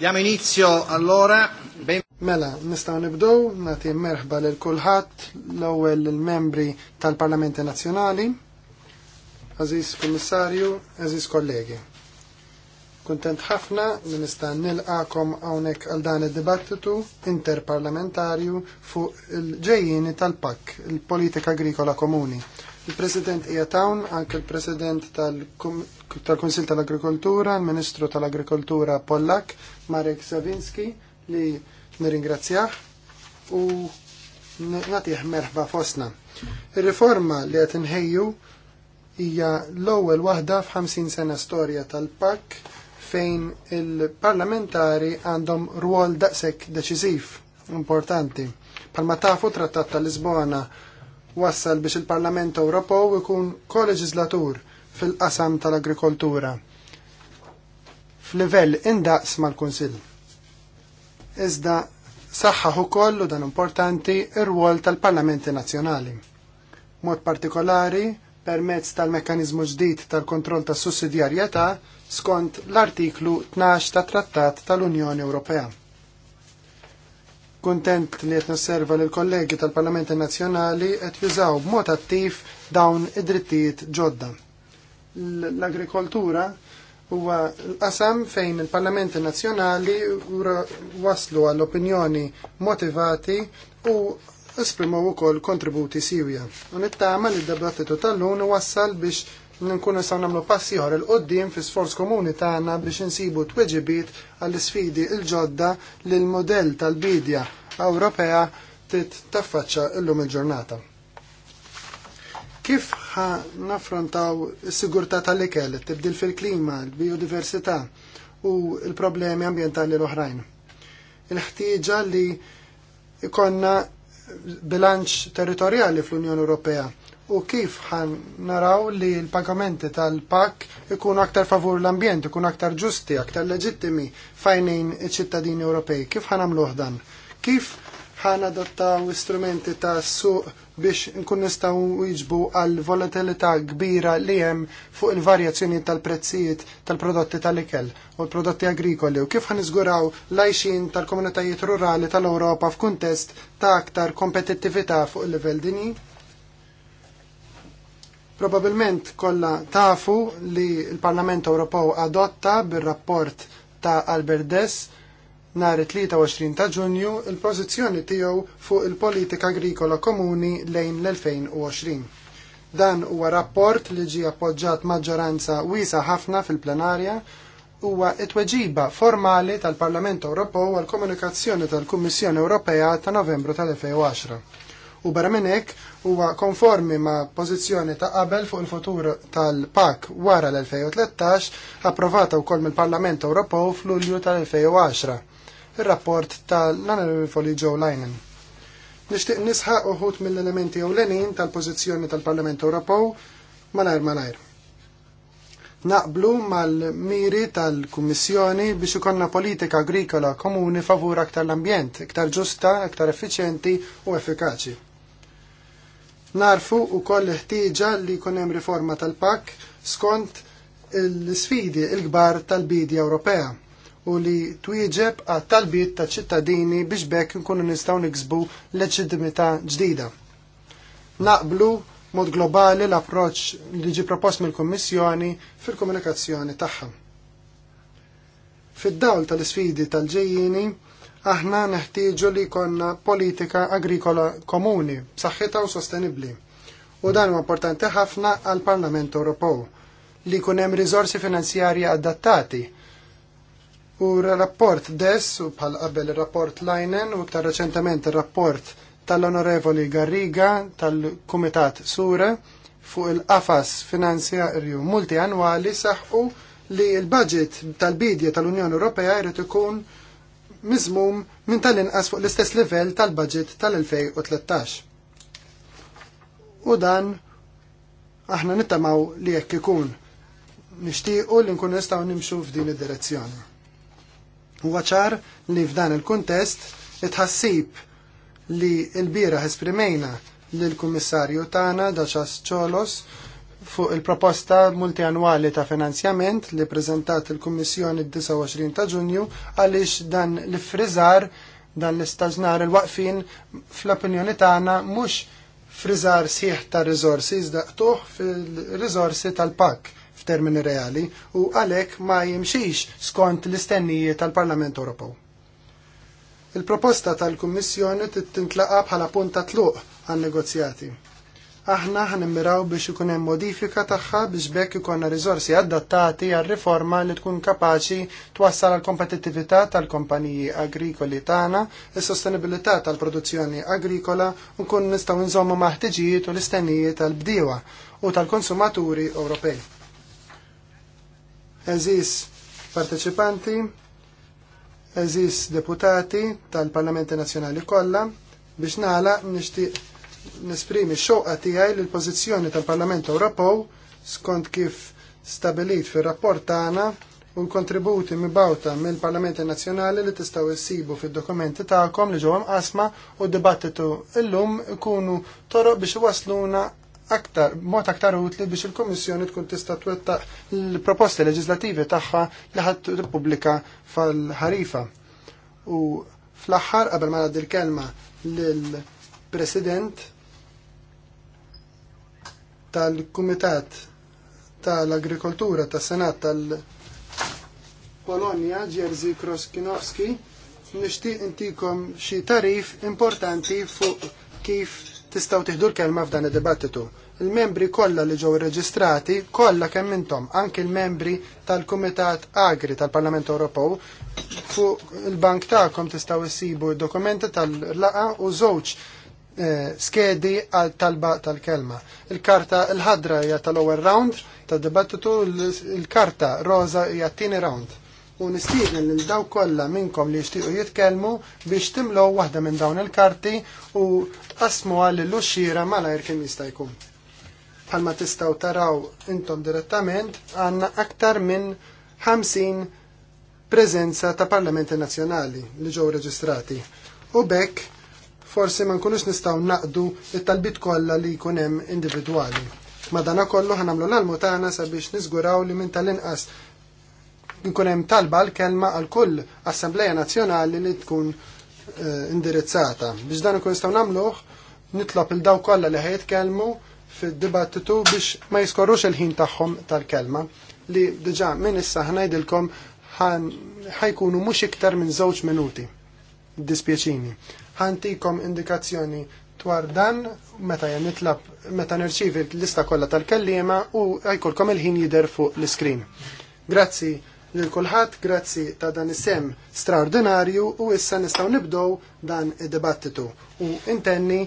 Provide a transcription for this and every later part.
Diamo inizio allora. Ben... Mela, nistaw nibdow, nati merħba l kulħadd l-ewwel il-membri tal-Parlamenti Nazzjonali, Aziz Komissarju, Aziz Kollegi. Kuntent ħafna li nista' nilqakom hawnhekk għal dan id-dibattitu interparlamentarju fuq il-ġejjini tal-PAK, il-Politika Agrikola Komuni. Il-President tawn, anke il-President tal-Konsil tal-Agrikoltura, il-Ministru tal-Agrikoltura Pollak, Marek Savinski, li nirringrazzjaħ u natiħ merħba fosna. Il-riforma li għet nħejju hija l-ewwel waħda f'50 sena storja tal-PAK fejn il-parlamentari għandhom rwol daqshekk deċiżiv importanti. Palma tafu trattat tal-Lisbona wassal biex il-Parlament Ewropew ikun koleġislatur fil-qasam tal-agrikoltura f'livell indaqs mal-Kunsill. Iżda saħħaħ ukoll u dan importanti ir-rwol tal-Parlamenti Nazzjonali. Mod partikolari permezz tal-mekkaniżmu ġdid tal-kontroll tas sussidjarjetà skont l-artiklu 12 tat Trattat tal-Unjoni Ewropea. Kuntent li qed nosserva li l-kollegi tal-Parlamenti Nazzjonali qed jużaw b'mod attiv dawn id-drittijiet ġodda. L-agrikoltura huwa l-qasam fejn il-Parlamenti Nazzjonali waslu għall-opinjoni motivati u esprimaw ukoll kontributi siwja. U nittama li d-debattitu tal-lun wassal biex nkun nistgħu nagħmlu passi ieħor il qoddim fi sforz komuni tagħna biex insibu twiġibiet għall-isfidi l-ġodda li l-modell tal-bidja Ewropea tit taffaċċa llum il-ġurnata. Kif ħa naffrontaw is-sigurtà tal-ikel, tibdil fil-klima, l-biodiversità u l-problemi ambjentali l-oħrajn? Il-ħtieġa li ikonna bilanċ territorjali fl-Unjoni Ewropea u kif ħan naraw li l-pagamenti tal-pak ikun aktar favur l-ambjent, ikun aktar ġusti, aktar leġittimi fajnin iċ-ċittadini Ewropej. Kif ħan għamlu ħdan? Kif ħan adottaw istrumenti ta' suq biex nkun nistaw iġbu għal volatilità kbira li hemm fuq il-varjazzjoni tal-prezzijiet tal-prodotti tal-ikel u l-prodotti agrikoli u kif ħan iżguraw lajxin tal-komunitajiet rurali tal-Ewropa f'kuntest ta' aktar kompetittività fuq il-livell dinji? Probabilment kollha tafu li l-Parlament Ewropew adotta bir-rapport ta' Albert Dess nhar 23 ta' Ġunju il-pożizzjoni tiegħu fuq il-politika agrikola komuni lejn l-2020. Dan huwa rapport li ġie appoġġat maġġoranza wiesa ħafna fil-plenarja huwa it-tweġiba formali tal-Parlament Ewropew għal komunikazzjoni tal-Kummissjoni Ewropea ta' Novembru tal-2010 u barra minn hekk huwa konformi ma' pożizzjoni ta' qabel fuq il-futur tal-PAK wara l-2013 approvata wkoll mill-Parlament Ewropew fl-Ulju tal-2010. Ir-rapport tal Foli Joe Linen. Nixtieq nisħaq uħut mill-elementi ewlenin tal-pożizzjoni tal-Parlament Ewropew malajr malajr naqblu mal-miri tal-Kummissjoni biex ikonna politika agrikola komuni favur aktar l-ambjent, iktar ġusta, aktar effiċjenti u effikaċi. Narfu u koll ħtieġa li jkun hemm riforma tal-pak skont l-sfidi il-kbar tal bidi Ewropea u li twieġeb għat talbiet ta' ċittadini biex bekk nkunu nistgħu niksbu leċitimità ġdida. Naqblu mod globali l-approċ li ġi propost mill-Kommissjoni fil-komunikazzjoni tagħha. Fid-dawl tal-isfidi tal-ġejjini, aħna neħtieġu li konna politika agrikola komuni, saħħita u sostenibbli. U dan huwa importanti ħafna għal Parlament Ewropew li jkun hemm riżorsi finanzjarji adattati. U rapport Dess u bħal qabel ir-rapport Leinen u iktar reċentement ir-rapport tal-Onorevoli Garriga tal-Kumitat Sura fuq il-qafas finanzjarju multianwali saħħu li l-budget tal-bidja tal-Unjoni Ewropea jrid ikun mizmum minn tal-inqas fuq l-istess livell tal-budget tal-2013. U dan aħna nittamaw li jekk ikun nixtiequ li nkun nistgħu nimxu f'din id-direzzjoni. Huwa ċar li f'dan il-kuntest itħassib li l-bira esprimejna lill-Kummissarju tagħna Daċas Ċolos fuq il-proposta multianwali ta' finanzjament li prezentat il-Kummissjoni d-29 ta' Ġunju għaliex dan l-frizar dan l-istaġnar il-waqfin fl-opinjoni tagħna mhux frizar sieħ ta' riżorsi iżdaqtuh fil-riżorsi tal-pak f'termini reali u għalhekk ma jimxix skont l-istennijiet tal-Parlament Ewropew. Il-proposta tal-Kummissjoni tintlaqa bħala punta tluq għan negozjati aħna ħnimmiraw biex ikun hemm modifika tagħha biex bekk ikonna riżorsi adattati għal riforma li tkun kapaċi twassal għal kompetittività tal-kompaniji agrikoli tagħna, is-sostenibilità tal-produzzjoni agrikola u kun nistgħu nżommu maħtiġijiet u l-istennijiet tal-bdiewa u tal-konsumaturi Ewropej. Eżis parteċipanti, eżis deputati tal-Parlamenti Nazzjonali kollha, biex nagħlaq nixtieq nesprimi xoqa tiegħi l-pożizzjoni tal-Parlament Ewropew skont kif stabilit fir-rapport tagħna u l-kontributi mibawta mill-Parlamenti Nazzjonali li tistgħu issibu fid-dokumenti tagħkom li ġewwa asma u dibattitu llum ikunu toroq biex iwasluna aktar, mod aktar utli biex il komissjoni tkun tista' twettaq l-proposti leġislativi tagħha li ħadd tippubblika fal-ħarifa. U fl-aħħar qabel ma nagħdi l-kelma lil President tal-Kumitat tal-Agrikoltura tas-Senat tal-Polonja, Jerzy Kroskinowski, nixtieq intikom xi tarif importanti fuq kif tistgħu tieħdu l-kelma f'dan id-dibattitu. Il-membri kollha li ġew irreġistrati kollha kemm intom, anke l membri tal-Kumitat Agri tal-Parlament Ewropew fuq il-bank tagħkom tistgħu issibu d-dokumenti tal-laqa u żewġ Eh, skedi għal talba tal-kelma. Il-karta il-ħadra hija tal-ewwel round tad-dibattitu, il-karta roza hija t-tieni round. U nistiqna lil daw kollha minnkom li jixtiequ jitkellmu biex timlgħu waħda minn dawn il-karti u tqasmu għal l-uxxira malajr kemm jista' jkun. Bħalma tistgħu taraw intom direttament għandna aktar minn 50 preżenza ta' parlamenti nazzjonali li ġew reġistrati. U bekk forsi ma nkunux nistgħu naqdu it-talbit kollha li jkun hemm individwali. Madana kollu ħanamlu l-almu tagħna sabiex niżguraw li minn tal-inqas nkun hemm talba l-kelma għal kull Assembleja Nazzjonali li tkun eh, indirizzata. Biex dan ikun nistgħu nagħmluh, nitlob il-daw kollha li kelmu fid-dibattitu biex ma jiskorrux il-ħin tagħhom tal-kelma li diġà minn issa ħnajdilkom ħajkunu mhux iktar minn żewġ minuti. Dispjaċini ħantikom indikazzjoni dwar dan meta jen nitlab meta nirċivi l-lista kollha tal-kellima u għajkolkom il-ħin jider fuq l-iskrin. Grazzi lil kulħadd, grazzi ta' dan is-sem straordinarju u issa nistgħu nibdow dan id-dibattitu u intenni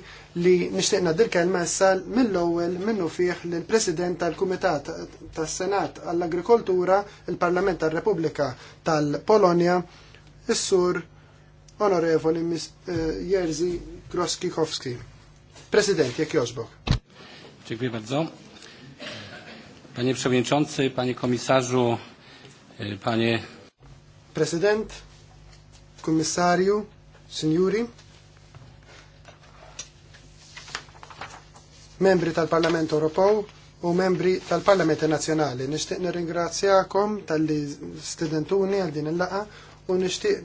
li nixtieq dil kelma issa mill-ewwel minnu fih lil President tal-Kumitat tas-Senat għall-Agrikoltura il-Parlament tar-Repubblika tal-Polonja, is-Sur Onorevoli eh, Jerzy Kroskikowski. Prezydent, jak Jozbok. Dziękuję bardzo. Panie Przewodniczący, Panie Komisarzu, e, Panie... Prezydent, Komisariu, Signori, membri tal-Parlament Ewropew u membri tal-Parlament Nazzjonali. Nixtieq nirringrazzjakom tal-li stidentuni għal din il-laqa u nishtiq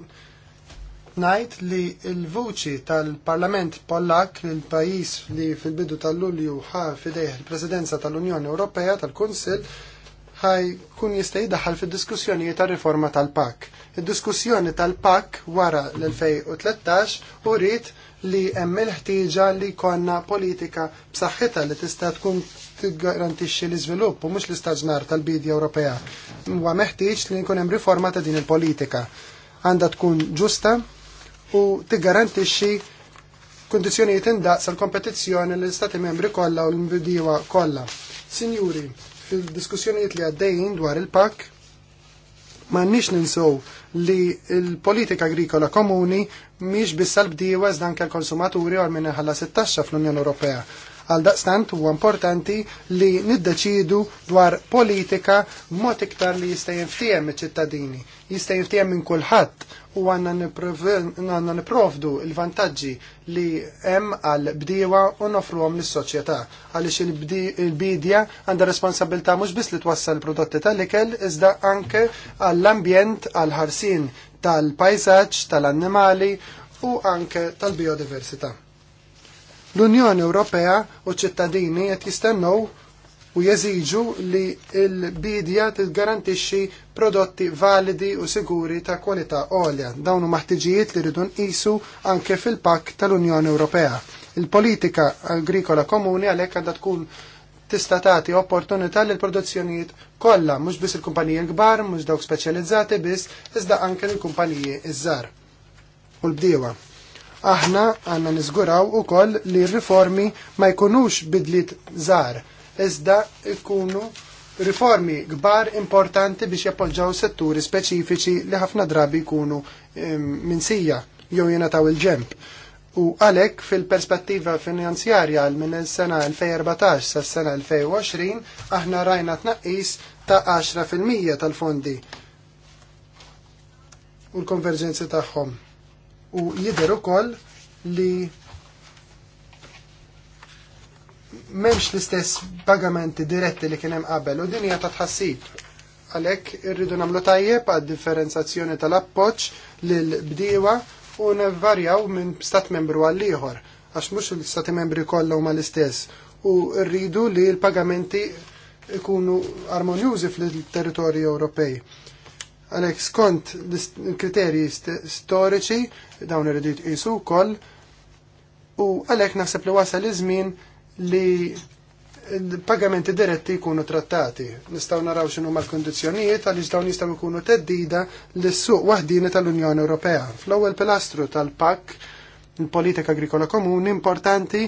ngħid li l-vuċi tal-Parlament Pollak il-pajjiż li fil-bidu tal-Lulju ħa fidejh il-Presidenza tal-Unjoni Ewropea tal-Kunsill ħaj kun jista' jidaħħal fid-diskussjonijiet tar-riforma tal-PAK. Id-diskussjoni tal-PAK wara l-2013 uriet li hemm il-ħtieġa li konna politika b'saħħitha li tista' tkun tiggarantixxi l-iżvilupp u mhux l-istaġnar tal-bidja Ewropea. Huwa meħtieġ li jkun hemm riforma ta' din il-politika. Għandha tkun ġusta, u tiggarantixxi kundizzjonijiet indaqs għal kompetizzjoni l istati membri kollha u l mbidiwa kollha. Signuri, fil-diskussjonijiet li għaddejjin dwar il-pak, ma nix ninsow li l-politika agrikola komuni miex bissal bdiwa zdan l konsumaturi għal minna ħalla 16 fl-Unjoni Ewropea. Għal daqstant huwa importanti li niddeċidu dwar politika mod iktar li jista' jinftiehem iċ-ċittadini, jista' jinftiehem minn kulħadd u għanna niprofdu il-vantagġi li hemm għal bdiewa u nofruhom lis-soċjetà għaliex il-bidja għandha responsabilità mhux biss li twassal prodotti tal-ikel iżda anke għall-ambjent għal ħarsin tal-pajsaġġ, tal-annimali u anke tal-biodiversità. L-Unjoni Ewropea u ċittadini qed jistennew u jeżiġu li l-bidja tiggarantixxi prodotti validi u siguri ta' kwalità għolja. Dawn huma ħtiġijiet li rridu nqisu anke fil-pakk tal-Unjoni Ewropea. Il-politika agrikola komuni għalhekk għandha tkun tista' tagħti opportunità lil produzzjonijiet kollha, mhux biss il-kumpaniji l-kbar, mhux dawk speċjalizzati biss, iżda anke l-kumpaniji iż u l-bdiewa aħna għanna nizguraw u koll li riformi ma jkunux bidlit zar, iżda jkunu riformi gbar importanti biex jappoġġaw setturi speċifiċi li ħafna drabi jkunu minsija jew taw il-ġemp. U għalek fil-perspettiva finanzjarja għal minn il-sena 2014 sa' sena 2020 aħna rajna tnaqqis ta' 10% tal-fondi u l-konverġenzi tagħhom u jidher ukoll li memx l-istess pagamenti diretti li kien hemm qabel u din hija ta' tħassib. Għalhekk irridu nagħmlu tajjeb għad differenzjazzjoni tal-appoġġ lil bdiewa u nevvarjaw minn stat membru għal ieħor għax mhux l-istati membri kollha huma l-istess u rridu li l-pagamenti ikunu armonjużi fil-territorju Ewropej. Għalhekk skont l-kriterji storiċi dawn irridu qisu wkoll u għalhekk naħseb li wasal iż-żmien li pagamenti diretti jkunu trattati. Nistgħu naraw x'inhu mal-kundizzjonijiet għaliex dawn jistgħu jkunu teddida lis-suq waħdini tal-Unjoni Ewropea. Fl-ewwel pilastru tal-PAK, il-politika agrikola komuni, importanti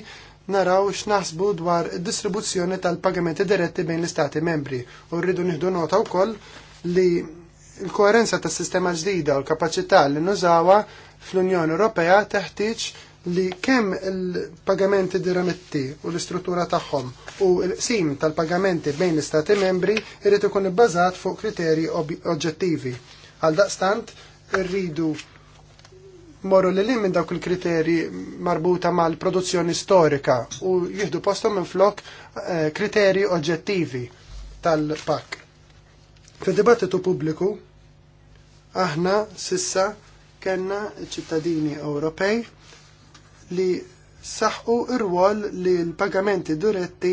naraw x'naħsbu dwar id-distribuzzjoni tal-pagamenti diretti bejn l-istati membri u rridu nieħdu nota wkoll li l-koerenza tas sistema ġdida u l kapaċità li nużawa fl-Unjoni Ewropea teħtieġ li kemm il-pagamenti dirametti u l-istruttura tagħhom u l-qsim tal-pagamenti bejn l-Istati membri irid ikun ibbażat fuq kriterji oġġettivi. Għal daqstant irridu morru li minn dawk il-kriteri marbuta mal-produzzjoni storika u jihdu postom minn flok eh, kriteri oġġettivi tal-pak. fid dibattitu pubbliku, aħna sissa kellna ċittadini Ewropej li saħqu ir-rwol li l-pagamenti diretti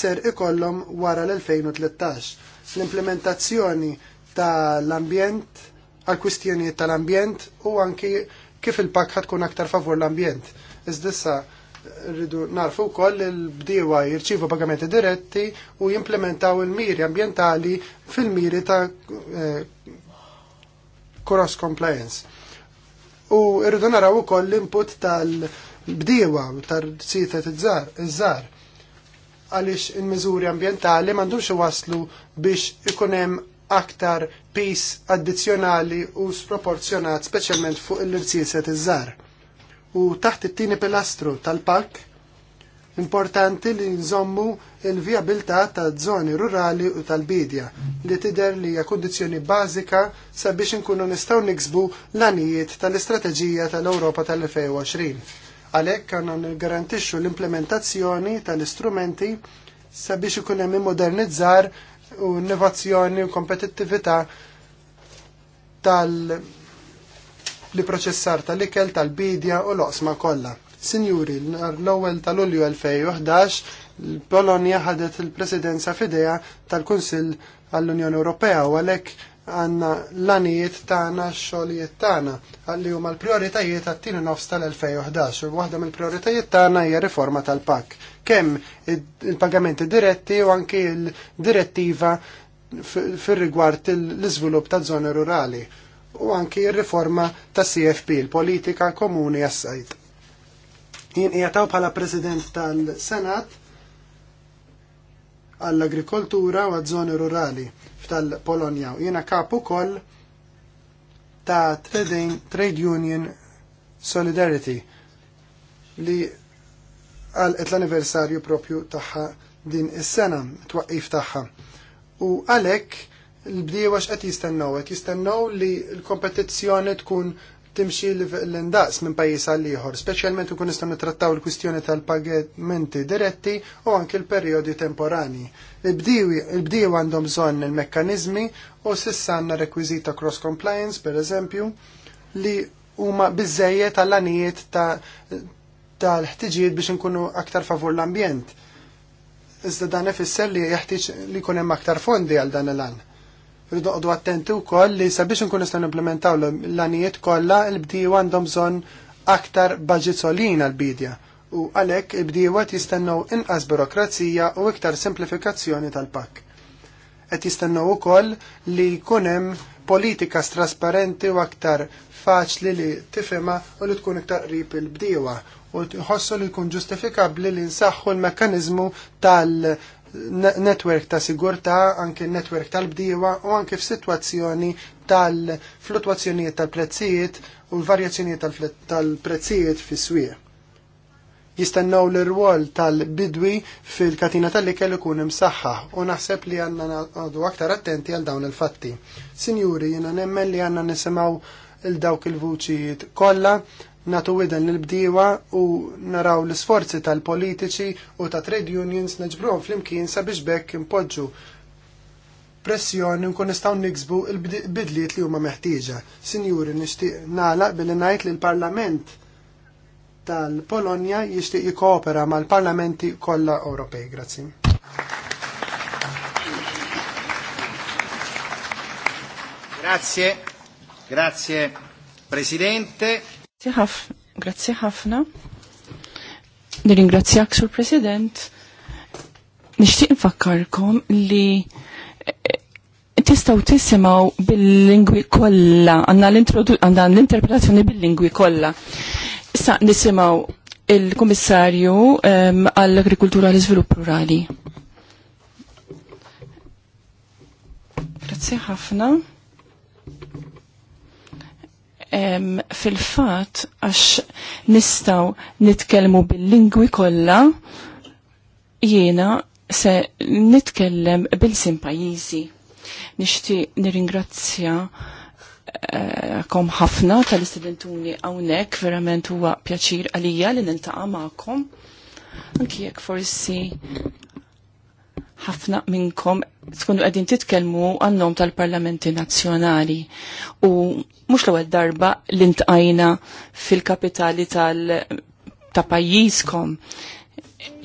ser ikollhom wara l-2013. L-implementazzjoni tal-ambjent għal kwistjonijiet tal-ambjent u anki kif il-pak ħatkun aktar favur l-ambjent. Iżdissa rridu narfu wkoll il-bdiewa jirċivu pagamenti diretti u jimplementaw il-miri ambjentali fil-miri ta' eh, cross compliance U irridu naraw ukoll l-input tal-bdiewa tar-sita iż-żar għaliex il-miżuri ambjentali m'għandux waslu biex ikun hemm aktar pis addizzjonali u sproporzjonat speċjalment fuq il-irsiset iż-żar. U taħt it-tieni pilastru tal-pak Importanti li nżommu il-viabilità ta' zoni rurali u tal-bidja li tider li hija kundizzjoni bażika sabiex inkunu nistgħu niksbu l-anijiet tal-istrateġija tal-Ewropa tal-2020. Għalhekk għandna niggarantixxu l-implementazzjoni tal-istrumenti sabiex ikun hemm immodernizzar u innovazzjoni u kompetittività tal- li proċessar tal-ikel, tal-bidja u l oqsma kollha. Sinjuri, l-ewwel ta' Lulju 2011 l-Polonja ħadet il-presidenza fideja tal-Kunsill għall-Unjoni Ewropea u għalhekk għandna l għanijiet tagħna x-xogħlijiet tagħna għalli huma l prijoritajiet għat-tieni nofs tal-2011 u waħda mill-prioritajiet tagħna hija riforma tal-PAK. Kemm il-pagamenti diretti u anke l-direttiva fir-rigward l-iżvilupp ta' żoni rurali u anke r-riforma ta' CFP, il politika komuni għas-sajt. Jien jataw bħala President tal-Senat għall-agrikoltura u għad-żoni rurali f'tal-Polonja. Jiena kapu koll ta' Trade Union Solidarity li għalqet l-anniversarju propju tagħha din is-sena, twaqif tagħha. U għalhekk l-bdiewa x'qed jistennew, qed jistennew li l-kompetizzjoni tkun timxi l-indaqs minn pajjiż għal ieħor, speċjalment u kunistan nittrattaw il-kwistjoni tal-pagamenti diretti u anke l-perjodi temporani. il bdiju għandhom bżonn il-mekkaniżmi u sissa għandna rekwiżita cross compliance, per eżempju, li huma bizzejiet għall-anijiet tal-ħtiġijiet biex nkunu aktar favur l-ambjent. Iżda dan ifisser li jeħtieġ li jkun hemm aktar fondi għal dan l-an rridu attenti u koll li sabiex nkun nistaw implementaw l-anijiet kolla l-bdiju għandhom bżonn aktar solina għall bidja u għalek il-bdijuat jistennaw inqas burokrazija u iktar simplifikazzjoni tal-pak. Et jistennew u koll li kunem politika trasparenti u aktar faċli li tifema u li tkun iktar qrib il-bdijuwa u tħossu li jkun ġustifikabli li nsaħħu l mekkaniżmu tal- netwerk ta' sigurta, anke netwerk tal-bdiewa u anke f'sitwazzjoni tal-flutwazzjonijiet tal-prezzijiet u l-varjazzjonijiet tal-prezzijiet fis swieq Jistennaw l-rwol tal-bidwi fil-katina tal-ikel ikun imsaħħa u naħseb li għanna għadu aktar attenti għal dawn il-fatti. Sinjuri, jena nemmen li għanna nisimaw il-dawk il-vuċijiet kolla natu widen l-bdiewa u naraw l-sforzi tal-politiċi u ta' trade unions neġbruhom flimkien sabiex bekk impoġġu pressjoni u nistgħu niksbu l-bidliet li huma meħtieġa. Sinjuri nixtieq nagħlaq billi ngħid li l-Parlament tal-Polonja jixtieq jikkoopera mal-parlamenti kollha Ewropej. Grazzi. Grazie, grazie Presidente. Grazzi ħafna. Nirringrazzjak sur President. Nixtieq nfakkarkom li eh, tistaw tisimaw bil-lingwi kollha, għandna l-interpretazzjoni bil-lingwi kollha. Issa nisimaw il-Kummissarju ehm, għall-Agrikultura l iżvilupp Rurali. Grazzi ħafna fil-fat għax nistaw nitkelmu bil-lingwi kollha jiena se nitkellem bil-sim pajjiżi. Nishti nirringrazzja eh, kom ħafna tal-istudentuni hawnhekk verament huwa pjaċir għalija li niltaqa' magħkom. Anki jekk forsi ħafna minnkom tkunu għedin titkelmu għannom tal-Parlamenti Nazzjonali u mhux l-ewwel darba li intqajna fil-kapitali tal ta' pajjiżkom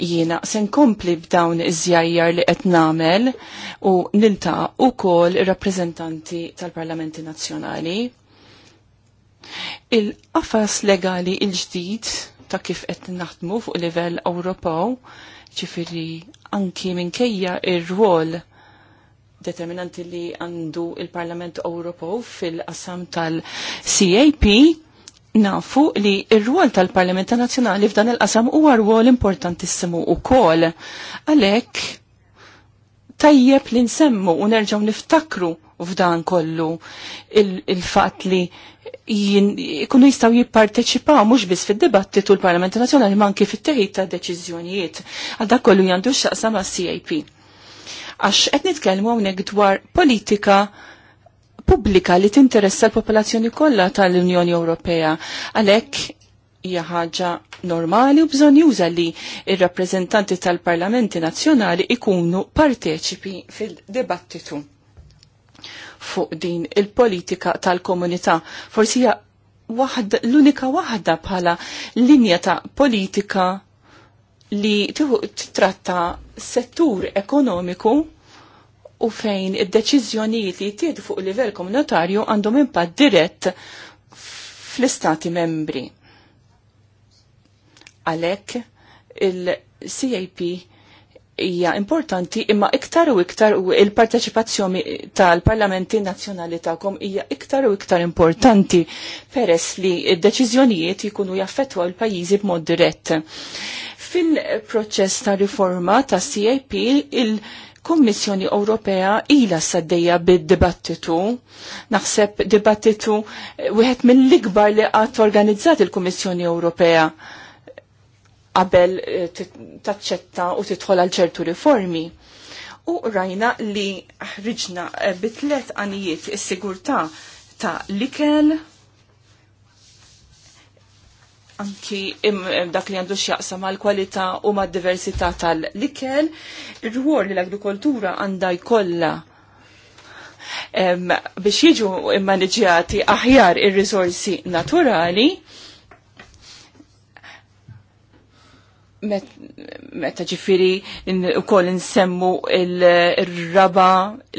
jiena se nkompli b'dawn iż-żjajjar li qed nagħmel u nilta' ukoll ir-rappreżentanti tal-Parlamenti Nazzjonali. Il-qafas legali il-ġdid ta' kif qed naħdmu fuq livell Ewropew ċifiri anki minkejja ir-rwol determinanti li għandu il-Parlament Ewropew fil qasam tal-CAP, nafu li ir-rwol tal-Parlament Nazzjonali f'dan il-qasam huwa rwol importantissimu wkoll. Għalhekk tajjeb li nsemmu u nerġgħu niftakru f'dan kollu il-fatt il li ikunu jistaw jipparteċipaw mux biss fil-dibattitu l-Parlamentu Nazjonali ma kif fit-teħid ta' deċiżjonijiet għadda kollu jandu xaqsa ma' CIP. Għax qed nitkellmu hawnhekk dwar politika pubblika li tinteressa l-popolazzjoni kollha tal-Unjoni Ewropea. Għalhekk hija ħaġa normali u bżonn juża li il rappreżentanti tal-Parlamenti Nazzjonali ikunu parteċipi fil-dibattitu fuq din il-politika tal-komunità. Forsi hija l-unika waħda bħala linja ta' politika li titratta settur ekonomiku u fejn id-deċiżjonijiet li jtied fuq livell komunitarju għandhom impatt dirett fl-istati membri. Għalhekk il-CAP hija importanti imma iktar u iktar u il-parteċipazzjoni tal-parlamenti nazzjonali tagħkom hija iktar u iktar importanti peress li d-deċiżjonijiet jkunu jaffettwa l-pajjiżi b'mod dirett. Fil-proċess ta' riforma ta' CAP il- Kummissjoni Ewropea ila saddejja bid-dibattitu, naħseb dibattitu wieħed mill-ikbar li qatt organizzat il-Kummissjoni Ewropea qabel eh, taċċetta u titħol għal ċertu riformi. U rajna li ħriġna eh, bitlet għanijiet is-sigurtà ta' likel anki eh, dak li għandu xjaqsa mal kwalità u ma' diversità tal-likel, ir-rwol li l-agrikoltura għandha jkollha biex jiġu immaneġjati aħjar ir rizorsi naturali, meta ġifiri u koll nsemmu il-raba,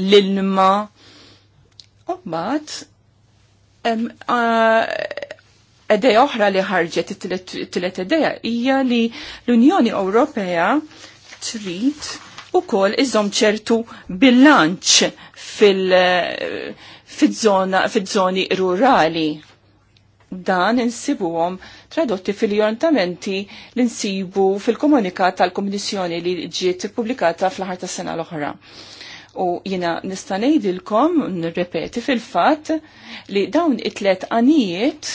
l-ilma. U bat, edeja oħra li ħarġet it-tlet edeja hija li l-Unjoni Ewropea trid ukoll iżom ċertu bilanċ fil-żoni rurali. Dan insibuhom tradotti fil-jorntamenti li nsibu fil-komunikat tal-Kommissjoni li ġiet publikata fl-ħar ta' sena l-oħra. U jina nista' ngħidilkom nirrepeti fil-fatt li dawn it-tlet għanijiet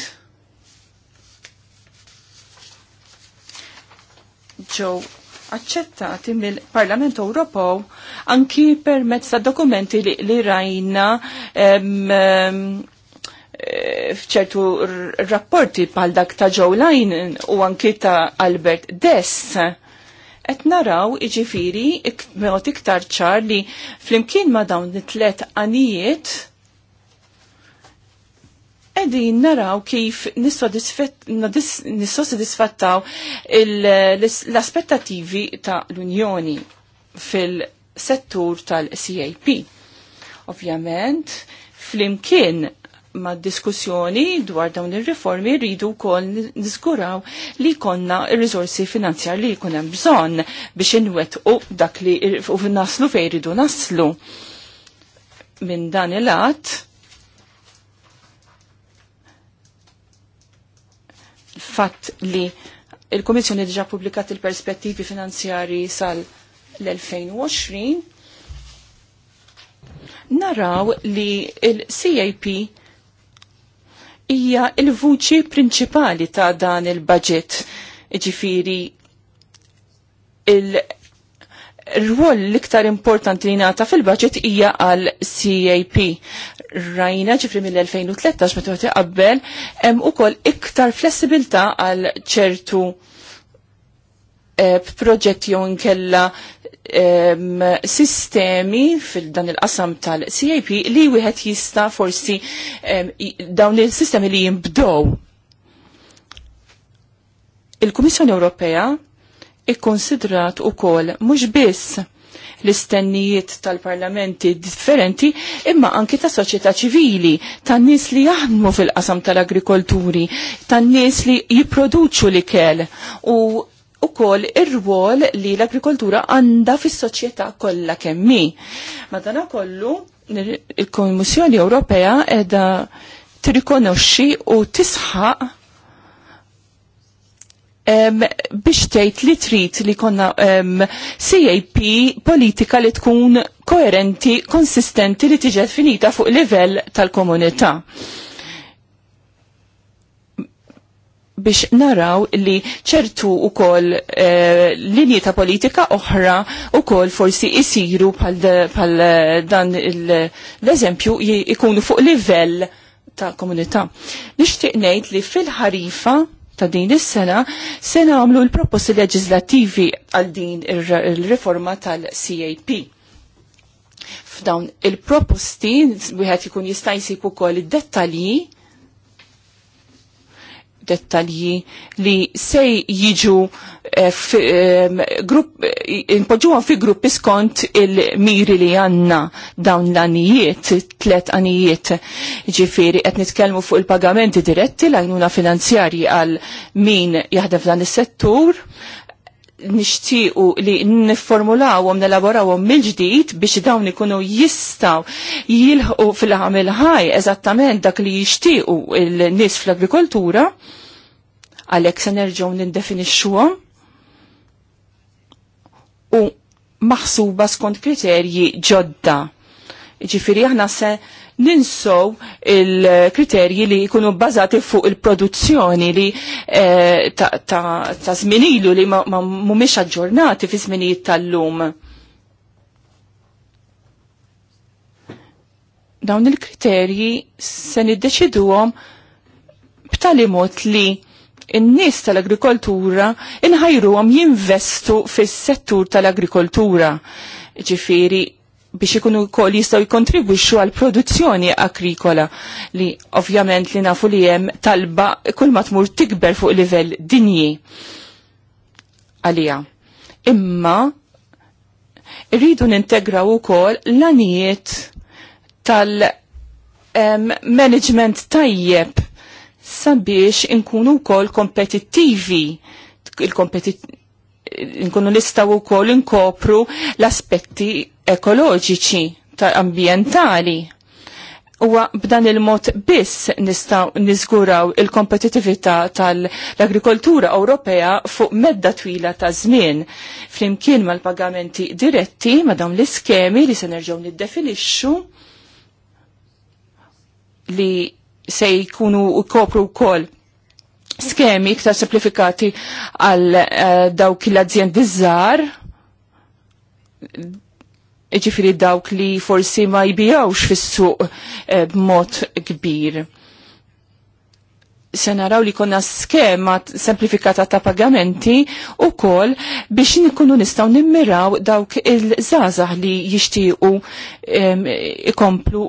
ġew aċċettati mill-Parlament Ewropew anki permezz ta' dokumenti li, li rajna em, fċertu rapporti bħal dak ta' Joe Linen u anki ta' Albert Dess et naraw iġifiri meħot iktar ċar li flimkien ma' dawn it-tlet għanijiet qegħdin naraw kif nissodisfattaw l-aspettativi ta' l-Unjoni fil-settur tal-CAP. Ovvjament, flimkien ma' diskussjoni dwar dawn ir-riformi rridu wkoll niżguraw li konna r rizorsi finanzjar li jkun hemm bżonn biex inwettqu dak li u naslu fejn rridu naslu. Minn dan il għat fatt li il-Komissjoni diġa publikat il-perspettivi finanzjari sal-2020 l-elfin naraw li il-CAP hija il-vuċi prinċipali ta' dan il-budget. Ġifiri, il-rwol l-iktar importanti li nata fil-budget hija għal CAP. Rajna ġifri mill-2013 meta qabel hemm ukoll iktar flessibilità għal ċertu Eh, b'proġett jew nkella sistemi fil-dan il-qasam tal-CAP li wieħed jista' forsi dawn il-sistemi li jimbdow. Il-Kummissjoni Ewropea ikkonsidrat ukoll mhux biss l-istennijiet tal-parlamenti differenti imma anki ta' soċjetà ċivili, tan nies li jaħdmu fil-qasam tal-agrikolturi, tan nies li jipproduċu l-ikel u u kol ir-rwol li l-agrikoltura għanda fis soċjetà kollha kemmi. Madana kollu il komissjoni Ewropea edha tirrikonoxxi u tisħaq um, biex tgħid li trid li konna um, CAP politika li tkun koerenti, konsistenti li tiġed finita fuq livell tal-komunità. biex naraw li ċertu u kol e, eh, linji ta' politika oħra u kol forsi isiru pal, pal eh, dan l-eżempju ikunu fuq livell ta' komunità. Nishtiq ngħid li fil-ħarifa ta' din is-sena se nagħmlu l-proposti leġislattivi għal din ir-riforma tal-CAP. F'dawn il-proposti wieħed ikun jista' jsib ukoll id-dettalji dettalji li sej jiġu eh, inpoġuħan eh, eh, fi gruppi skont il-miri li għanna dawn l-anijiet, tlet anijiet ġifiri, għet nitkelmu fuq il-pagamenti diretti l-għajnuna finanzjari għal min jaħdem f'dan is-settur, nixtiequ li niformulawhom nelaborawhom mill-ġdid biex dawn ikunu jistaw jilħu fil-għamil ħaj eżattament dak li jixtiequ il-nies fl-agrikoltura għalhekk se nerġgħu nindefinixxuhom u maħsuba skont kriterji ġodda. Ġifiri aħna se ninsow il-kriterji li jkunu bbażati fuq il-produzzjoni li eh, ta' zminilu li ma mhumiex aġġornati fi żminijiet tal-lum. Dawn il-kriterji se niddeċiduhom b'tali mod li in-nies tal-agrikoltura inħajruhom jinvestu fis-settur tal-agrikoltura. Ġifieri biex ikunu kol jistaw jikontribwixxu għal produzzjoni agrikola li ovvjament li nafu li hemm talba kull ma tmur tikber fuq livell dinji għalija. Imma rridu nintegraw ukoll l-anijiet tal-management tajjeb sabiex inkunu wkoll kompetittivi il kompetit nkunu nistaw ukoll inkopru l-aspetti ekoloġiċi ta' ambientali huwa b'dan il-mod biss nistgħu niżguraw il-kompetitività tal-agrikoltura Ewropea fuq medda twila ta' żmien flimkien mal-pagamenti diretti ma' dawn l-iskemi li se nerġgħu niddefinixxu li se jkunu kopru wkoll skemi iktar simplifikati għal eh, dawk l-azzjendi żgħar ġifiri dawk li forsi ma jibijawx fis-suq eh, b'mod kbir. Se naraw li konna skema semplifikata ta' pagamenti u kol biex nikunu nistaw nimmiraw dawk il-żazah li jishtiqu ikomplu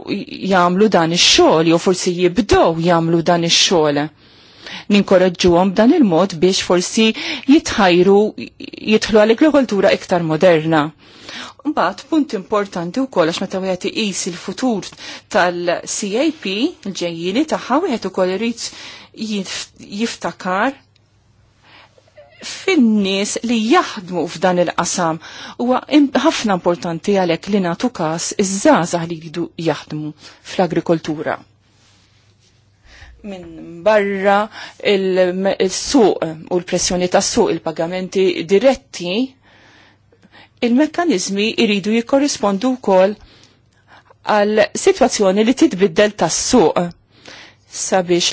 jamlu dan ix-xogħol jew forsi jibdow jamlu dan ix-xogħol ninkoraġġuhom b'dan il-mod biex forsi jitħajru jidħlu għall agrikoltura iktar moderna. Mbagħad punt importanti wkoll għax meta wieħed iqis il-futur tal-CAP il-ġejjini tagħha wieħed ukoll irid jiftakar fin-nies li jaħdmu f'dan il-qasam huwa ħafna importanti għalhekk li nagħtu każ iż-żgħażagħ li jridu jaħdmu fl-agrikoltura. Min barra il-suq u l-pressjoni tas-suq il-pagamenti diretti il-mekkanizmi iridu jikorrispondu wkoll għal situazzjoni li titbiddel tas-suq sabiex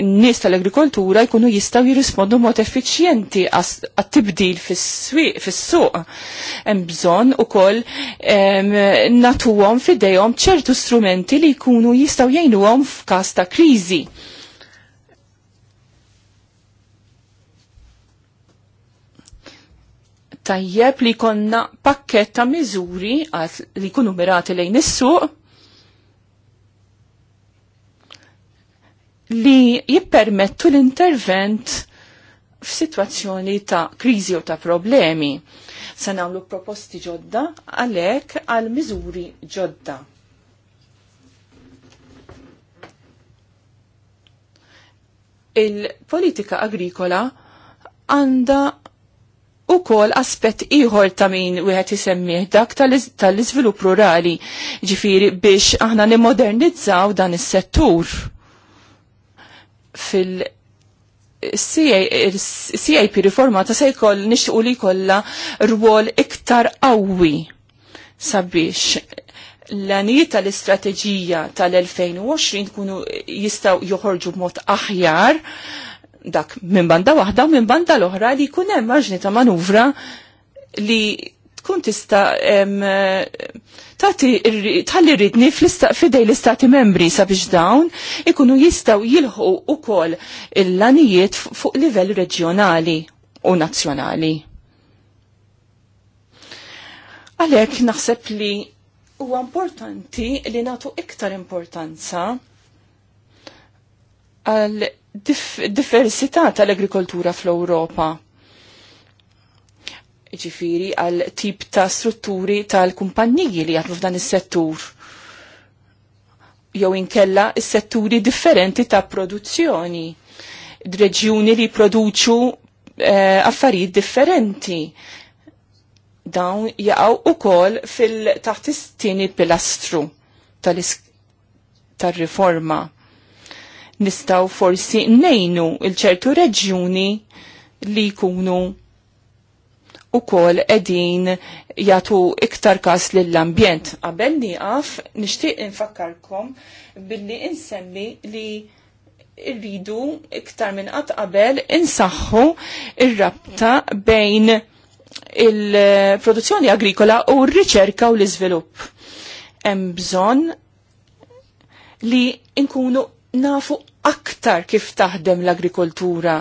n-nies tal-agrikoltura jkunu jistaw jirrispondu mod effiċjenti għat-tibdil fis-suq. Hemm bżonn ukoll natuhom f'idejhom ċertu strumenti li jkunu jistaw jgħinuhom f'każ ta' kriżi tajjeb li konna pakketta ta' miżuri li kunu mirati lejn is-suq li jippermettu l-intervent f'sitwazzjoni ta' kriżi u ta' problemi. Se nagħmlu proposti ġodda għalhekk għal miżuri ġodda. Il-politika agrikola għanda u kol aspet iħor ta' min u għet jisemmiħ dak tal-izvilup rurali ġifiri biex aħna nimodernizzaw dan is settur fil- CAP riforma ta' sejkoll nixtiqu li kolla rwol iktar qawwi sabiex l-għanijiet tal-istrateġija tal-2020 kunu jistaw joħorġu b'mod aħjar dak minn banda waħda u minn banda l-oħra li jkun hemm marġni ta' manuvra li tkun tista' tagħti ridni fidej l-istati membri sabiex dawn ikunu jistgħu jilħu wkoll il-lanijiet fuq livell reġjonali u nazzjonali. Għalhekk naħseb li huwa importanti li nagħtu iktar importanza għal diversità tal-agrikoltura fl-Europa. Ġifiri għal tip ta' strutturi tal-kumpanniji li jgħatmu f'dan is-settur. Jew inkella il setturi differenti ta' produzzjoni. Reġjuni li produċu eh, affarijiet differenti. Dawn jaqgħu kol fil-taħt pilastru tal-riforma. tal riforma nistaw forsi nejnu il-ċertu reġjuni li jkunu u kol edin jatu iktar kas lill-ambjent. Qabel li għaf, nishtiq infakkarkom billi insemmi li rridu iktar minn qatt qabel insaħħu ir-rabta bejn il-produzzjoni agrikola u r-riċerka u l-iżvilupp. Hemm bżonn li nkunu nafu aktar kif taħdem l-agrikoltura.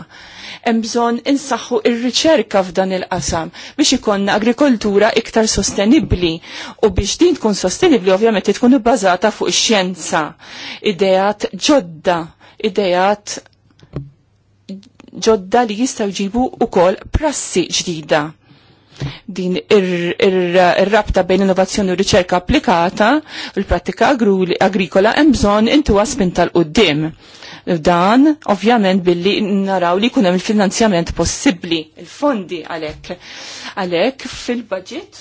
Hemm bżonn insaħħu riċerka f'dan il-qasam biex ikonna agrikoltura iktar sostenibbli u biex din tkun sostenibbli ovvjament tkun ibbażata fuq ix-xjenza, idejat ġodda, idejat ġodda li jistgħu jġibu ukoll prassi ġdida din ir-rabta bejn innovazzjoni u riċerka applikata u l-prattika agrikola hemm bżonn intuwa spinta l qudiem Dan, ovvjament, billi naraw li kunem il-finanzjament possibli, il-fondi għalek. Għalek, fil-budget,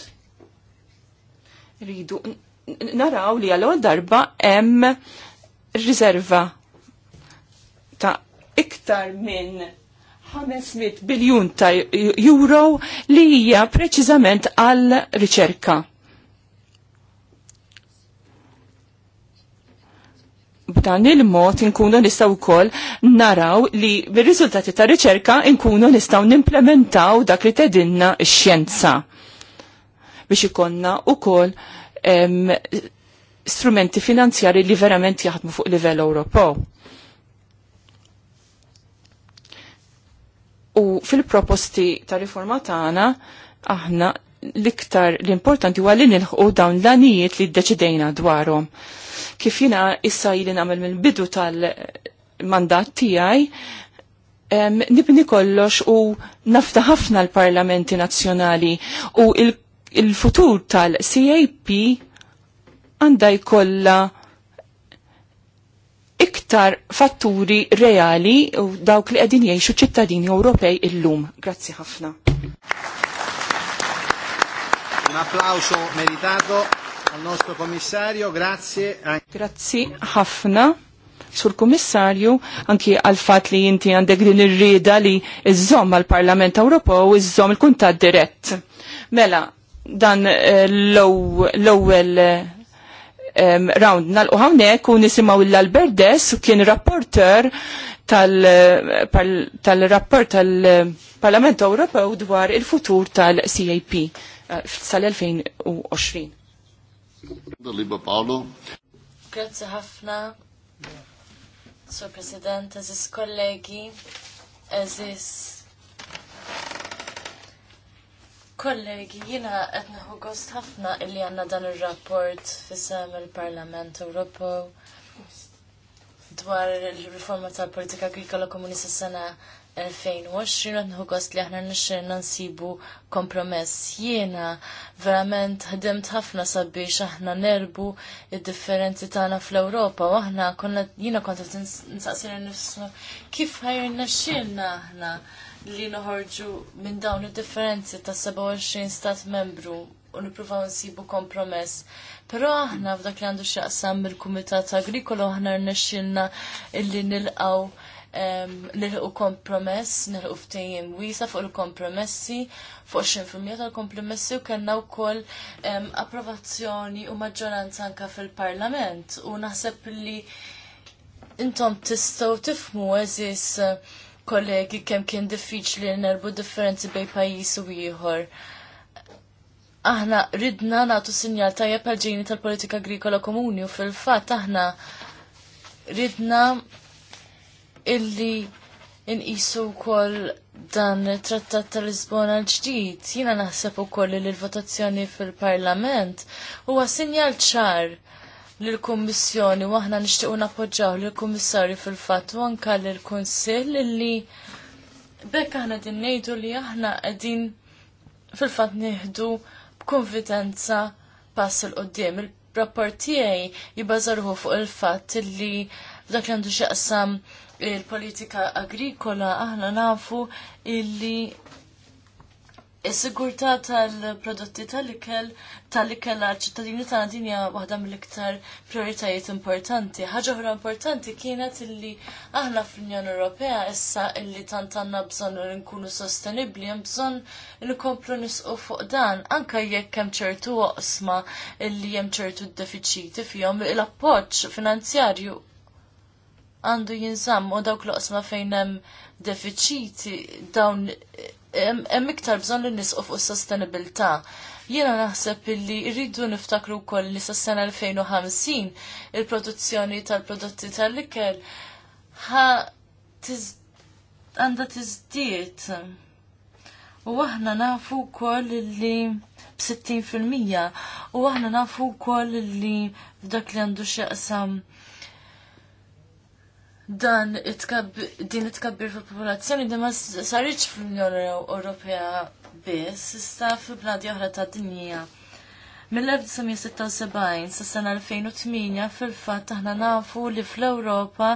rridu naraw li għal darba hemm riserva ta' iktar minn 500 biljun ta' euro li hija preċiżament għal riċerka. B'dan il-mod inkunu nistgħu wkoll naraw li bir-riżultati ta' riċerka inkunu nistgħu nimplementaw dak li tedinna x-xjenza biex ikonna wkoll strumenti finanzjari li verament jaħdmu fuq livell Ewropew U fil-proposti ta' riforma tagħna aħna l-iktar l-importanti huwa li nilħu dawn l-anijiet li d-deċidejna dwarhom. Kif jiena issa jili nagħmel mill-bidu tal-mandat tiegħi, nibni kollox u nafta ħafna l-parlamenti nazzjonali u il-futur il futur tal cap għandha jkollha iktar fatturi reali u dawk li qegħdin jgħixu ċittadini Ewropej illum. Grazzi ħafna. Un applauso meritato al nostro commissario, grazie. Grazzi ħafna sur commissario, anki al fatto li inti għandek din ir li iżżomm għal Parlament Ewropew iżżomm il-kuntat dirett. Mela, dan eh, l-ewwel eh, round nalqu hawnhekk u nisimgħu l-Albert kien rapporter tal-rapport tal-Parlament Ewropew dwar il-futur tal-CAP eh, sal-2020. Liba Paolo. Grazie ħafna. Sur President, eżis kollegi, eżis Kollegi, jina etnaħu għost ħafna illi għanna dan il-rapport fissam il-Parlament Ewropew dwar il-riforma tal-politika agrikola komuni s-sena 2020 għanħu għost li aħna nixxirna nsibu kompromess. Jiena verament ħdemt ħafna sabiex aħna nerbu id differenti tagħna fl-Ewropa u aħna jina jiena t qed nsaqsir nifsu kif ħajrna xilna naħna? aħna li noħorġu minn dawn id-differenzi ta' 27 stat membru u nippruvaw nsibu kompromess. Però aħna f'dak li għandu x'jaqsam mill-Kumitat Agrikolo aħna rnexxilna illi nilqaw ehm, nilħu kompromess, nilħu ftejjem wisa fuq il-kompromessi, fuq 20% tal-kompromessi u kellna wkoll ehm, approvazzjoni u maġġoranza anka fil-Parlament u naħseb li intom tistgħu tifmu eżis kollegi kemm kien diffiċli nerbu differenzi bej pajjiż u ieħor. Aħna ridna nagħtu sinjal tajjeb għal ġejni tal-politika agrikola komuni u fil-fatt aħna ridna illi inqisu wkoll dan trattat tal-Lisbona l-ġdid, jina naħseb ukoll li l-votazzjoni fil-Parlament huwa sinjal ċar l kummissjoni u aħna nixtiequ nappoġġaw lill-Kummissarju fil-fatt u anke lill-Kunsill li bekk aħna din ngħidu li aħna qegħdin fil-fatt nieħdu b'konfidenza pass il qoddim Il-rapport tiegħi jibbażarħu fuq il-fatt li dak li għandu xaqsam il-politika agrikola aħna nafu illi Is-sigurtà tal-prodotti tal-ikel tal-ikel għal-ċittadini tagħna din hija waħda mill-iktar prioritajiet importanti. Ħaġa oħra importanti kienet illi aħna fl-Unjoni Ewropea issa illi tant għandna bżonn li nkunu sostenibbli hemm bżonn nkomplu nisqu fuq dan anke jekk hemm ċertu oqsma illi hemm ċertu defiċiti fihom l-appoġġ finanzjarju għandu jinżamm u dawk l-oqsma fejn hemm defiċiti dawn hemm iktar bżonn li nisqu fuq sostenibilità Jiena naħseb illi rridu niftakru wkoll li sas-sena 2050 il-produzzjoni tal-prodotti tal-ikel ħa għandha tiżdied. U aħna nafu wkoll li b-60 u aħna nafu wkoll li f'dak li għandu x'jaqsam dan din it-tkabbir fil-popolazzjoni din ma sarriċ fl-Unjoni Ewropea biss, issa fil-bladi oħra ta' dinja. Mill-1976 sa' sena 2008 fil-fatt aħna nafu li fl-Ewropa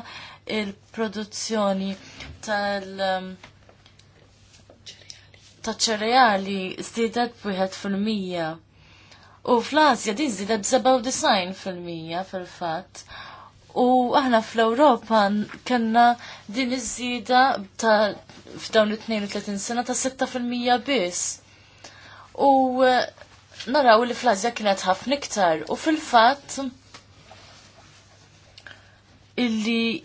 il-produzzjoni tal- um, ta' ċereali zdidet b'wieħed fil-mija. U fl-Asja din zdidet b'97 fil-mija fil-fatt. fil mija fil fil mija fil fatt U aħna fl-Ewropa kellna din iż-żieda ta' f'dawn it-32 sena ta' 6% biss. U eh, naraw li fl-Azja kienet ħafna iktar u fil-fatt illi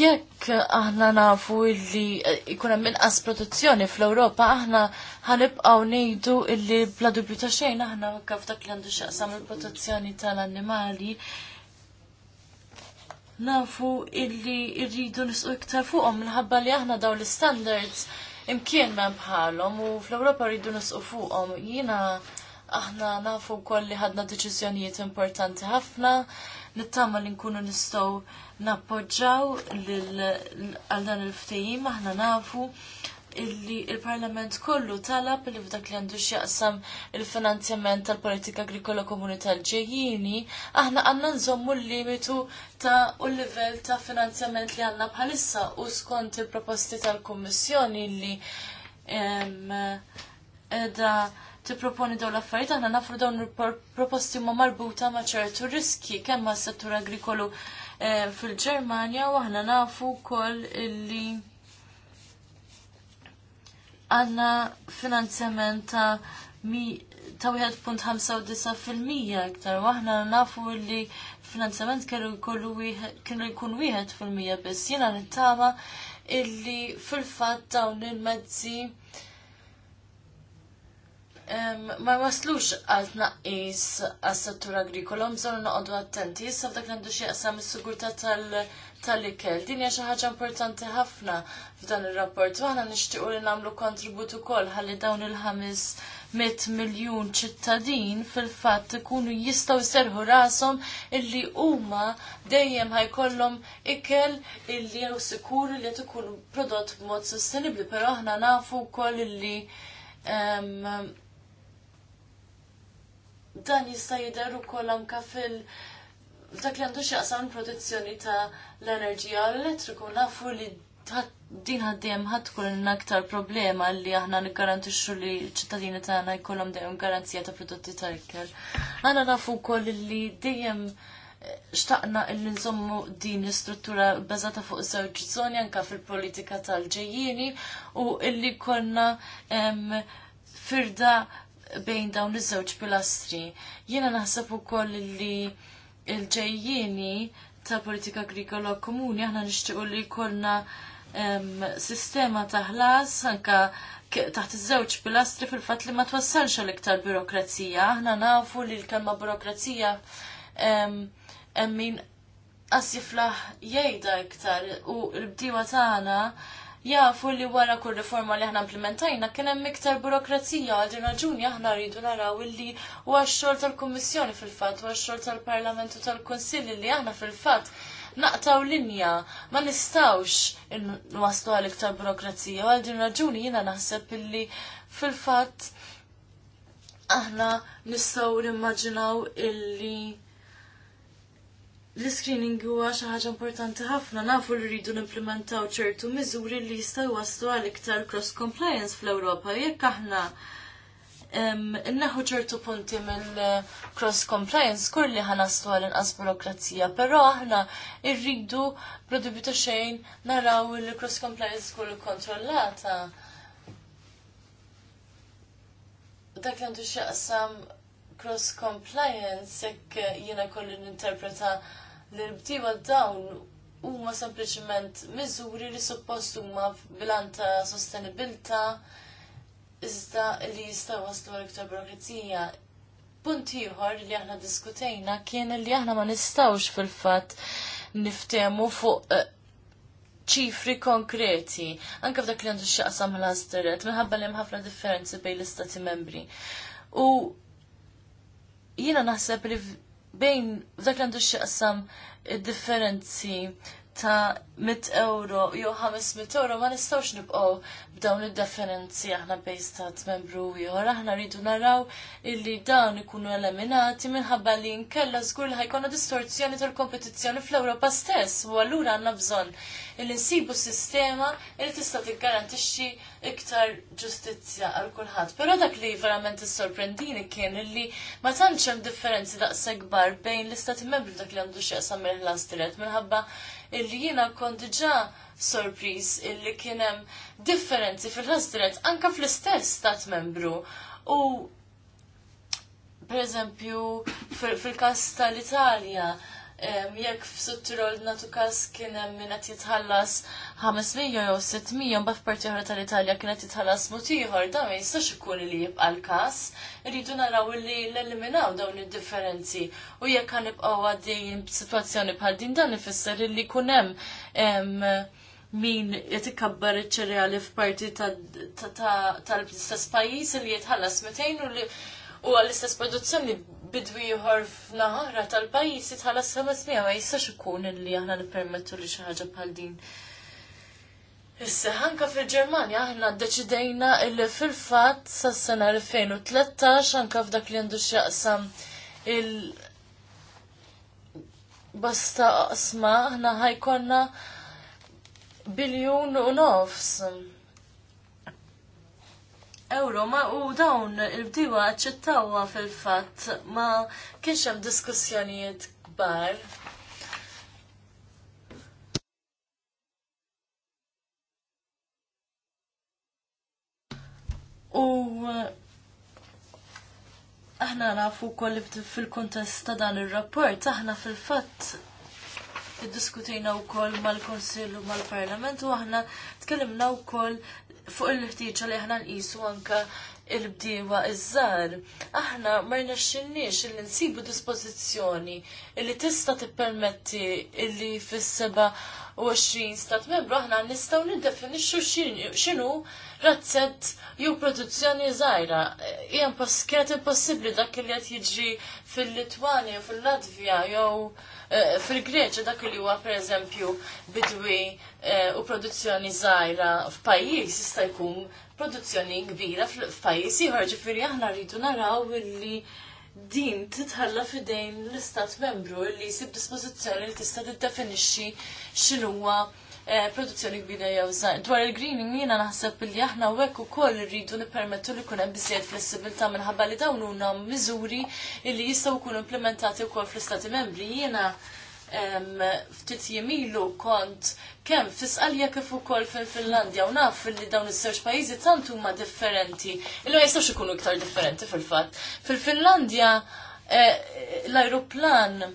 jekk aħna nafu illi eh, ikun hemm inqas produzzjoni fl-Ewropa, aħna ħanibqgħu ngħidu illi bla dubju ta' xejn aħna kif dak li għandu x'aqsam il-protezzjoni tal-annimali nafu illi irridu nisqu iktar fuqhom minħabba li aħna daw l-standards imkien ma bħalhom u fl-Ewropa rridu nisqu fuqhom. Jiena aħna nafu wkoll li ħadna deċiżjonijiet importanti ħafna, nittama li nkunu nistgħu nappoġġaw għal dan il-ftehim aħna nafu illi il-Parlament kollu talab li f'dak li għandu x'jaqsam il-finanzjament tal-politika agrikola komuni tal-ġejjini, aħna għandna nżommu l-limitu ta' u l-livell ta' finanzjament li għandna bħalissa u skont il-proposti tal-Kummissjoni li edha tipproponi dawn l-affarijiet aħna nafru dawn il proposti ma marbuta ma' ċertu riski kemm ma' settur agrikolu eh, fil-Ġermanja u aħna nafu wkoll illi għanna finanzjament ta' ta' 1.95% aktar waħna nafu li finanzjament kienu jkun wieħed fil-mija biss. Jiena nittama illi fil-fatt dawn il-mezzi ma waslux għal tnaqqis għas settur agrikolo, mżon noqogħdu attenti, issa f'dak għandu xie għasam is sugurta tal- tal-ikel. Din hija xi ħaġa importanti ħafna f'dan ir-rapport. Waħna nixtiequ li nagħmlu kontribut ukoll ħalli dawn il-ħames miljun ċittadin fil-fatt ikunu jistgħu jserħu rashom illi huma dejjem ħajkollhom ikel illi jew sikuri li qed ikun prodott b'mod sostenibbli, però aħna nafu wkoll illi um, dan jista' jidher ukoll anke fil- dak li għandu xaqsam produzzjoni ta' l-enerġija elettriku nafu li din għaddim ħatkun aktar problema li aħna niggarantixxu li ċittadini tagħna jkollhom dejjem garanzija ta' prodotti ta' ikkel. Aħna nafu wkoll li dejjem eh, xtaqna illi nżommu din l-istruttura bazata fuq żewġ zoni anka fil-politika tal-ġejjini u illi konna firda bejn dawn iż-żewġ pilastri. Jiena naħseb ukoll li il-ġejjieni tal-politika agrikola komuni aħna nixtiequ li jkollna sistema ta' ħlas anka taħt iż-żewġ pilastri fil-fatt li ma twassalx għal iktar burokrazija. Aħna nafu li l-kelma burokrazija hemm min qas jiflaħ jgħidha iktar u l-bdiewa tagħna jafu li wara kull riforma li aħna implementajna kien hemm iktar burokrazija għal din raġuni aħna rridu naraw illi huwa x-xogħol tal-Kummissjoni fil-fatt, huwa x-xogħol tal-Parlament u tal-Kunsill li aħna fil-fatt naqtaw linja, ma nistawx waslu għal iktar burokrazija għal din raġuni jiena naħseb illi fil-fatt aħna nistgħu nimmaġinaw illi l-screening huwa xi ħaġa importanti ħafna nafu li rridu nimplementaw ċertu miżuri li jistgħu waslu għal iktar cross compliance fl-Ewropa jekk aħna innaħu ċertu punti mill cross compliance kur li ħanaslu għal inqas burokrazija, però aħna rridu produbita xejn naraw li cross compliance tkun kontrollata. Dak li għandu xaqsam cross compliance jekk jiena kollu ninterpreta l-btiba dawn huma sempliċement miżuri li suppost huma bilanta sostenibilta iżda li jistgħu waslu l iktar burokrazija. Punt ieħor li aħna diskutejna kien li aħna ma nistgħux fil-fatt niftehmu fuq eh, ċifri konkreti, anke f'dak li għandu x'aqsam ħlas dirett, minħabba li hemm ħafna differenzi bejn l-istati membri. U jiena naħseb li bejn dak għandu x'jaqsam differenzi ta' 100 euro jew 500 euro ma nistgħux nibqgħu b'dawn id-differenzi aħna bejn stat membru ieħor aħna rridu naraw illi dawn ikunu eliminati minħabba li nkella żgur li ħajkonna distorzjoni tal-kompetizzjoni fl-Ewropa stess u allura għandna bżonn illi nsibu sistema li tista' tiggarantixxi iktar ġustizzja għal kulħadd. Però dak li verament issorprendini kien illi ma tantx hemm differenzi daqshekk kbar bejn l-istati membri dak li għandu x'jaqsam mill-ħlas dirett minħabba illi jiena kont diġà sorpriż illi kien hemm differenzi fil-ħażdiret anke fl-istess stat membru. U pereżempju fil-każ tal-Italja jekk f'Suttirol natu kas kien hemm min qed jitħallas 500 jew 600 mbagħad parti oħra tal-Italja kien qed jitħallas mod ieħor dan ma jistax ikun li jibqa' l-każ. Irridu naraw li l-eliminaw dawn id-differenzi u jekk ħanibqgħu għaddejjin b'sitwazzjoni bħal din dan ifisser li jkun hemm min qed ikabbar iċ-ċereali f'parti tal-istess pajjiż li jitħallas 200 u li u għall-istess produzzjoni bidwi juħor f'naħra tal-pajis jitħallas mija ma jistax ikun illi aħna nippermettu li xi ħaġa bħal din. Issa, ħanka fil-Germania, aħna deċidejna li fil-fat s sena 2013, ħanka f'dak li għandu xaqsam il- basta qasma, aħna ħajkonna biljun u nofs euro ma u dawn il-bdiwa ċittawa fil-fatt ma kienx hemm diskussjonijiet kbar. U eh, aħna nafu kolli fil-kontest ta' dan il-rapport, aħna fil-fatt id-diskutejna u koll mal-Konsil u mal-Parlament u aħna tkellimna u koll fuq il-ħtieġa li aħna nqisu anke il-bdiewa iż-żar. Aħna ma rnexxinniex li nsibu dispożizzjoni li tista' tippermetti li fis-seba' 20 stat membru aħna nistgħu niddefinixxu x'inhu razzett jew produzzjoni żgħira. Hija kienet impossibbli dak li qed jiġri fil-Litwanja, fil-Latvja jew Eh, fil-Greċja dak li huwa pereżempju bidwi eh, u produzzjoni żgħira f'pajjiż jista' jkun produzzjoni kbira f'pajjiż ieħor ġifieri aħna rridu naraw illi din titħalla fidejn l-istat membru li jsib dispożizzjoni li tista' tiddefinixxi x'inhuwa Eh, produzzjoni kbira jew żgħar. Dwar il-greening jiena naħseb li aħna hekk ukoll irridu nippermettu li jkun hemm biżjed flessibilità minħabba li dawn huma miżuri li jistgħu jkunu implementati wkoll fl-Istati Membri. Jiena ftit jimilu kont kemm fisqalja kif ukoll fil-Finlandja u naf li dawn is-sewġ pajjiżi tant huma differenti. Illum jistgħux ikunu iktar differenti fil-fatt. Fil-Finlandja eh, l-ajruplan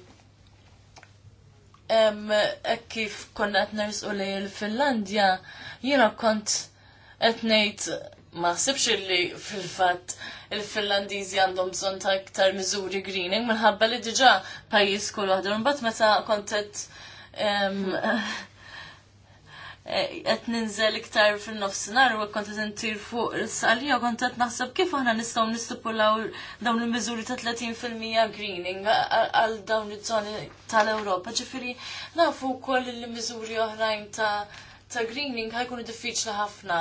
E kif konna qed nersqu li l finlandja jiena kont qed ngħid ma sibx li fil-fatt il-Finlandiżi għandhom bżonn ta' iktar miżuri greening minħabba li diġà pajjiż kol waħdu. Mbagħad meta kont qed qed ninżel iktar fin-nofsinhar u kont qed intir fuq is-salja kont qed naħseb kif aħna nistgħu nistipulaw dawn il-miżuri ta' 30% greening għal dawn iż-żoni tal-Ewropa. Ġifieri nafu wkoll li miżuri oħrajn ta' ta' greening ħajkunu diffiċli ħafna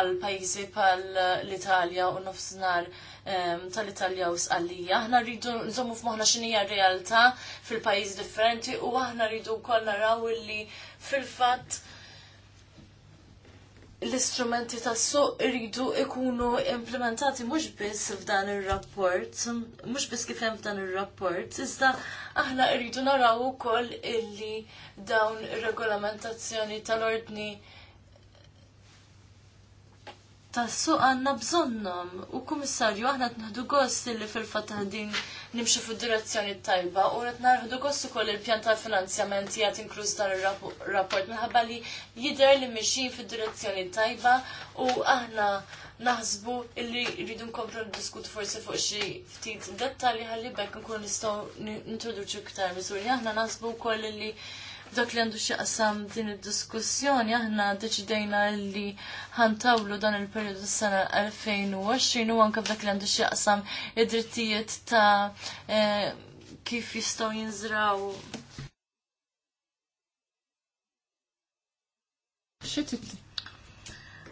għal pajjiżi bħal l-Italja u nofsinhar tal-Italja u sqallija. Aħna rridu nżommu f'moħħna x'inija r-realtà fil-pajjiż differenti u aħna rridu wkoll naraw illi fil-fatt l-istrumenti tas-suq iridu ikunu implementati mhux biss f'dan ir-rapport, mhux biss kif hemm f'dan ir-rapport, iżda aħna rridu naraw ukoll illi dawn ir-regolamentazzjoni tal-ordni tas-suq għandna bżonnhom u kummissarju aħna t-nħdu gost illi fil-fatt nimxu fid-direzzjoni tajba u qed narħdu kost koll il-pjan tal finanzjamenti għat inkluż dan ir-rapport minħabba li jidher li mixin fil direzzjoni tajba u aħna naħsbu illi rridu nkomplu diskut forsi fuq xi ftit dettalji ħalli bekk nkun nistgħu nintroduċu iktar miżuri. Aħna naħsbu wkoll li dak li għandu xieqsam din id-diskussjoni aħna deċidejna li ħantawlu dan il-periodu s-sena 2020 u anka dak li għandu xieqsam id-drittijiet ta' e, kif jistaw jinżraw.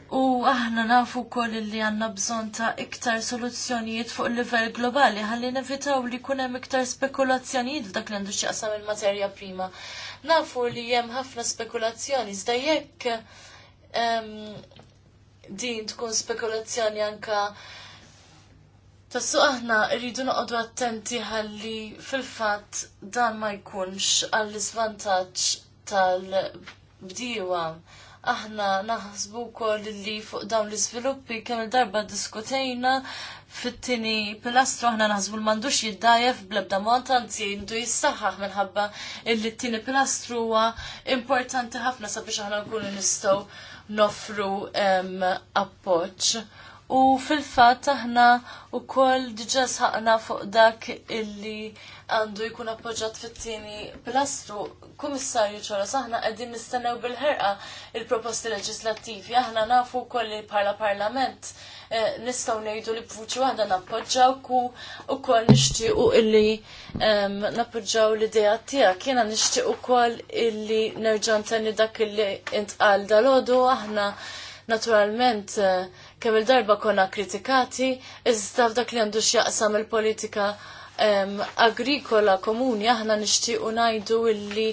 U aħna nafu koll li għanna bżon ta' iktar soluzzjonijiet fuq livell globali ħalli nevitaw li kunem iktar spekulazzjonijiet f'dak li għandu xieqsam il-materja prima. Nafu li hemm ħafna spekulazzjoni, zda jekk ehm, din tkun spekulazzjoni anka Tassu aħna rridu noqogħdu attenti ħalli fil-fatt dan ma jkunx għall iżvantaġġ tal bdiwa Aħna naħsbu kol li fuq dawn l-iżviluppi kemm darba diskutejna fit-tini pilastru aħna naħsbu l-mandux jiddajef blebda monta għanzi jindu jissaħħaħ minħabba illi t-tini pilastru huwa importanti ħafna sabiex aħna nkunu nistgħu nofru appoġġ. U fil-fatt aħna wkoll diġà sħaqna fuq dak illi għandu jkun appoġġat fit-tieni pilastru, kummissarju ċora saħna qegħdin nistennew bil-ħerqa il-proposti leġislattivi. Aħna nafu wkoll li bħala parlament Eh, nistgħu ngħidu li b'vuċi waħda ku u wkoll nixtiequ illi nappoġġaw l-idea tiegħek. Jiena nixtieq kol illi nerġan tani dak illi intqal dalodu aħna naturalment eh, kemm il-darba konna kritikati, iżda f'dak li għandu x'jaqsam il-politika agrikola komuni aħna nixtiequ ngħidu illi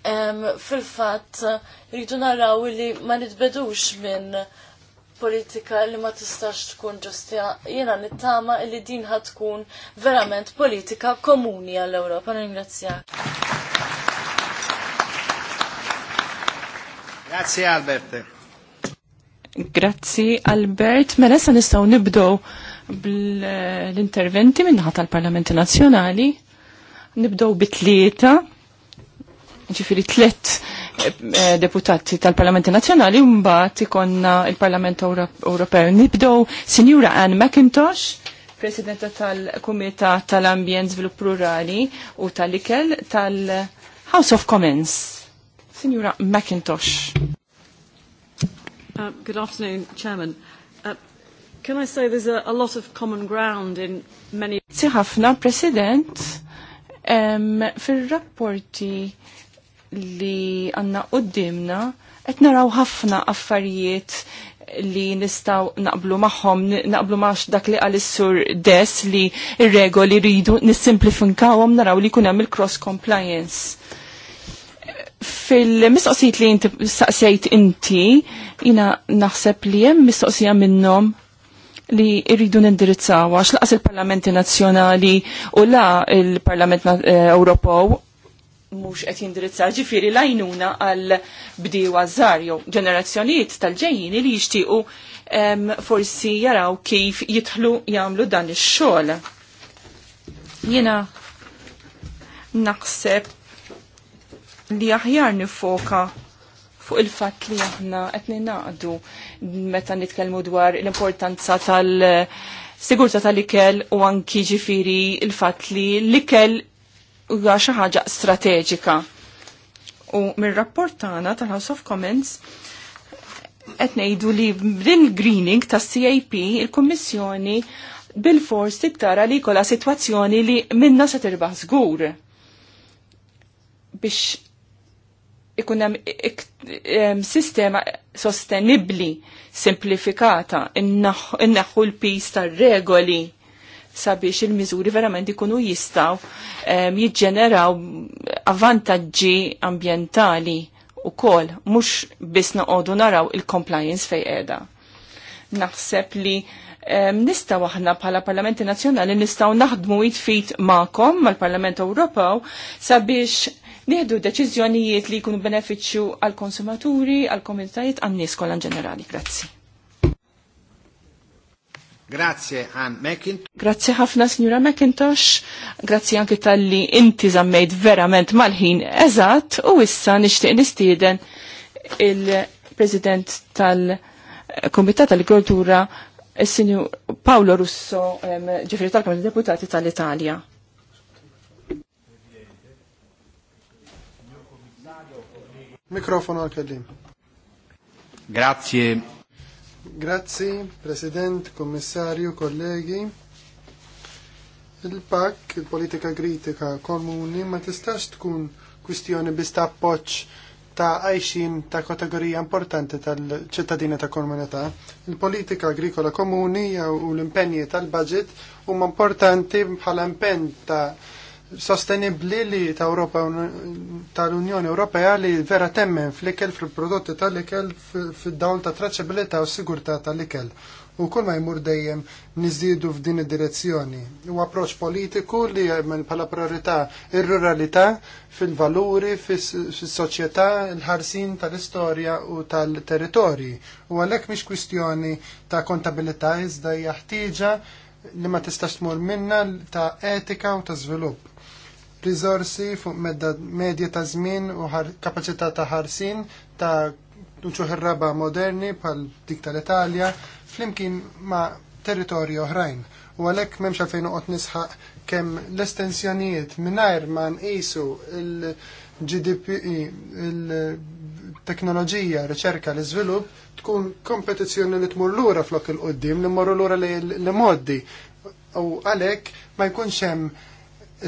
fil-fat rridu naraw li ma nitbedux minn politika li ma tistax tkun ġustja. Jena nittama li din ħad tkun verament politika komuni għall-Europa. Ringrazzjak. Grazie Albert. Grazzi Albert. Mela sa nistgħu nibdew bl-interventi minnaħat tal-Parlamenti Nazzjonali. Nibdew bit-tlieta. ġifieri tliet Eh, deputati tal-Parlamenti Nazzjonali mbagħad ikonna il-Parlament Ewropew. Nibdew Sinjura Ann McIntosh, Presidenta tal-Kumitat tal-Ambjent Zvilupp Rurali u tal-Ikel tal-House of Commons. Sinjura McIntosh. Uh, good afternoon, Chairman. Uh, can I say there's a, a lot of common ground in many... Si ħafna, President, um, fil-rapporti li għanna qoddimna qed naraw ħafna affarijiet li nistaw naqblu maħħom, naqblu maħx dak li għal-sur des li regoli rridu nissimplifinkawhom naraw li kunem il-cross compliance. Fil-mistoqsijiet li inti saqsejt inti, jina naħseb li hemm mistoqsija minnhom li irridu nindirizzaw għax laqas il-Parlamenti Nazzjonali u la il-Parlament eh, Ewropew mhux qed jindirizza ġifiri lajnuna għal bdiewa żgħar jew ġenerazzjonijiet tal-ġejjin li jixtiequ forsi jaraw kif jitħlu jagħmlu dan ix-xogħol. Jiena naħseb li aħjar nifoka fuq il-fatt li aħna qed ninaqdu meta nitkellmu dwar l-importanza tal- sigurta tal-ikel u anki ġifiri il-fat li l-ikel huwa xi ħaġa strateġika. U mir-rapport tagħna tal-House of Commons qed ngħidu li b'din greening tas-CAP il-Kummissjoni bil-fors tittara li kola situazzjoni li minna se tirbaħ żgur biex ikun hemm sistema sostenibbli simplifikata innaħħu l pista tar-regoli sabiex il-miżuri verament ikunu jistaw jiġġeneraw avvantaġġi ambientali u kol, mux bis noqodu naraw il-compliance fej edha. Naħseb li nistaw aħna bħala Parlamenti Nazzjonali nistaw naħdmu jitfit ma'kom mal-Parlament Ewropew sabiex nieħdu deċiżjonijiet li jkunu benefiċċju għal konsumaturi, għal komunitajiet, għan nies kollha ġenerali. Grazzi. Grazie Ann McIntosh. Grazie ħafna Signora McIntosh. Grazie anke tal-li inti zammejt verament mal-ħin eżatt u issa nixtieq nistieden il-President tal-Komitat tal-Kultura il-Sinjur Paolo Russo, ġifri tal-Kamra Deputati tal-Italja. Mikrofono għal-kellim. Grazie Grazzi, President, Kommissarju, kollegi. Il-PAK, il-politika kritika komuni, ma tistax tkun kwistjoni bista appoċ ta' għajxin ta' kategorija importanti tal ċittadina ta' komunità. Il-politika agrikola komuni u l-impenji tal-budget huma importanti bħala impenn ta' sostenibli li ta' Europa tal-Unjoni Ewropea li vera temmen fl-ikel fil-prodotti tal-ikel fil-dawl ta' traċabilità u sigurtà tal-ikel. U kull ma jmur dejjem niżidu f'din id-direzzjoni. U approċ politiku li jemmen bħala priorità ir-ruralità fil-valuri, fil-soċjetà, il-ħarsin tal-istorja u tal-territorji. U għalhekk mhix kwistjoni ta' kontabilità iżda hija li ma tistax tmur minna ta' etika u ta' żvilupp rizorsi fuq medda medja ta' żmien u kapaċità ta' ħarsin ta' nuċuħ raba moderni bħal dik tal-Italja flimkien ma' territorju oħrajn. U għalhekk m'hemmx għalfejn uqot nisħaq kemm l-estensjonijiet mingħajr ma nqisu il-GDP il-teknoloġija, riċerka, l-iżvilupp tkun kompetizzjoni li tmur lura flok il-qoddim li l lura li moddi u għalhekk ma jkunx hemm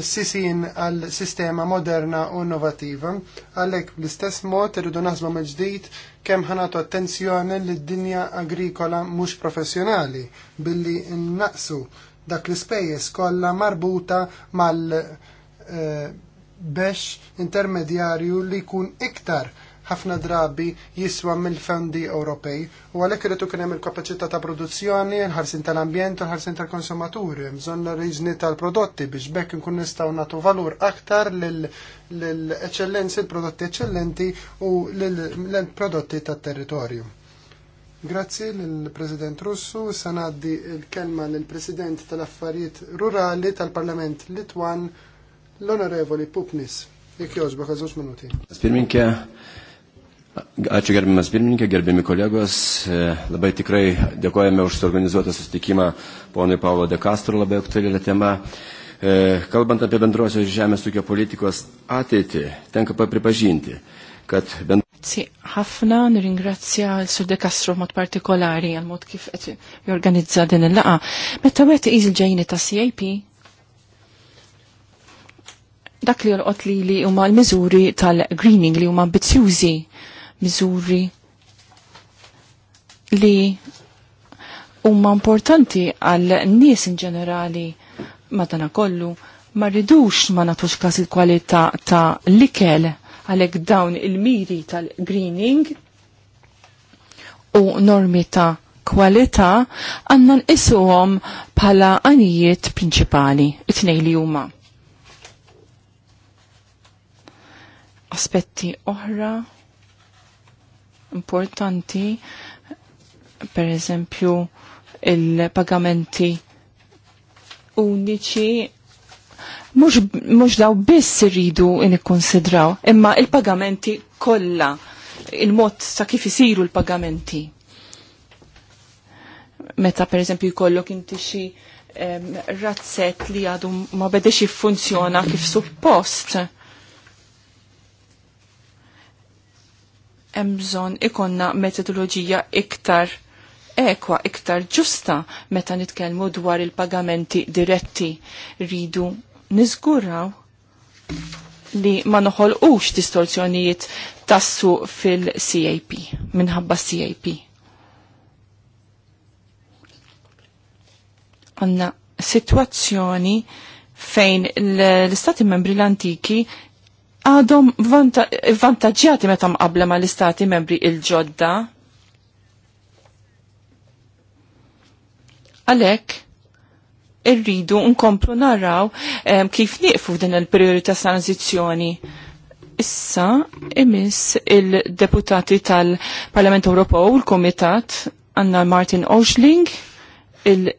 sisin għal sistema moderna u innovativa, għalek bl-istess mod irridu naħsbu meġdijt ġdid kemm ħanatu attenzjoni lid-dinja agrikola mhux professjonali billi nnaqsu dak l-ispejjeż kollha marbuta mal eh, bex intermedjarju li jkun iktar ħafna drabi jiswa mill-fondi Ewropej u għalhekk irid ikun hemm il-kapaċità ta' produzzjoni, l-ħarsin tal-ambjent u l-ħarsin tal-konsumaturi, bżonn riżni tal-prodotti biex bekk nkun nistgħu nagħtu valur aktar lill-eċellenzi, l-prodotti eċċellenti u l-prodotti tat-territorju. Grazzi l-President Russu, sanaddi il-kelma l-President tal-Affarijiet Rurali tal-Parlament Litwan, l-Onorevoli Pupnis. Jekk joġba, għazuż minuti. Ačiū gerbimas pirmininkė, gerbimi kolegos. E, labai tikrai dėkojame už suorganizuotą sustikima ponui Paulo de Castro, labai aktuali tema. E, kalbant apie bendrosios žemės ūkio politikos ateitį, tenka papripažinti, kad bendrosios Grazzi ħafna, nirringrazzja l-Sur De Castro mod partikolari għal-mod kif qed jorganizza din il-laqa. Meta wet iż il-ġejni ta' CIP, dak li jolqot li li huma l-miżuri tal-greening li huma ambizzjużi miżuri li huma importanti għal nies in ġenerali madana kollu ma ridux ma natux kas il-kwalità ta' likel għalek dawn il-miri tal-greening u normi ta' kwalità għanna nqisuhom bħala għanijiet prinċipali, it-tnej li huma. Aspetti oħra importanti, per eżempju, il-pagamenti uniċi mux, mux daw biss iridu nikkonsidraw, imma il-pagamenti kolla, il-mod sa kif isiru l-pagamenti. Meta per eżempju jkollok inti xi eh, li għadu ma bedex jiffunzjona kif suppost. hemm bżonn ikonna metodoloġija iktar ekwa, iktar ġusta meta nitkellmu dwar il-pagamenti diretti. Ridu niżguraw li ma noħolqux distorzjonijiet tassu fil-CAP, minħabba CAP. Għanna situazzjoni fejn l-Stati membri l-antiki għadhom vantaġġjati meta mqabla ma l-istati membri il-ġodda. Għalek, irridu nkomplu naraw um, kif nieqfu din il-priorità tranzizjoni. Issa imis il-deputati tal-Parlament Ewropew u l-Komitat għanna Martin Oshling, il-kap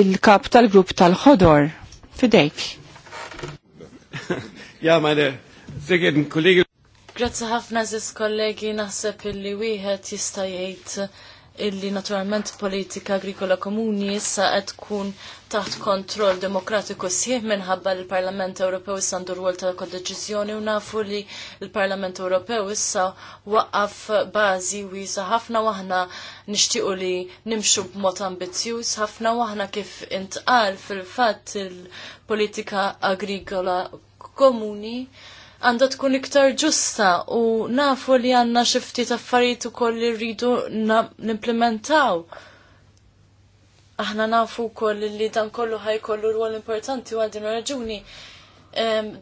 il kap tal grupp tal-ħodor. Fidejk. ja, meine sehr geehrten Kollegen. Grazzi ħafna ziz kollegi naħseb illi wieħed jista' jgħid illi naturalment politika agrikola komuni issa qed tkun taħt kontroll demokratiku sieħ minħabba li l-Parlament Ewropew issa għandu rwol ta' kodeċiżjoni u nafu li l-Parlament Ewropew issa waqaf bażi wiesa ħafna waħna nixtiequ li nimxu b'mod ambizzjuż ħafna waħna kif intqal fil-fatt il-politika agrikola komuni għandha tkun iktar ġusta u nafu li għandna xi ftit affarijiet ukoll li rridu nimplementaw. Aħna nafu wkoll li dan kollu kollu rwol importanti u għadin raġuni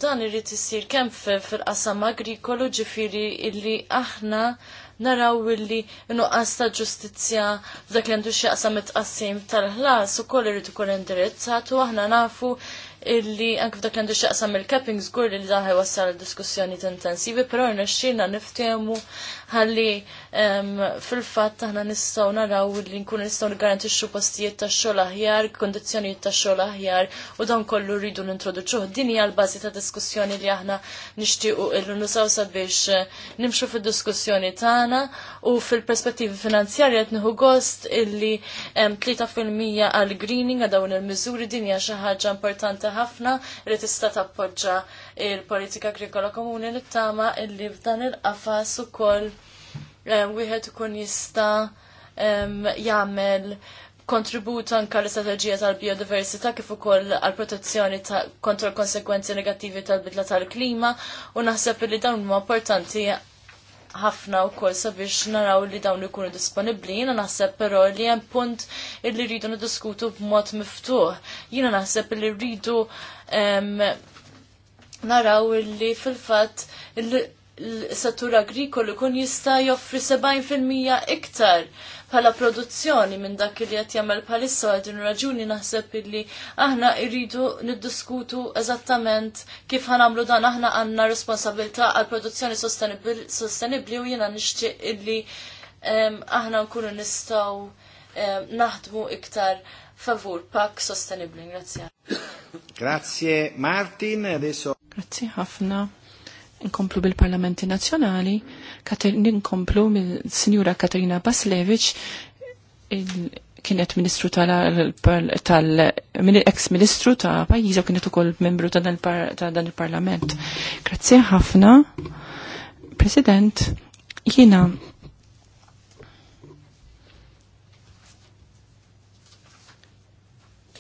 dan irrid isir kemm fil-qasam agrikolu ġifiri illi aħna naraw illi nuqqas ta' ġustizzja f'dak li għandu xi qasam it-qassim tal-ħlas ukoll irid ikun indirizzat u aħna nafu illi anke f'dak l-għandu xaqsam il-capping żgur li daħi wassal diskussjoni intensivi, però rnexxina niftehmu ħalli fil-fatt aħna nistgħu naraw li nkunu nistgħu nigarantixxu postijiet tax-xogħol aħjar, kondizjoniet tax-xogħol aħjar u dan kollu rridu nintroduċuh. Din hija l-bażi ta' diskussjoni li aħna nixtiequ illu nusaw sabiex eh, nimxu fid-diskussjoni tagħna u fil-perspettivi finanzjarja qed nieħu gost illi 3% għal greening għal dawn il-miżuri din hija xi ħaġa importanti ħafna li tista' tappoġġa il-politika agrikola komuni li tama illi f'dan il-qafas ukoll wieħed ikun jista' jagħmel kontribut anka l-istrateġija tal-biodiversità kif ukoll għall protezzjoni kontra l-konsekwenzi negattivi tal-bidla tal-klima u naħseb li dawn huma importanti ħafna u kol sabiex naraw li dawn ikunu disponibli. Jina naħseb però li hemm punt illi rridu niddiskutu b'mod miftuħ. Jina naħseb li rridu naraw li fil-fatt l-settur agrikolu kun jista' joffri 70% iktar bħala produzzjoni minn dak li qed jagħmel bħalissa għal din raġuni naħseb illi aħna rridu niddiskutu eżattament kif ħanamlu dan aħna għandna responsabilità għal produzzjoni sostenibbli u jiena nixtieq illi aħna nkunu nistgħu naħdmu iktar favur pak sostenibbli. Grazie. Grazie Martin, adesso. Grazie ħafna nkomplu bil-Parlamenti Nazzjonali, ninkomplu mill-Sinjura Katerina Baslevic, kienet ministru tal-ex-ministru ta' pajjiża kienet ukoll membru ta' dan il-Parlament. Grazie ħafna, President, jiena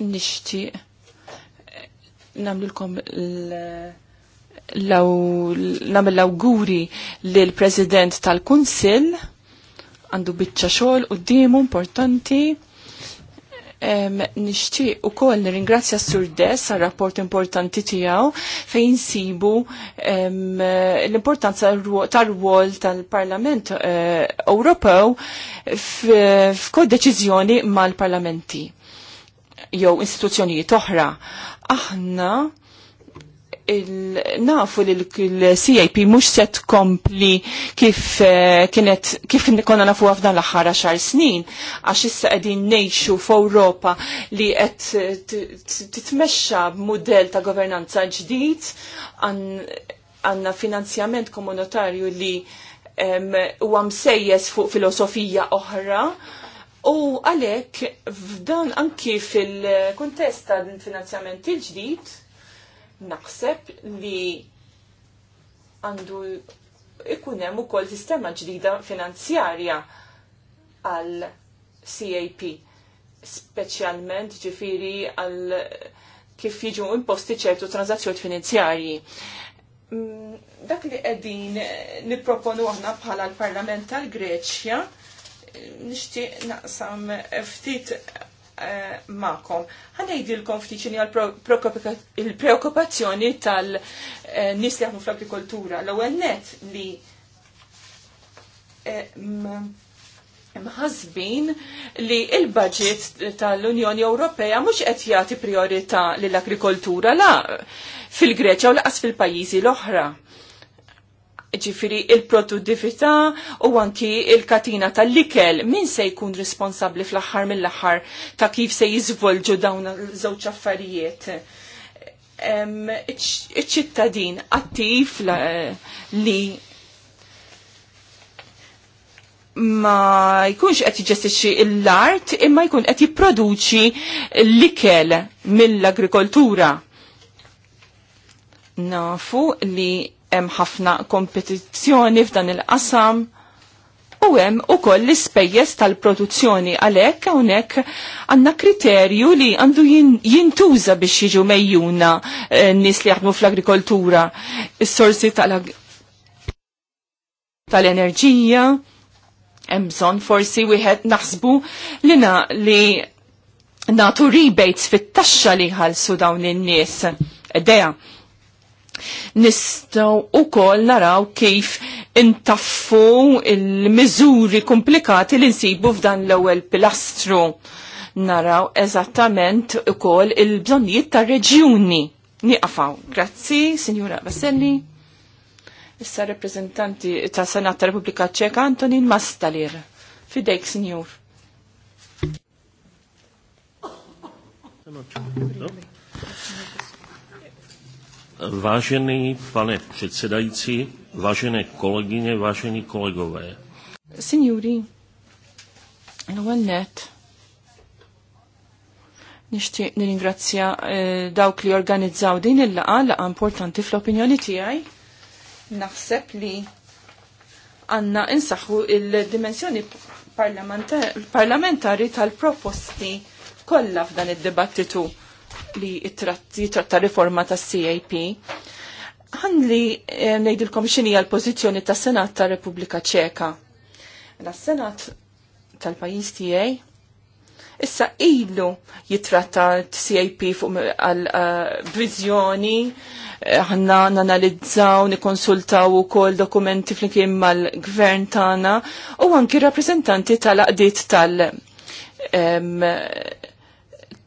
nixtieq eh, namlilkom l- namil l-auguri li l-President tal-Kunsil għandu bitċa xogħol quddiemu importanti. Nixtieq ukoll nirringrazzja Sur Dess għal rapport importanti tiegħu fejn sibu l-importanza tar wol tal-Parlament eh, Ewropew f'kodeċiżjoni mal-parlamenti jew istituzzjonijiet oħra. Aħna nafu li l-CIP mux set kompli kif eh, kienet kif konna nafu għafna l-ħara xar snin għax issa għedin nejxu Europa li għed titmexxa b'modell ta' governanza ġdid għanna finanzjament komunitarju li u għamsejjes fuq filosofija oħra u għalek f'dan anki fil kontesta din finanzjament il-ġdid Naħseb li għandu ikun hemm ukoll sistema ġdida finanzjarja għal CAP, speċjalment ġifiri għal kif jiġu imposti ċertu transazzjoni finanzjarji. Mm, dak li qegħdin nipproponu aħna bħala l-Parlament tal-Greċja, nixtieq naqsam ftit Eh, ma'kom. Ħanejdilkom ftit xini għal preokkupazzjoni tal-nies eh, li għamu fl-agrikoltura. L-ewwel net li eh, mħazbin li il-budget tal-Unjoni Ewropea mhux qed jagħti priorità lill-agrikoltura la fil-Greċja u laqas fil-pajjiżi l-oħra ġifiri il-produttività u anki il-katina tal-likel, min se jkun responsabli fl-axar mill-axar ta' kif se jizvolġu dawn żewġ affarijiet. Iċ-ċittadin attiv li ma jkunx qed jiġestixxi l-art imma jkun qed jipproduċi l-ikel mill-agrikoltura. Nafu li hemm ħafna kompetizzjoni f'dan il-qasam u hemm ukoll l-ispejjeż tal-produzzjoni għalhekk hawnhekk għandna kriterju li għandu jintuża biex jiġu mejjuna eh, n-nies li jaħdmu fl-agrikoltura, is-sorsi tal-enerġija, hemm bżonn forsi wieħed naħsbu li na li natu rebates fit-taxxa li ħalsu dawn in-nies. Dea, Nistaw u koll naraw kif intaffu il-mizuri komplikati li nsibu f'dan l-ewel pilastru. Naraw eżattament u koll il-bżonijiet ta' reġjuni. Niqafaw. Grazzi, Signora Vasselli. Issa rappresentanti ta' Senat ta' Repubblika Ċeka Antonin Mastalir. Fidejk, Signor. you. Vážený pane předsedající, vážené kolegyně, vážení kolegové. Signori, l-għannet, nishtiq nir-ingrazzja eh, dawk li organizzaw din il-laqa, laqa importanti fl-opinjoni tijaj. Naħseb li għanna insaħu il-dimensjoni parlamentari tal-proposti kollha f'dan id-dibattitu li jitratta riforma tas CAP. Għanli eh, nejdilkom xini għal-pozizjoni ta' Senat ta' Repubblika Ċeka. La senat tal-pajis tijaj issa ilu jitratta CAP fuq għal-vizjoni eh, eh, ħanna nanalizzaw, nikonsultaw u kol dokumenti flinkim mal-gvern tana u anki rappresentanti tal-aqdiet tal-, -tal, -tal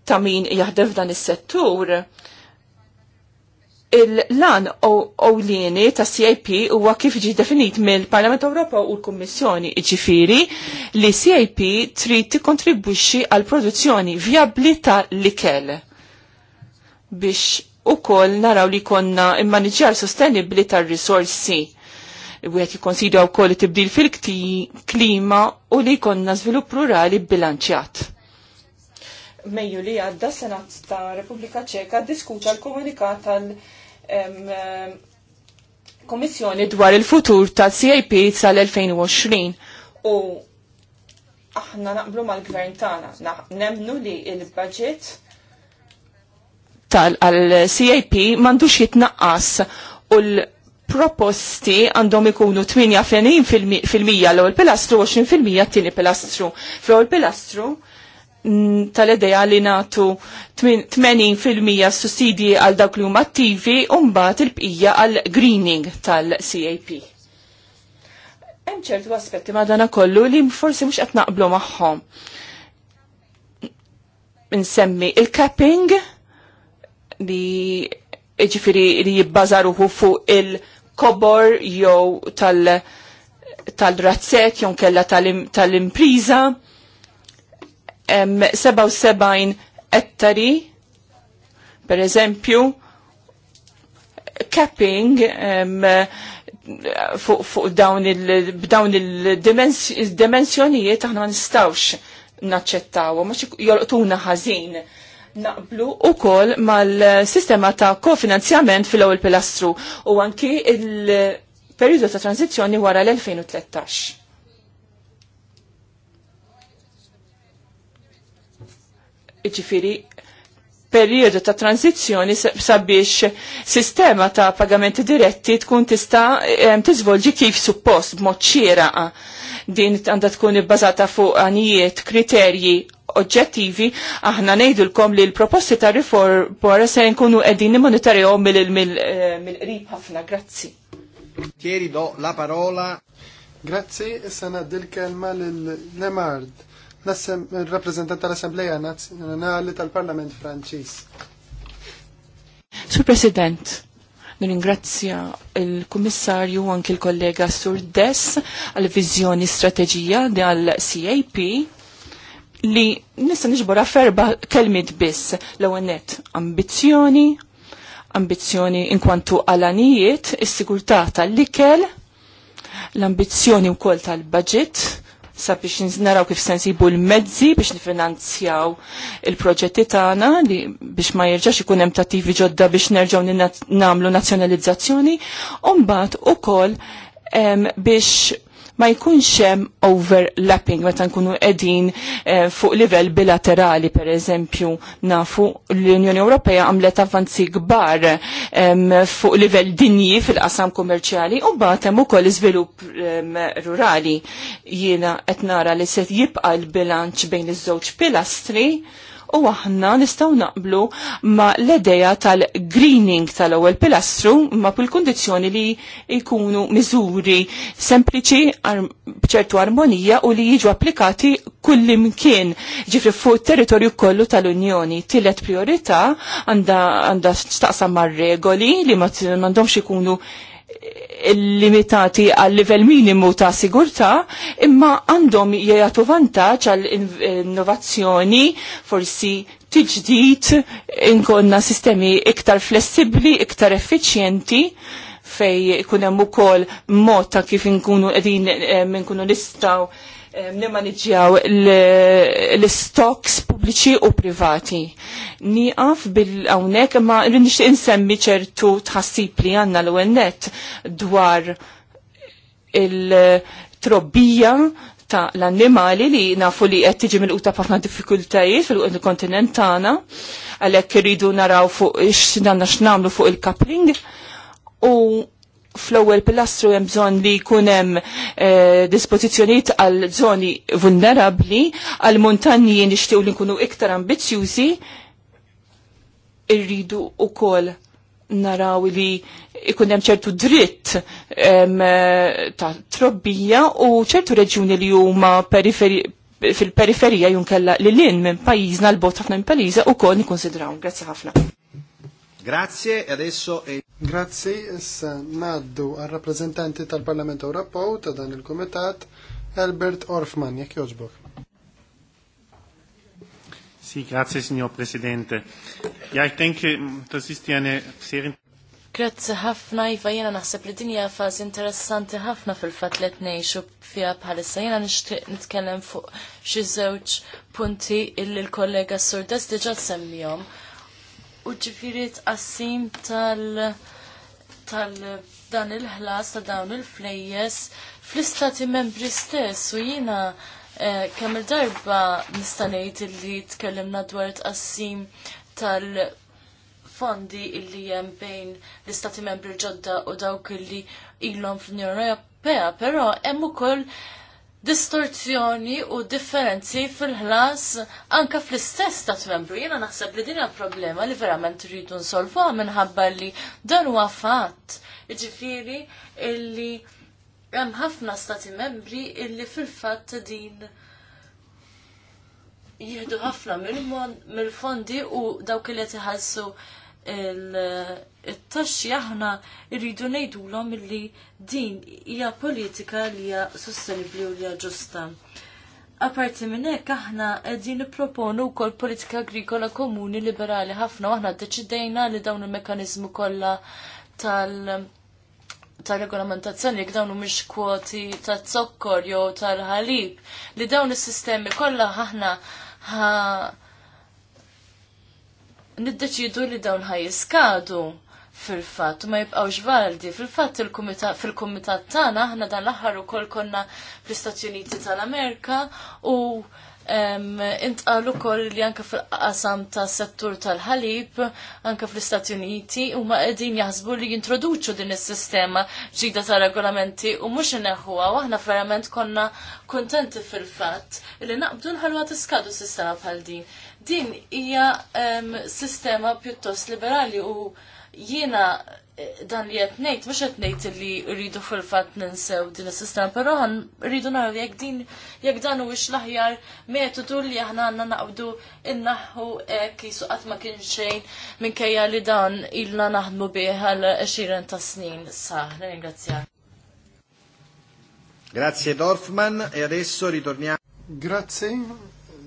ta' min jaħdem f'dan is-settur il-lan ewlieni ta' CIP huwa kif ġi definit mill-Parlament Ewropew u l-Kummissjoni ġifiri li CIP trid tikkontribwixxi għal produzzjoni vjabbli ta' ikel biex ukoll naraw li konna immaniġjar sostenibbli tar-risorsi u għet jikonsidra wkoll koll tibdil fil-klima u li konna żvilupp rurali bilanċjat. Mejju li għadda Senat ta' Repubblika Ċeka diskuta l-komunikat tal- Komissjoni dwar il-futur ta' CIP sal-2020 u aħna naqblu mal-gvern tagħna nemnu li il-budget tal-CIP m'għandux jitnaqqas u l-proposti għandhom ikunu 80% fil-mija l-ewwel pilastru 20% t-tieni pilastru. Fl-ewwel pilastru Mm, tal-edeja li natu 80% sussidji għal dawk li huma attivi u mbagħad il-bqija għal greening tal-CAP. Hemm ċertu aspetti madana kollu li forsi mhux qed naqblu magħhom. Insemmi il-capping li ġifiri li jibbażaruhu fuq il-kobor jew tal- tal-razzet jew kella tal-impriża. Tal 77 ettari, per eżempju, capping fuq fu dawn il-dimensjonijiet il aħna ma nistawx naċċettaw, ma jolqtuna ħażin naqblu u kol mal-sistema ta' kofinanzjament fil-ewwel pilastru u anki il-periodu ta' tranzizjoni wara l-2013 iġifiri periodu ta' tranzizjoni sabiex sistema ta' pagamenti diretti tkun tista' tiżvolġi kif suppost b'mod ċiraqa. Din għandha tkun ibbażata fuq għanijiet, kriterji oġġettivi, aħna ngħidulkom li l-proposti ta' riforma se nkunu qegħdin nimonitorjhom eh, mill-qrib ħafna. Grazzi. Tieri do la parola. Grazzi, issa ngħaddi kelma lil Lemard rappresentant tal-Assembleja Nazzjonali tal-Parlament Franċiż. Sur President, nirringrazzja il-Kummissarju anki l-kollega Sur Dess għal-vizjoni strateġija għal-CAP li nista' niġbor ferba kelmit biss l-ewwel nett ambizzjoni, ambizzjoni inkwantu għalanijiet, is-sigurtà tal-ikel, l-ambizzjoni wkoll tal-budget, sabiex naraw kif se nsibu l-mezzi biex nifinanzjaw il-proġetti tagħna li biex ma jerġax ikun hemm tattivi ġodda biex nerġgħu nagħmlu nazzjonalizzazzjoni u mbagħad ukoll biex ma jkunx hemm overlapping meta nkunu qegħdin eh, fuq livell bilaterali pereżempju nafu l-Unjoni Ewropea għamlet avvanzi kbar fuq livell dinji fil-qasam kummerċjali u bagħad hemm ukoll iżvilupp rurali. Jiena qed nara li se jibqa' l-bilanċ bejn iż-żewġ pilastri u aħna nistaw naqblu ma l-edeja tal-greening tal-ewwel pilastru ma kull kondizjoni li jkunu miżuri sempliċi bċertu armonija u li jiġu applikati kullimkien ġifri fuq territorju kollu tal-Unjoni. Tillet priorità għandha staqsa mar regoli li ma għandhomx ikunu limitati għal livell minimu ta' sigurta, imma għandhom jgħatu vantaġġ għal innovazzjoni, forsi tiġdid, inkonna sistemi iktar flessibli, iktar effiċjenti, fej ikun hemm ukoll mod ta' kif inkunu qegħdin minkunu eh, nistgħu Eh, nimmanġjaw l-stocks pubbliċi u privati. Niqaf bil-għawnek ma rinix insemmi ċertu tħassib li għanna l-għennet dwar il-trobbija ta' l-annimali li nafu li qed tiġi mill-quta b'ħafna diffikultajiet fil-kontinent tagħna, għalhekk irridu naraw fuq x'danna x'namlu fuq il-coupling u fl-ewwel pilastru hemm bżonn li jkun hemm eh, dispożizzjonijiet għal żoni vulnerabbli, għal montanji nixtiew li nkunu iktar ambizzjużi, irridu wkoll naraw li ikun hemm ċertu dritt em, ta' trobbija u ċertu reġjuni li huma fil-periferija junkella li l-in minn pajjiżna l-bot ħafna minn pajjiża u kol nikonsidraw. Grazzi ħafna. Grazie e adesso... È... Grazie, issa naddu al rappresentante del Parlamento Europeo, ta' dan il Albert Orfman, jek joġbok. Sì, grazie signor Presidente. Ja, ich denke, das ist ja eine sehr Grazzi ħafna Iva jena naħseb li dinja faż interessanti ħafna fil-fat li tnejxu fija palissa. jena nishtiq nitkellem fuq xi żewġ punti illi l-kollega Surdas diġà semmihom u ġifiri tqassim tal- tal dan il-ħlas ta' dawn il-flejjes fl-istati membri stess u jina eh, kemm il-darba nistanejt illi tkellimna dwar tqassim tal-fondi illi hemm bejn l-istati membri ġodda u dawk illi ilhom fl-Unjoni Ewropea, però hemm ukoll distorzjoni u differenzi fil-ħlas anka fl-istess stat membru. Jena naħseb li dinja problema li verament rridu nsolvu minħabba li dan huwa fatt. Ġifiri illi hemm ħafna stati membri illi fil-fatt din jieħdu ħafna mill-fondi u dawk li tiħassu il- it-taxxi aħna rridu ngħidulhom milli din hija politika li hija sostenibbli u li hija ġusta. Aparti minn hekk aħna qegħdin nipproponu wkoll politika agrikola komuni liberali ħafna u aħna ddeċidejna li dawn il-mekkaniżmu kollha tal ta' regolamentazzjoni jek dawn mhumiex kwoti ta' zokkor jew tal-ħalib li dawn is-sistemi kollha aħna ha niddeċidu li dawn ħaj fil-fatt ma jibqgħux valdi. Fil-fatt fil-kumitat tagħna aħna dan l u ukoll konna fl-Istati Uniti tal-Amerika u intqalu kol li anka fil-qasam ta' settur tal-ħalib, anka fl-Istati Uniti, u ma' edin jaħsbu li jintroduċu din is-sistema ġida ta' regolamenti u mux neħuwa, u aħna verament konna kontenti fil-fat li naqbdu nħalwa tiskadu sistema bħal din. Din hija sistema pjuttost liberali u jiena eh, dan li qed ngħid mhux qed ngħid li rridu fil-fatt ninsew din is-sistema, però rridu naraw jekk din jekk dan huwiex l-aħjar metodu li aħna għandna naqbdu innaħħu hekk jisu ma kien xejn minkejja li dan ilna naħdmu bih għal 20 ta' snin sa. Ringrazzjak. Grazie Dorfman e adesso ritorniamo. Grazie,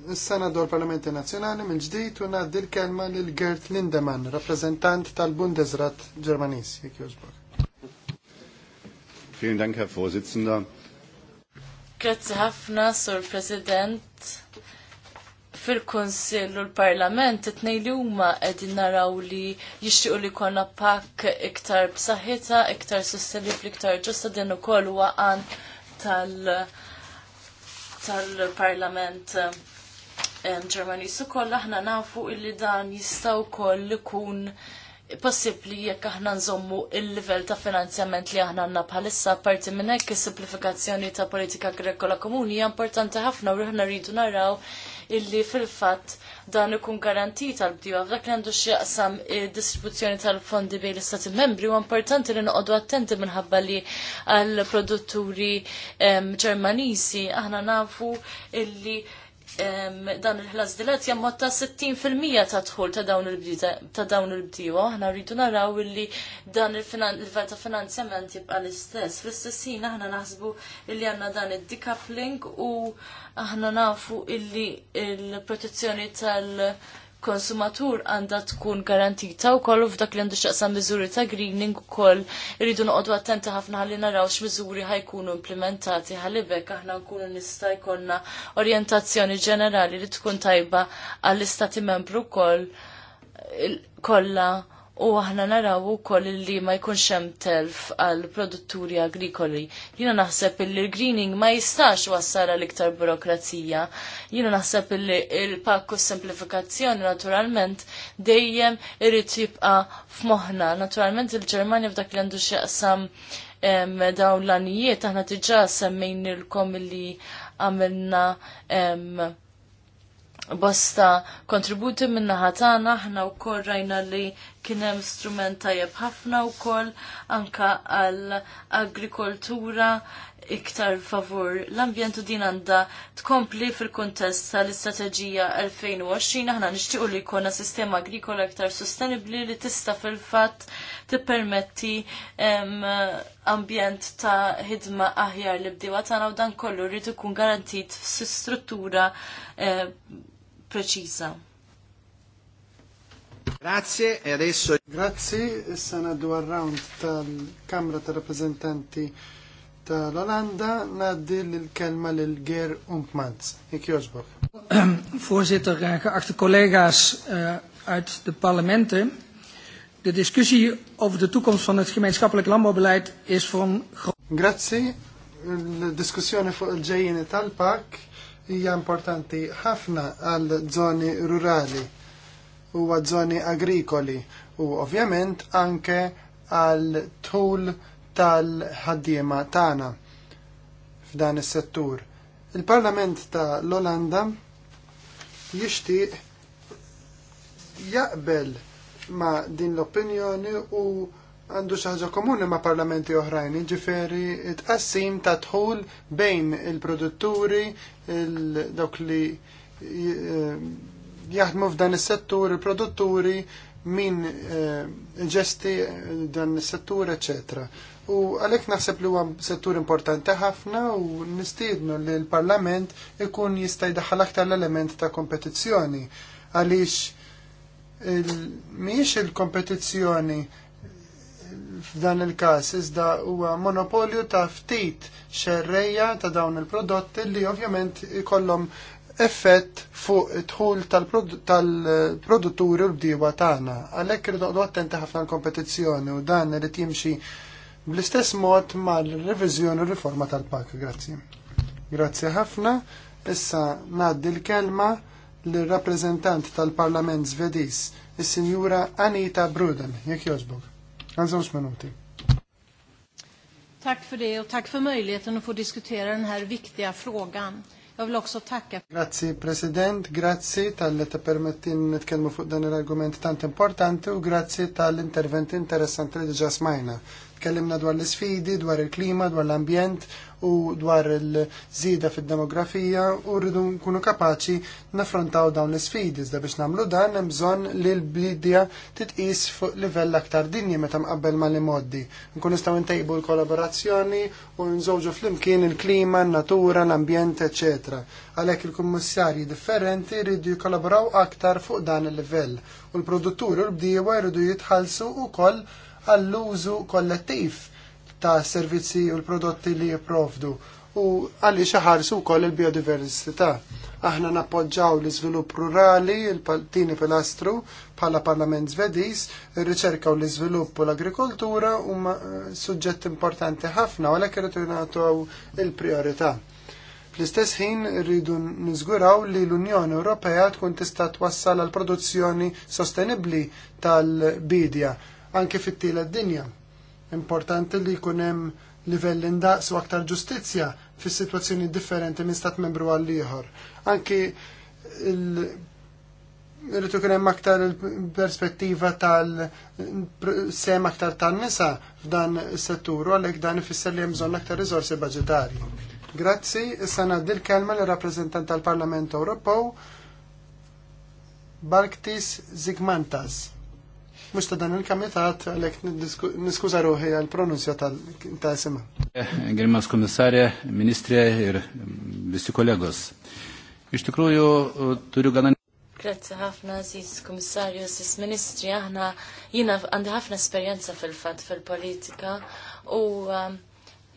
Issa sena dwar parlamenti Nazzjonali mill ġdid u ngħaddi l-kelma lil Gert Lindemann, rappreżentant tal-Bundesrat Ġermaniż, jekk jogħġbok. Vielen Dank, Herr Vorsitzender. Grazzi ħafna, Sur President fil kunsill u l-Parlament t-nej li huma qegħdin naraw li jixtiequ li konna pakk iktar b'saħħitha, iktar sostenibbli, iktar ġusta din ukoll huwa tal- tal-Parlament su ukoll aħna nafu illi dan jista' wkoll kun possibbli jekk aħna nżommu il-livell ta' finanzjament li aħna għanna bħalissa parti minn hekk is-simplifikazzjoni ta' politika agricola komuni hija importanti ħafna u aħna rridu naraw illi fil-fatt dan ikun garantit għal bdiju dak li għandu xieqsam distribuzzjoni tal-fondi bej l-istati membri u importanti li noqogħdu attenti minħabba li għal produtturi ġermanisi aħna nafu illi dan il-ħlas dilet jamma ta' 60% ta' tħul ta' dawn il bdiwa Aħna rridu naraw illi dan il-level ta' finanzjament jibqa l-istess. Fl-istessin aħna naħsbu illi għanna dan il-decoupling u aħna nafu illi il-protezzjoni tal- konsumatur għandha tkun garantita u kollu f'dak li għandu xaqsa miżuri ta' greening u koll rridu noqogħdu attenti ħafna għalli naraw x'miżuri ħajkunu implementati ħalibek aħna nkunu nista' jkollna orjentazzjoni ġenerali li tkun tajba għall-istati membru koll kollha u aħna naraw ukoll li ma jkunx hemm telf għal produtturi agrikoli. Jiena naħseb li l-greening ma jistax wassara l-iktar burokrazija. Jiena naħseb li l-pakku semplifikazzjoni naturalment dejjem irid jibqa' f'moħħna. Naturalment il-Ġermanja f'dak li għandu x'jaqsam dawn l-anijiet aħna diġà semmejnilkom li għamilna bosta kontributi minna ħatana ħna u korrajna li kien hemm strument tajjeb ħafna wkoll anka għal agrikoltura iktar favur l-ambjent u din għandha tkompli fil kontest tal-istrateġija 2020 aħna nixtiequ li jkollna sistema agrikola iktar sostenibbli li tista' fil-fatt tippermetti ambjent ta' ħidma aħjar li bdiewa tagħna u dan kollu rrid ikun garantit struttura eh, preċiża. Grazie, e adesso... Grazie, issa e naddu round tal-Kamra tal-Rappresentanti tal-Olanda, naddi l-kelma l-Ger Umpmans. Ik Josbok. Voorzitter, geachte collega's uh, uit de parlementen. De discussie over de toekomst van het gemeenschappelijk landbouwbeleid is van... Grazie. La discussione fuq il-ġejjini tal-PAK hija importanti ħafna għal żoni rurali huwa żoni agrikoli u ovvjament anke għal tul tal-ħaddiema tagħna f'dan is-settur. Il-Parlament ta' l-Olanda jixtieq jaqbel ma' din l-opinjoni u għandu xaħġa komuni ma' parlamenti oħrajn, ġifiri tqassim ta' tħul bejn il-produtturi, il dawk li eh, jaħdmu f'dan is-settur il-produtturi min ġesti eh, eh, dan is-settur, eċetera. U għalek naħseb li huwa settur importanti ħafna u nistiednu li l-Parlament ikun jista' jdaħħal aktar l-element ta' kompetizzjoni għaliex mhijiex il-kompetizzjoni f'dan il-każ iżda huwa monopolju ta' ftit xerreja ta' dawn il-prodotti li ovvjament ikollhom effett fuq it-tħul tal-produtturi u l-bdiewa tagħna. Għalhekk irid noqgħdu attenti ħafna l-kompetizzjoni u dan irid jimxi bl-istess mod mal-reviżjoni u riforma tal-pak. Grazzi. Grazzi ħafna. Issa ngħaddi l-kelma l-rappreżentant tal-Parlament Svediż, is-Sinjura Anita Bruden, jekk jogħġbok. Għal żewġ minuti. Tack för det och tack för möjligheten att få diskutera den här viktiga frågan. Jag vill också tacka. Grazzi President, grazie tal te permettin permettin nitkellmu fuq dan l-argument tant importanti u grazie tal intervent interessanti li ġasmajna. Tkellimna dwar l-sfidi, dwar il-klima, dwar l-ambjent u dwar il-żieda fid-demografija u rridu nkunu kapaċi naffrontaw dawn l-sfidi. da biex nagħmlu dan hemm bżonn li l-bidja titqis fuq livell aktar dinji meta mqabbel ma li moddi. Nkunu staw ntejbu l-kollaborazzjoni u nżewġu flimkien il-klima, n-natura, l-ambjent, eċetera. Għalhekk il kommissarji differenti rridu jikollaboraw aktar fuq dan il-livell u l-produtturi u l-bdiewa jridu jitħallsu wkoll għall-użu kollettiv ta' servizzi u l-prodotti li jipprovdu u għalli xaħarsu wkoll il-biodiversità. Aħna nappoġġaw l-iżvilupp rurali, il-tini pilastru bħala Parlament zvedis, il riċerka u l-iżvilupp u l-agrikoltura huma eh, suġġett importanti ħafna u għalhekk irid jingħataw il-prijorità. Fl-istess ħin rridu niżguraw li l-Unjoni Ewropea tkun tista' twassal għal produzzjoni sostenibbli tal-bidja anke fit-tielet dinja Importanti li jkun hemm livell indaqs u aktar ġustizzja fis situazzjoni differenti minn stat membru għal ieħor. Anki il Rritu hemm aktar il-perspettiva tal-sem aktar tan-nisa f'dan is-settur u għalhekk dan ifisser li hemm bżonn aktar rizorsi budgetari. Grazzi, s-sana l-kelma lir rappresentant tal-Parlament Ewropew Balktis Zigmantas mux ta' dan il għat għalek niskuza ruħi għal-pronunzja ta' sema. Eh, Għirmas komissarja, ministri, bisti er, kollegos. kolegos. Ix tikruju turiu għanan. Grazie ħafna, sis komissarju, sis ministri, aħna jina għandi ħafna esperienza fil-fat fil-politika u um,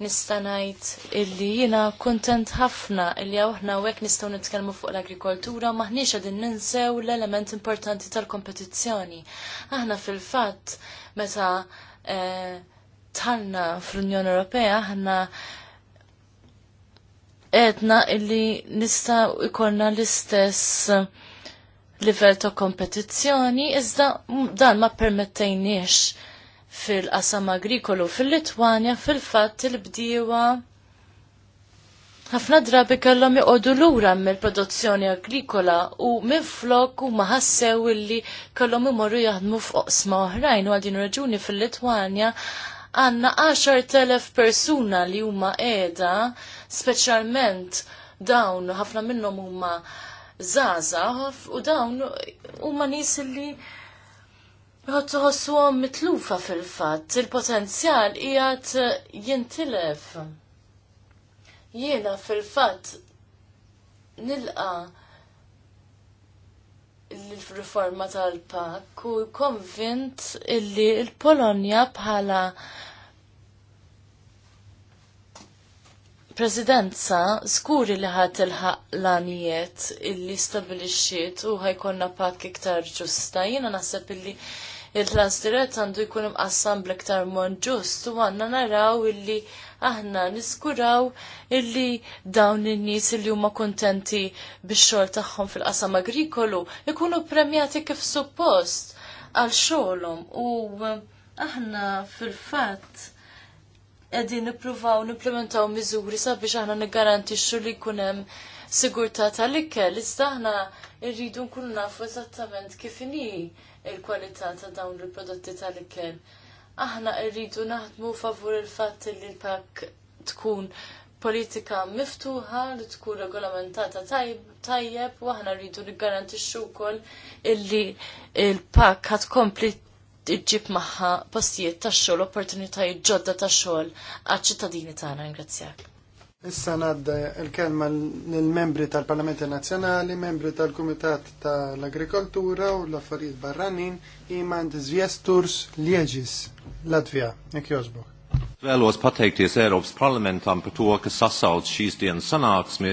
nista' ngħid illi jiena kuntent ħafna illi aħna hawnhekk nistgħu nitkellmu fuq l-agrikoltura maħniex qegħdin ninsew l-element importanti tal-kompetizzjoni. Aħna fil-fatt meta eh, tħalna fl-Unjoni Ewropea aħna edna illi nista' ikonna l-istess livell ta' kompetizzjoni iżda dan ma permettejniex fil-qasam agrikolu fil-Litwanja fil-fatt il-bdiewa ħafna drabi kellhom joqogħdu lura mill-produzzjoni agrikola u minflok huma ħassew illi kellhom imorru jaħdmu f'oqsma oħrajn u għal din raġuni fil-Litwanja għandna 10,000 persuna li huma qiegħda speċjalment dawn ħafna minnhom huma żgħażagħ u dawn huma nies li Jħod tħossu għom mitlufa fil-fat, il-potenzjal jgħat jintilef. Jiena fil-fat nilqa l-riforma tal-pak u konvint illi il-Polonja bħala Presidenza skuri li ħat il-ħaq l-anijiet illi stabilixiet u ħajkonna pak iktar ġusta. Jena nasab illi il-trans dirett għandu jkun imqassam bl-iktar mon ġust u għanna naraw illi aħna niskuraw illi dawn in-nies illi huma kontenti bix-xogħol tagħhom fil-qasam agrikolu ikunu premjati kif suppost għal xogħolhom u eh, aħna fil-fatt qegħdin nippruvaw nimplementaw miżuri sabiex aħna niggarantixxu li jkun hemm sigurtà tal-ikel, iżda aħna rridu nkunu nafu eżattament kif inhi il-kwalità ta' dawn il-prodotti tal-ikel. Aħna rridu naħdmu favur il-fatt li l-pak tkun politika miftuħa li tkun regolamentata tajjeb u aħna rridu niggarantixxu wkoll illi il-pak ħad kompli ġib magħha postijiet tax-xogħol opportunitajiet ġodda tax-xogħol għaċ-ċittadini tagħna ngrazzjak. Issa nadda il-kelma l-membri tal-Parlamenti Nazzjonali, membri tal-Kumitat tal-Agrikoltura u l-Affarijiet Barranin, Imand Zviesturs Lieġis, Latvija, jek jożbok. Vēlos pateikties Eiropas parlamentam par to, ka sasauc šīs dienas sanāksmi,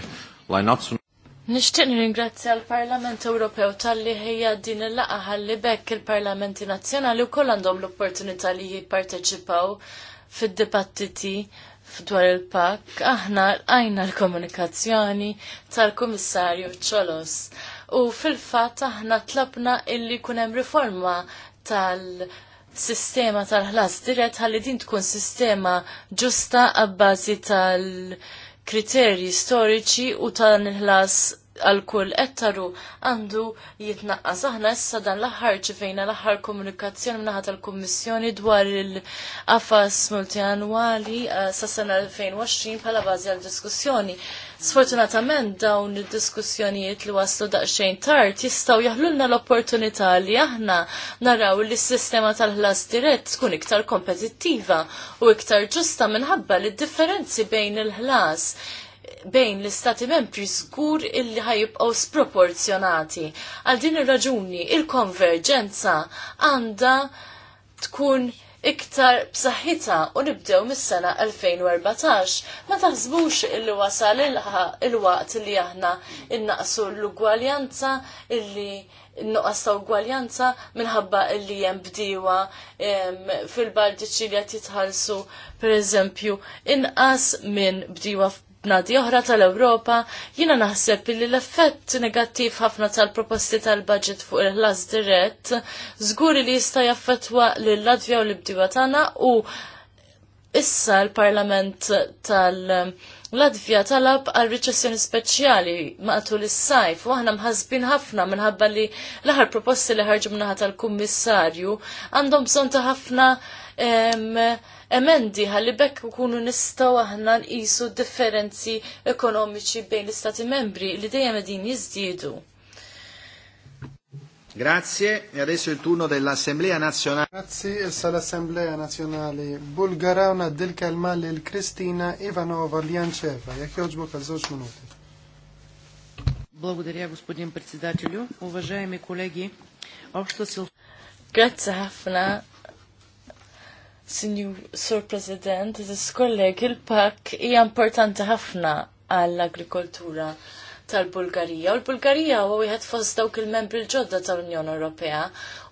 lai nacionāli. Nishtiq ringrazzja l-Parlament Ewropew tal-li ħejja din il-laqa li bekk il-Parlamenti Nazzjonali u koll għandhom l-opportunità li jipparteċipaw fid-dibattiti f'dwar il-pak, aħna għajna l-komunikazzjoni tal-Kummissarju Ċolos. U fil-fat aħna tlabna illi kunem riforma tal- sistema tal-ħlas dirett ħalli din tkun sistema ġusta għabbażi tal- kriterji storiċi u tal-ħlas għal kull ettaru għandu jitnaqqas. Aħna issa dan l-aħħar ċifejna l-aħħar komunikazzjoni mnaħat tal-Kummissjoni dwar il-qafas multianwali eh, sa sena 2020 bħala bażi għal diskussjoni. Sfortunatament dawn id-diskussjonijiet li waslu daqsxejn tard jistgħu jaħlulna l-opportunità li aħna naraw li s-sistema tal-ħlas dirett tkun iktar kompetittiva u iktar ġusta minħabba li d-differenzi bejn il-ħlas bejn l-istati membri skur illi ħajibqgħu sproporzjonati. Għal din ir-raġuni il-konverġenza għandha tkun iktar b'saħħitha u nibdew mis-sena 2014. Ma taħsbux illi wasal il-waqt li aħna innaqsu l-ugwaljanza illi nuqqas ta' ugwaljanza minħabba illi hemm bdiewa fil-baltiċi li qed jitħallsu pereżempju inqas minn bdiewa b'nadi oħra tal-Ewropa, jina naħseb li l-effett negattiv ħafna tal-proposti tal-budget fuq il-ħlas dirett, zguri li jista' jaffetwa lill-Latvja u l-bdiwa tagħna u issa l-Parlament tal- Latvja talab għal riċessjoni speċjali matul is-sajf u aħna mħasbin ħafna minħabba li l-aħħar proposti li ħarġu minnaħa tal-kummissarju għandhom bżonn ta' ħafna emendi ħalli bekk ikunu nistgħu aħna nqisu differenzi ekonomiċi bejn l-istati membri li dejjem qegħdin jiżdiedu. Grazie, e adesso il turno dell'Assemblea Nazionale. Grazie, essa l'Assemblea Nazionale Bulgara una del calmale, il Cristina Ivanova Lianceva. e che Я хочу показать минуты. Благодаря, господин председателю. Уважаеми колеги, общо сил... Grazie, Hafna. Signor Sur President, kollegi, il-pak hija importanti ħafna għall tal-Bulgarija. U l-Bulgarija huwa wieħed fost dawk il-membri l-ġodda tal-Unjoni Ewropea.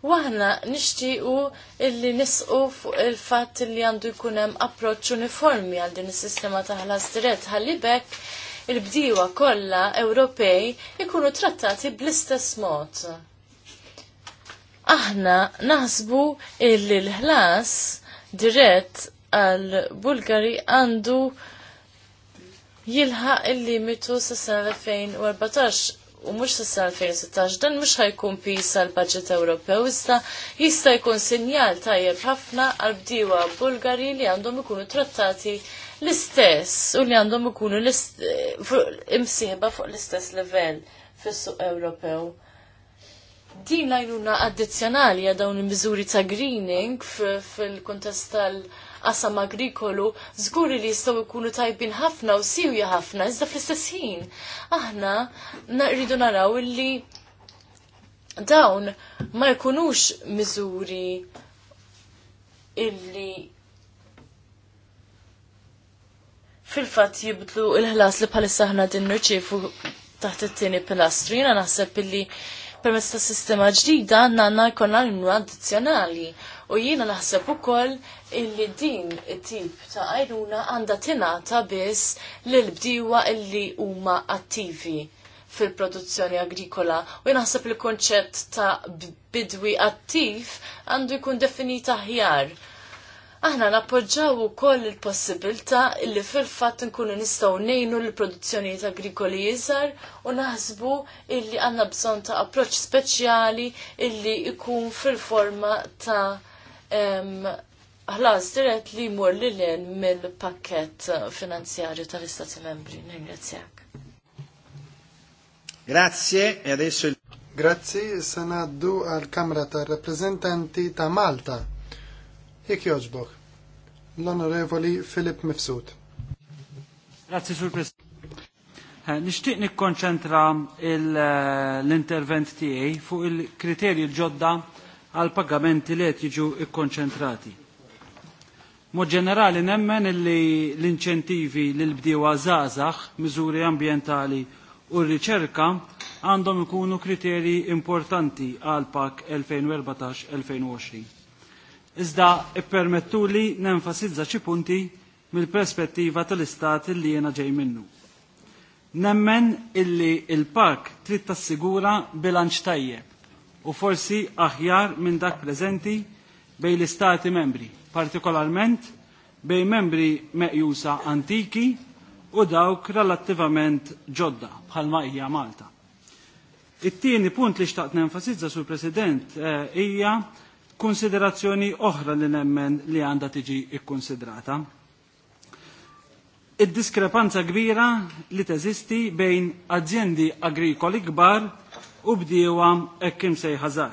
U aħna nixtiequ illi nisqu fuq il-fatt li għandu jkun hemm approċċ uniformi għal din is-sistema ta' ħlas dirett ħallibek il-bdiewa kollha Ewropej ikunu trattati bl-istess mod. Aħna naħsbu illi l-ħlas dirett għal-Bulgari għandu jilħaq il-limitu sa sena 2014 u mux sa sena 2016 dan mux ħajkun pisa l-budget Ewropew iżda jista' jkun sinjal tajjeb ħafna għal-bdiewa Bulgari li għandhom ikunu trattati l-istess u li għandhom ikunu imsieba fuq l-istess level fis-suq Ewropew. Din għajnuna addizzjonali għadawn il-miżuri ta' greening fil-kontest tal- qasam agrikolu zguri li jistgħu jkunu tajbin ħafna u siwja ħafna iżda fl-istess ħin. Aħna rridu naraw illi dawn ma jkunux miżuri illi fil-fat jibdlu il-ħlas li bħalissa ħna din ċifu taħt it-tieni pilastri, jina naħseb illi permezz ta' sistema ġdida għandna għandna jkollna l-imnu addizzjonali U jiena naħseb ukoll illi din it-tip ta' għajruna għandha tingħata biss lil bdiewa illi huma attivi fil-produzzjoni agrikola. U naħseb li konċett ta' bidwi attiv għandu jkun definita aħjar. Aħna nappoġġaw ukoll il-possibilità li fil-fatt nkunu nistgħu ngħinu l-produzzjonijiet agrikoli iżgħar u naħsbu illi għandna bżonn ta' approċċ speċjali illi jkun fil-forma ta' ħlas diret li jmur li l mill-pakket finanzjarju tal-Istati Membri. Ringrazzjak. Grazie, e adesso il... Grazie, sanaddu għal Kamra tal-Rappresentanti ta' Malta. Jek joġbok, l-Onorevoli Filip Mifsud. Grazie, Sur President. Eh, Nishtiq nikkonċentra eh, l-intervent tiegħi fuq il-kriterji ġodda għal pagamenti li qed jiġu ikkonċentrati. Mod ġenerali nemmen li l-inċentivi l bdiewa żgħażagħ, miżuri ambjentali u r-riċerka għandhom ikunu kriterji importanti għal pak 2014-2020. Iżda ippermettu li nenfasizza xi punti mill-perspettiva tal-istat li jena ġej minnu. Nemmen illi il-park trid tassigura bilanċ tajjeb u forsi aħjar minn dak preżenti bej l-istati membri, partikolarment bej membri meqjusa antiki u dawk relattivament ġodda bħalma hija Malta. It-tieni punt li xtaqt nenfasizza sur President eh, hija konsiderazzjoni oħra li nemmen li għandha tiġi ikkonsidrata. Id-diskrepanza kbira li teżisti bejn azzjendi agrikoli kbar u bdiewa ekkim ħazar.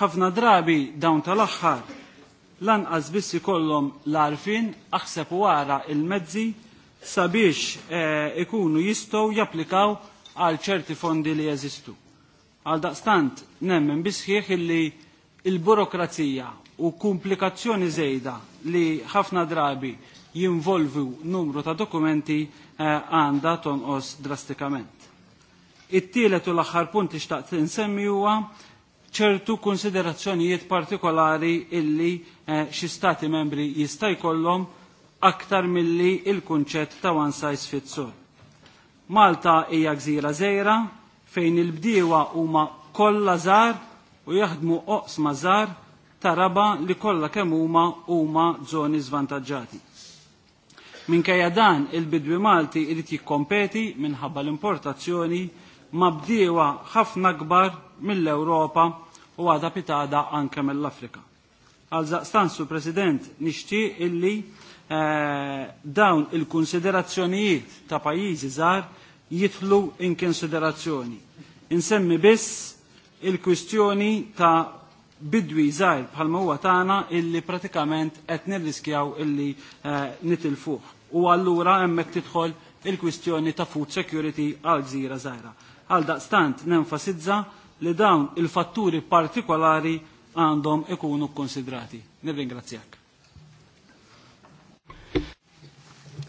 ħafna drabi dawn tal-axħar lanqas biss ikollhom l-arfin aħseb wara il-mezzi sabiex eh, ikunu jistgħu japplikaw għal ċerti fondi li jeżistu. Għal daqstant nemmen bisħieħ illi il-burokrazija u komplikazzjoni zejda li ħafna drabi jinvolvu numru ta' dokumenti eh, għanda tonqos drastikament. It-tielet u l-aħħar punt xtaqt insemmi huwa ċertu konsiderazzjonijiet partikolari illi eh, xi stati membri jista' jkollhom aktar milli il-kunċett ta' one size fits all. Malta hija gżira żejra fejn il-bdiewa huma kollha żgħar u jaħdmu oqsma żgħar ta' raba li kollha kemm huma huma żoni żvantaġġati. Minkejja dan il-bidwi Malti irid jikkompeti minħabba l-importazzjoni ma bdiewa ħafna kbar mill-Ewropa u għada pitada anke mill-Afrika. Għalza stansu, President, nishti illi eh, dawn il-konsiderazzjonijiet ta' pajjiżi żgħar jitlu in konsiderazzjoni. Insemmi biss il-kwistjoni ta' bidwi żgħir bħalma huwa tagħna illi pratikament qed nirriskjaw illi eh, nitilfuh. U allura hemmhekk tidħol il-kwistjoni ta' food security għal gżira żgħira. Għal daqstant nenfasizza li dawn il-fatturi partikolari għandhom ikunu konsidrati. Nirringrazzjak.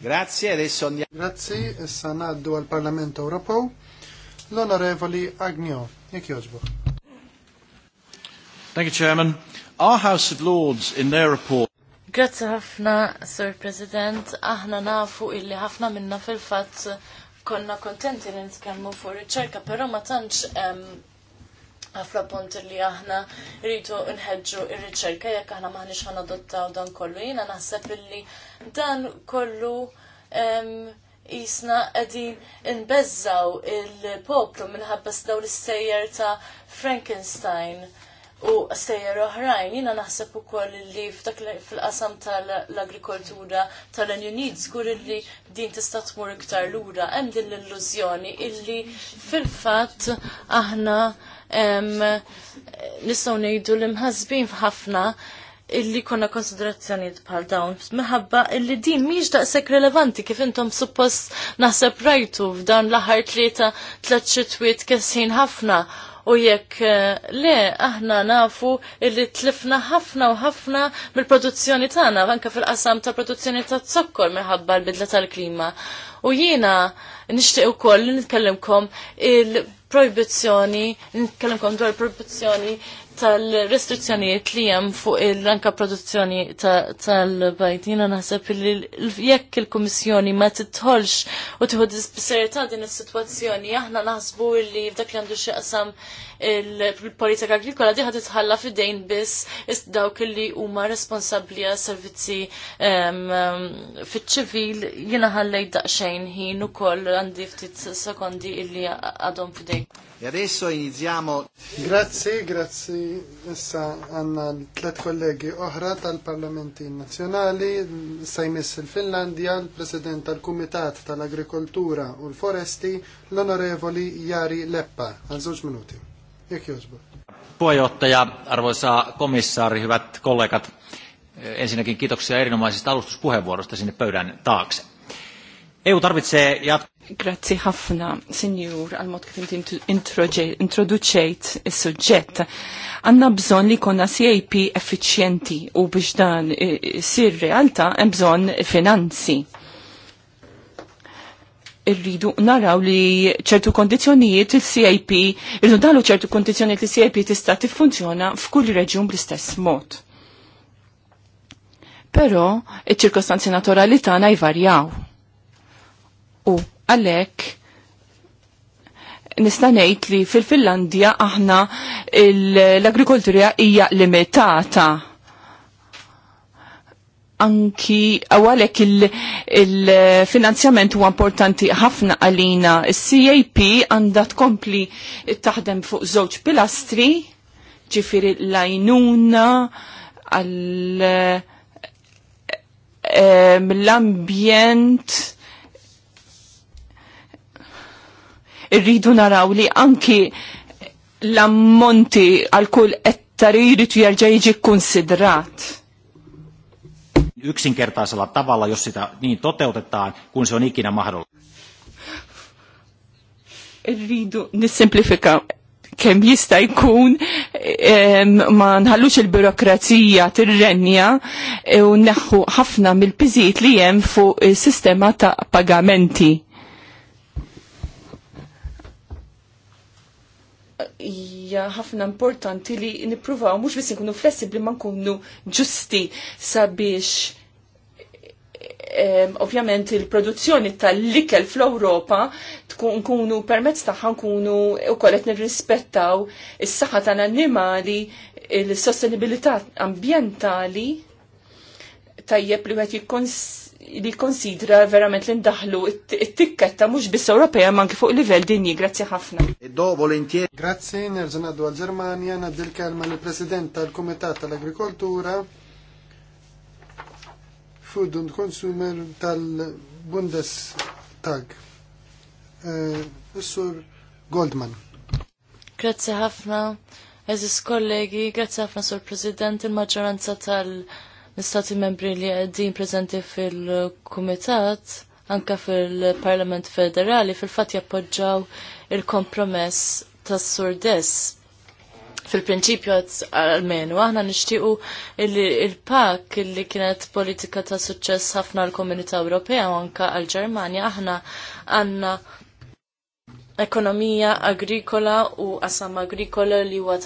Grazie, adesso andiamo. Grazie, essa al Parlamento Europeo. L'onorevoli Agnio, e Thank you, Chairman. Our House of Lords, in their report, Grazzi ħafna, Sir President. Aħna nafu illi ħafna minna fil-fatt konna kontenti li nitkellmu fuq riċerka, però ma tantx ħafna punt li aħna rridu nħedġu ir-riċerka jekk aħna maħniex ħan adottaw dan kollu. Jiena naħseb illi dan kollu jisna qegħdin inbeżżaw il-poplu minħabba daw l-istejjer ta' Frankenstein u sejjer oħrajn, jina naħseb ukoll li fil-qasam tal-agrikoltura tal-Unionid skur li din tista' tmur iktar lura hemm din l-illużjoni illi fil-fatt aħna nistgħu ngħidu li mħasbin f'ħafna illi konna konsiderazzjoniet bħal dawn, minħabba illi din miex daqshekk relevanti kif intom suppost naħseb rajtu f'dan l-aħħar tlieta tliet xitwiet kessin ħafna u jekk eh, le aħna nafu illi tlifna ħafna u ħafna mill-produzzjoni tagħna anke fil-qasam ta' produzzjoni ta' zokkor minħabba l-bidla tal-klima. U jiena nixtieq ukoll nitkellimkom il-proibizzjoni, nitkellimkom dwar il-proibizzjoni tal-restrizzjonijiet li hemm fuq il-ranka produzzjoni tal-bajt. jina naħseb li jekk il-Kummissjoni ma titħolx u tieħu serjetà din is-sitwazzjoni aħna naħsbu li f'dak li għandu xieqsam il-politika agrikola diħat titħalla fidejn biss dawk li huma responsabbli għas servizzi fiċ-ċivil jiena ħallej daqsxejn ħin ukoll għandi ftit sekondi illi għadhom fidejn. E adesso iniziamo. Grazie, grazie. Issa għanna tlet kollegi oħra tal-Parlamenti Nazzjonali, sajmiss il-Finlandja, l-President tal-Kumitat tal-Agrikoltura u l-Foresti, l-Onorevoli Jari Leppa. Għal minuti. Puheenjohtaja, arvoisa komissaari, hyvät kollegat, ensinnäkin kiitoksia erinomaisista alustuspuheenvuorosta sinne pöydän taakse. EU tarvitsee jat... Grazzi ħafna, sinjur, għal-mod kif inti introduċejt is-suġġett. Għanna bżon li konna efficienti o u biex dan eh, sir realta hemm bżon finanzi irridu naraw li ċertu kondizjonijiet il-CIP, irridu dalu ċertu kondizjonijiet il-CIP tista' tiffunzjona f'kull reġjun bl-istess mod. Però iċ-ċirkostanzi naturali tagħna jvarjaw. U għalhekk nista' ngħid li fil-Finlandja aħna l-agrikoltura hija limitata anki għalek il-finanzjament il, huwa importanti ħafna għalina. Il-CAP għandha tkompli taħdem fuq żewġ pilastri, ġifiri lajnuna għal l-ambjent irridu naraw li anki l-ammonti għal kull ettari jritu jarġa jiġi konsidrat yksinkertaisella tavalla, jos sitä niin toteutetaan, kun se on ikinä mahdollista. Rridu nissimplifika kem jista jkun ma nħallux il-birokrazija tirrenja e u neħu ħafna mill-piżiet li jem fuq sistema ta' pagamenti hija ħafna importanti li nippruvaw mhux biss nkunu flessibbli ma nkunu ġusti sabiex ovvjament il-produzzjoni tal-likel fl-Ewropa nkunu permezz tagħha nkunu wkoll qed nirrispettaw is-saħħa tal-annimali, il-sostenibilità ambjentali tajjeb li wieħed jikkons li konsidra verament li ndaħlu it-tikketta mhux biss Ewropea ma anki fuq livell dinji. Grazzi ħafna. E do volentieri. Grazzi, nerġa' ngħaddu għall-Ġermanja ngħaddi l-kelma lill-President tal-Kumitat tal-Agrikoltura Food and Consumer tal-Bundestag. E, Is-Sur Goldman. Grazzi ħafna. Eżis kollegi, grazzi ħafna sur President, il-maġġoranza tal- l-istati membri li għeddin prezenti fil-Kumitat, anka fil-Parlament Federali, fil-fat jappoġġaw il-kompromess tas surdes fil-prinċipju għal-menu, aħna nishtiqu il-pak li kienet politika ta' suċċess ħafna l-Komunità Ewropea u anka għal-Ġermanja, aħna għanna ekonomija agrikola u qasam agrikola li huwa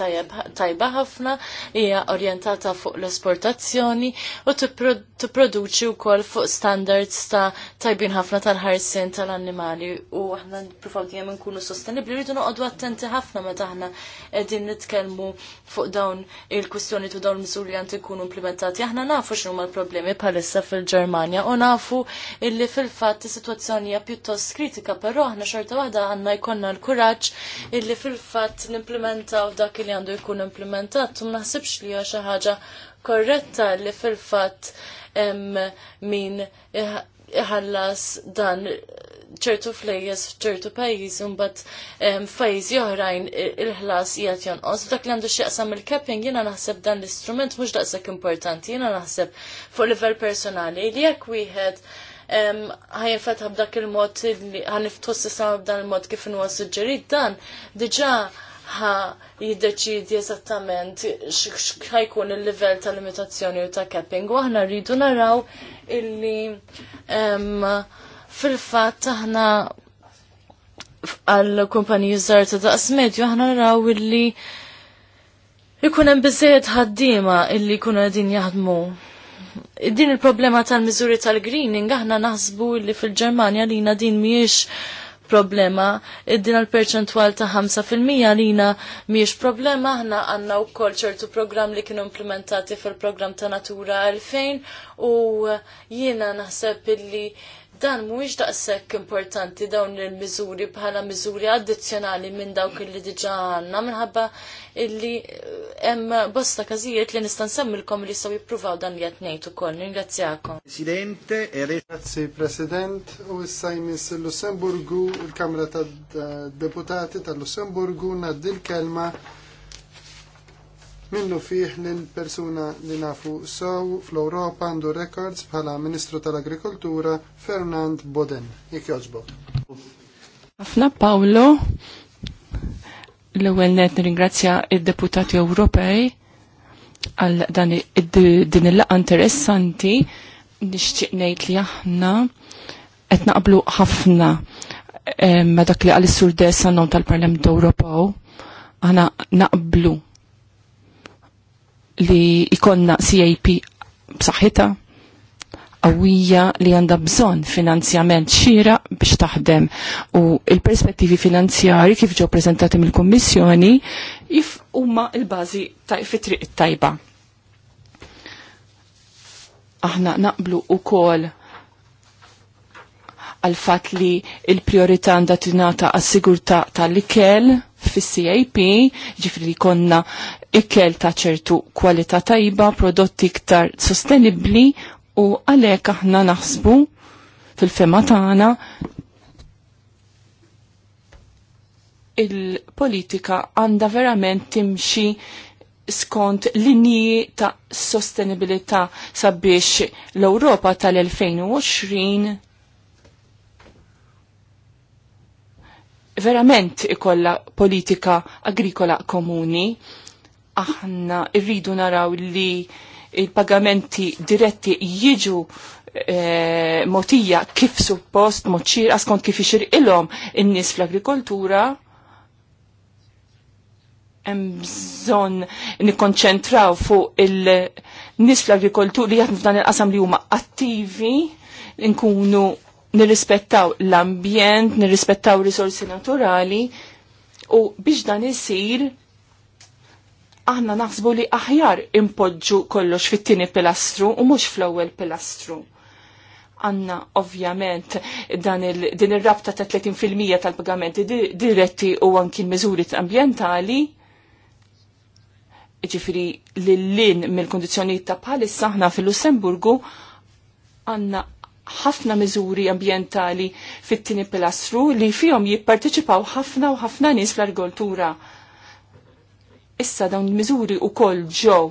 tajba ħafna hija orjentata fuq l-esportazzjoni u tipproduċi wkoll fuq standards ta' tajbin ħafna tal-ħarsien tal-annimali u aħna nippruvaw dejjem inkunu sostenibbli rridu noqogħdu attenti ħafna meta aħna qegħdin nitkellmu fuq dawn il-kwistjoni ta' dawn miżuri li għandu ikunu implementati. Aħna nafu x'huma l-problemi bħalissa fil-Ġermanja u nafu illi fil-fatt is-sitwazzjoni hija pjuttost kritika, però aħna xorta waħda għandna Konna l-kuraġġ illi fil-fatt nimplementaw dak li għandu jkun implementat u naħsibx li hija xi ħaġa korretta li fil-fatt min iħallas dan ċertu flejjes f'ċertu pajjiż imbagħad f'pajjiżi oħrajn il-ħlas qiegħed jonqos. Dak li għandu x'jaqsam il-capping jiena naħseb dan l-istrument mhux daqshekk importanti, jiena naħseb fuq livell personali li jekk wieħed ħajfetħ b'dak il-mod li ħaniftu s-sistema b'dan il-mod kif huwa suġġerit dan diġà ħa jiddeċidi eżattament x'ħajkun il-livell ta' limitazzjoni u ta' capping u aħna rridu naraw illi fil-fatt aħna għal kumpaniji żgħar ta' daqs medju aħna naraw illi ikun hemm biżejjed ħaddiema illi jkunu qegħdin jaħdmu din il-problema tal-miżuri tal-greening aħna naħsbu li fil-Ġermanja lina din miex problema, id-din l-perċentwal ta' 5% lina miex problema, aħna għanna u kol ċertu program li kienu implementati fil-program ta' Natura 2000 u jiena naħseb li dan mhuwiex daqshekk importanti dawn il-miżuri bħala miżuri addizzjonali minn dawk li diġà għandna minħabba illi eh, hemm bosta każijiet li nista' nsemmilkom li jistgħu jippruvaw dan li qed ngħid ukoll. Ningrazzjakom. Presidente, e grazzi President, u issa jmiss il-Lussemburgu, il-Kamra tad-Deputati eh, tal-Lussemburgu ngħaddi l-kelma minnu fih lil persuna li nafu sow fl-Europa għandu records bħala Ministru tal-Agrikoltura Fernand Boden. Jek joġbo. Għafna Paolo, l-ewel net ringrazzja id-deputati Ewropej għal dan din il laqqa interessanti nixtieq ngħid li aħna qed naqblu ħafna eh, ma dak li għal sur desannon tal-Parlament Ewropew aħna naqblu li ikonna CAP b'saħħitha qawwija li għandha bżonn finanzjament xira biex taħdem u il-perspettivi finanzjari kif ġew preżentati mill-Kummissjoni jif huma l-bażi fit fitriq it-tajba. Aħna naqblu wkoll għal fatt li il-priorità għandha tingħata għas-sigurtà tal-ikel ta fis-CAP, ġifri li konna ikkel ta' ċertu kwalità tajba, prodotti iktar sostenibli u għalhekk aħna naħsbu fil-fema tagħna il-politika għanda verament timxi skont linji ta' sostenibilità sabiex l-Europa tal-2020 verament ikolla politika agrikola komuni. Aħna irridu naraw li il-pagamenti diretti jiġu E, motija kif suppost moċċir skont kif ixir ilom in-nies fl-agrikoltura hemm bżonn nikkonċentraw fuq il-nies fl-agrikoltura li jaħdmu f'dan il-qasam li huma attivi nkunu nirrispettaw l-ambjent, nirrispettaw risorsi naturali u biex dan isir aħna naħsbu li aħjar impoġġu kollox fit-tieni pilastru u mhux fl-ewwel pilastru. Għanna ovvjament dan il, din ir-rabta ta' 30% tal-pagamenti diretti u anki l-miżuri ambjentali ġifiri l-lin mill-kondizjoni ta' bħalissa aħna fil-Lussemburgu għanna ħafna miżuri ambientali fit-tini pilastru li fihom jipparteċipaw ħafna u ħafna nies fl-agrikoltura. Issa dawn miżuri u koll ġew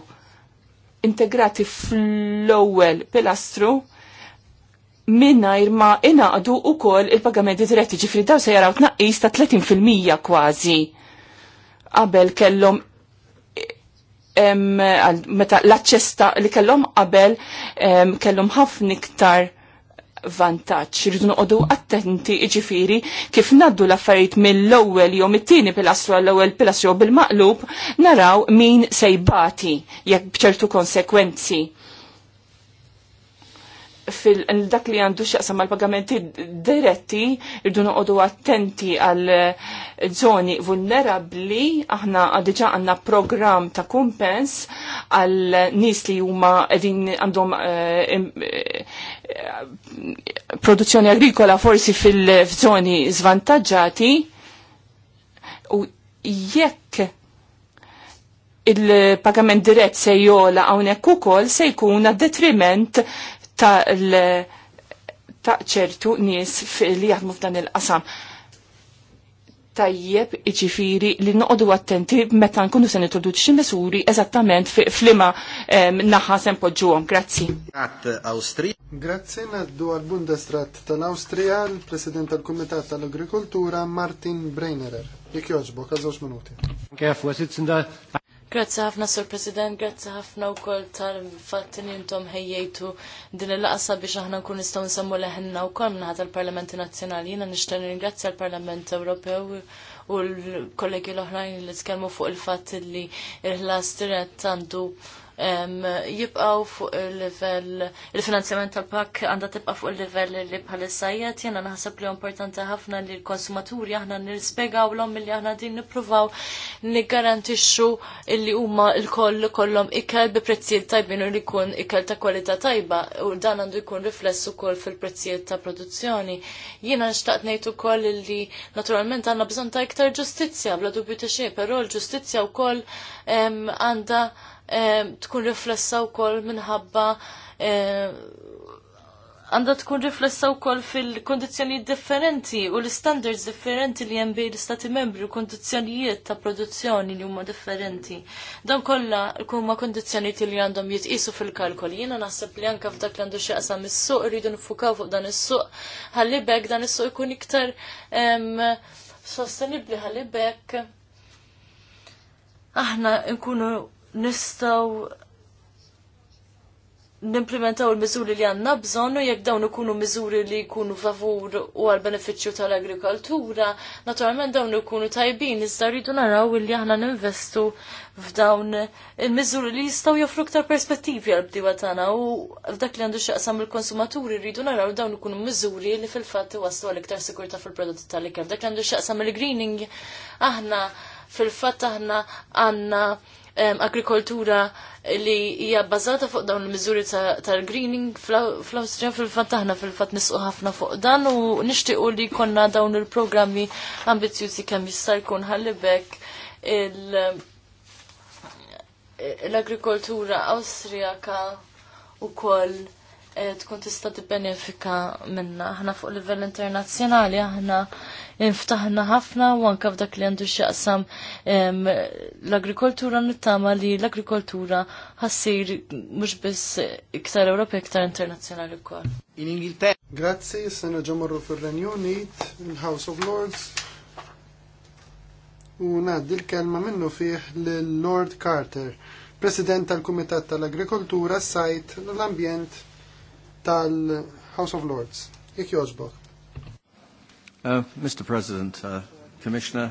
integrati fl-ewwel pilastru mingħajr ma inaqdu wkoll il-pagamenti diretti ġifri daw se jaraw tnaqqis ta' 30% kważi. Qabel kellhom meta l-aċċesta li kellhom qabel kellhom ħafna iktar vantaġġ. Irridu noqogħdu attenti ġifiri kif naddu l-affarijiet mill-ewwel jew mit-tieni pilastru għall-ewwel pilastru bil-maqlub naraw min se jekk bċertu konsekwenzi fil-dak li għandu xaqsam għal pagamenti diretti, irdu għodu attenti għal zoni vulnerabli, aħna għadġa għanna program ta' kumpens għal nis li huma għedin għandhom eh, eh, produzzjoni agrikola forsi fil żoni zvantagġati u jekk il-pagament dirett se jola għawnek u kol se jkun detriment detriment ta' ta' ċertu nies li jaħdmu f'dan il-qasam. Tajjeb iġifiri li noqdu attenti meta nkunu se nitroduċi xi misuri eżattament flima naħa se npoġġuhom. Grazzi. Grazzi naddu għal Bundestrat tal-Awstrija l-President tal-Kumitat tal-Agrikoltura Martin Breinerer. Jekk jogħġbok għal minuti. Grazzi ħafna, Sur President, grazzi ħafna u koll tal-fatt li intom ħejjejtu din il-laqsa biex aħna nkun nistgħu nsemmu leħenna u koll minnaħat tal-Parlamenti Nazzjonali. Jiena nixtieq ringrazzja l-Parlament Ewropew u l-kollegi l-oħrajn li tkellmu fuq il-fatt li il-ħlas tirret għandu jibqaw fuq il-level, il-finanzjament tal-pak għanda tibqa fuq il-level li bħal-sajjet, jena naħseb li importanti ħafna li l-konsumaturi aħna nirspiegaw l-om li aħna din nipruvaw nigarantixxu li huma l-koll kollom ikel bi prezzijiet tajbin u li jkun ikel ta' kwalità tajba u dan għandu jkun rifless ukoll fil-prezzijiet ta' produzzjoni. Jiena nixtaqt ngħid ukoll li naturalment għandna bżonn ta' iktar ġustizzja bla dubju ta' xejn, però l-ġustizzja wkoll għandha tkun riflessa wkoll minħabba għandha tkun riflessa wkoll fil kondizjoni differenti u l-standards differenti li hemm bejn l-istati membri u kondizjonijiet ta' produzzjoni li huma differenti. Dan kollha huma kondizzjonijiet li għandhom jitqisu fil-kalkol. Jiena naħseb li anke f'dak li għandu x'jaqsam is-suq rridu nfukaw fuq dan is-suq ħalli bekk dan is-suq ikun iktar sostenibbli għalli bekk aħna nkunu nistaw nimplementaw il-mizuri li għanna bżonnu jekk dawn ikunu mizuri li jkunu favur u għal beneficju tal-agrikoltura, naturalment dawn ikunu tajbin, iżda rridu naraw li aħna ninvestu f'dawn il-mizuri li jistaw joffru ktar perspettivi għal bdiwa tagħna u f'dak li għandu x'aqsam il-konsumaturi rridu naraw dawn ikunu miżuri li fil-fatt waslu għal iktar sikurta fil-prodotti tal-ikel. F'dak li għandu x'aqsam il-greening aħna fil-fatt aħna għandna agrikoltura li hija bbażata fuq dawn il-miżuri tal-greening fl-Awstrija fil-fatt aħna fil-fatt nisqu ħafna fuq dan u nixtiequ li konna dawn il-programmi ambizjuzi kemm jista' jkun ħallibek eh, l-agrikoltura Awstrijaka u koll Eh, tkun tista' tibbenefika minna. Aħna fuq livell internazzjonali aħna nftaħna ħafna u anke f'dak li għandu x'jaqsam l-agrikoltura nittama li l-agrikoltura ħassir mhux biss iktar Ewropej iktar internazzjonali wkoll. In Ingilterra. Grazzi, sena ġomorru fir-Renju Unit, il-House of Lords. U ngħaddi l-kelma minnu fih lil Lord Carter, President tal-Kumitat tal-Agrikoltura, Sajt, l-Ambjent tal-House of Lords. Ik joġbok. Uh, Mr. President, uh, Commissioner.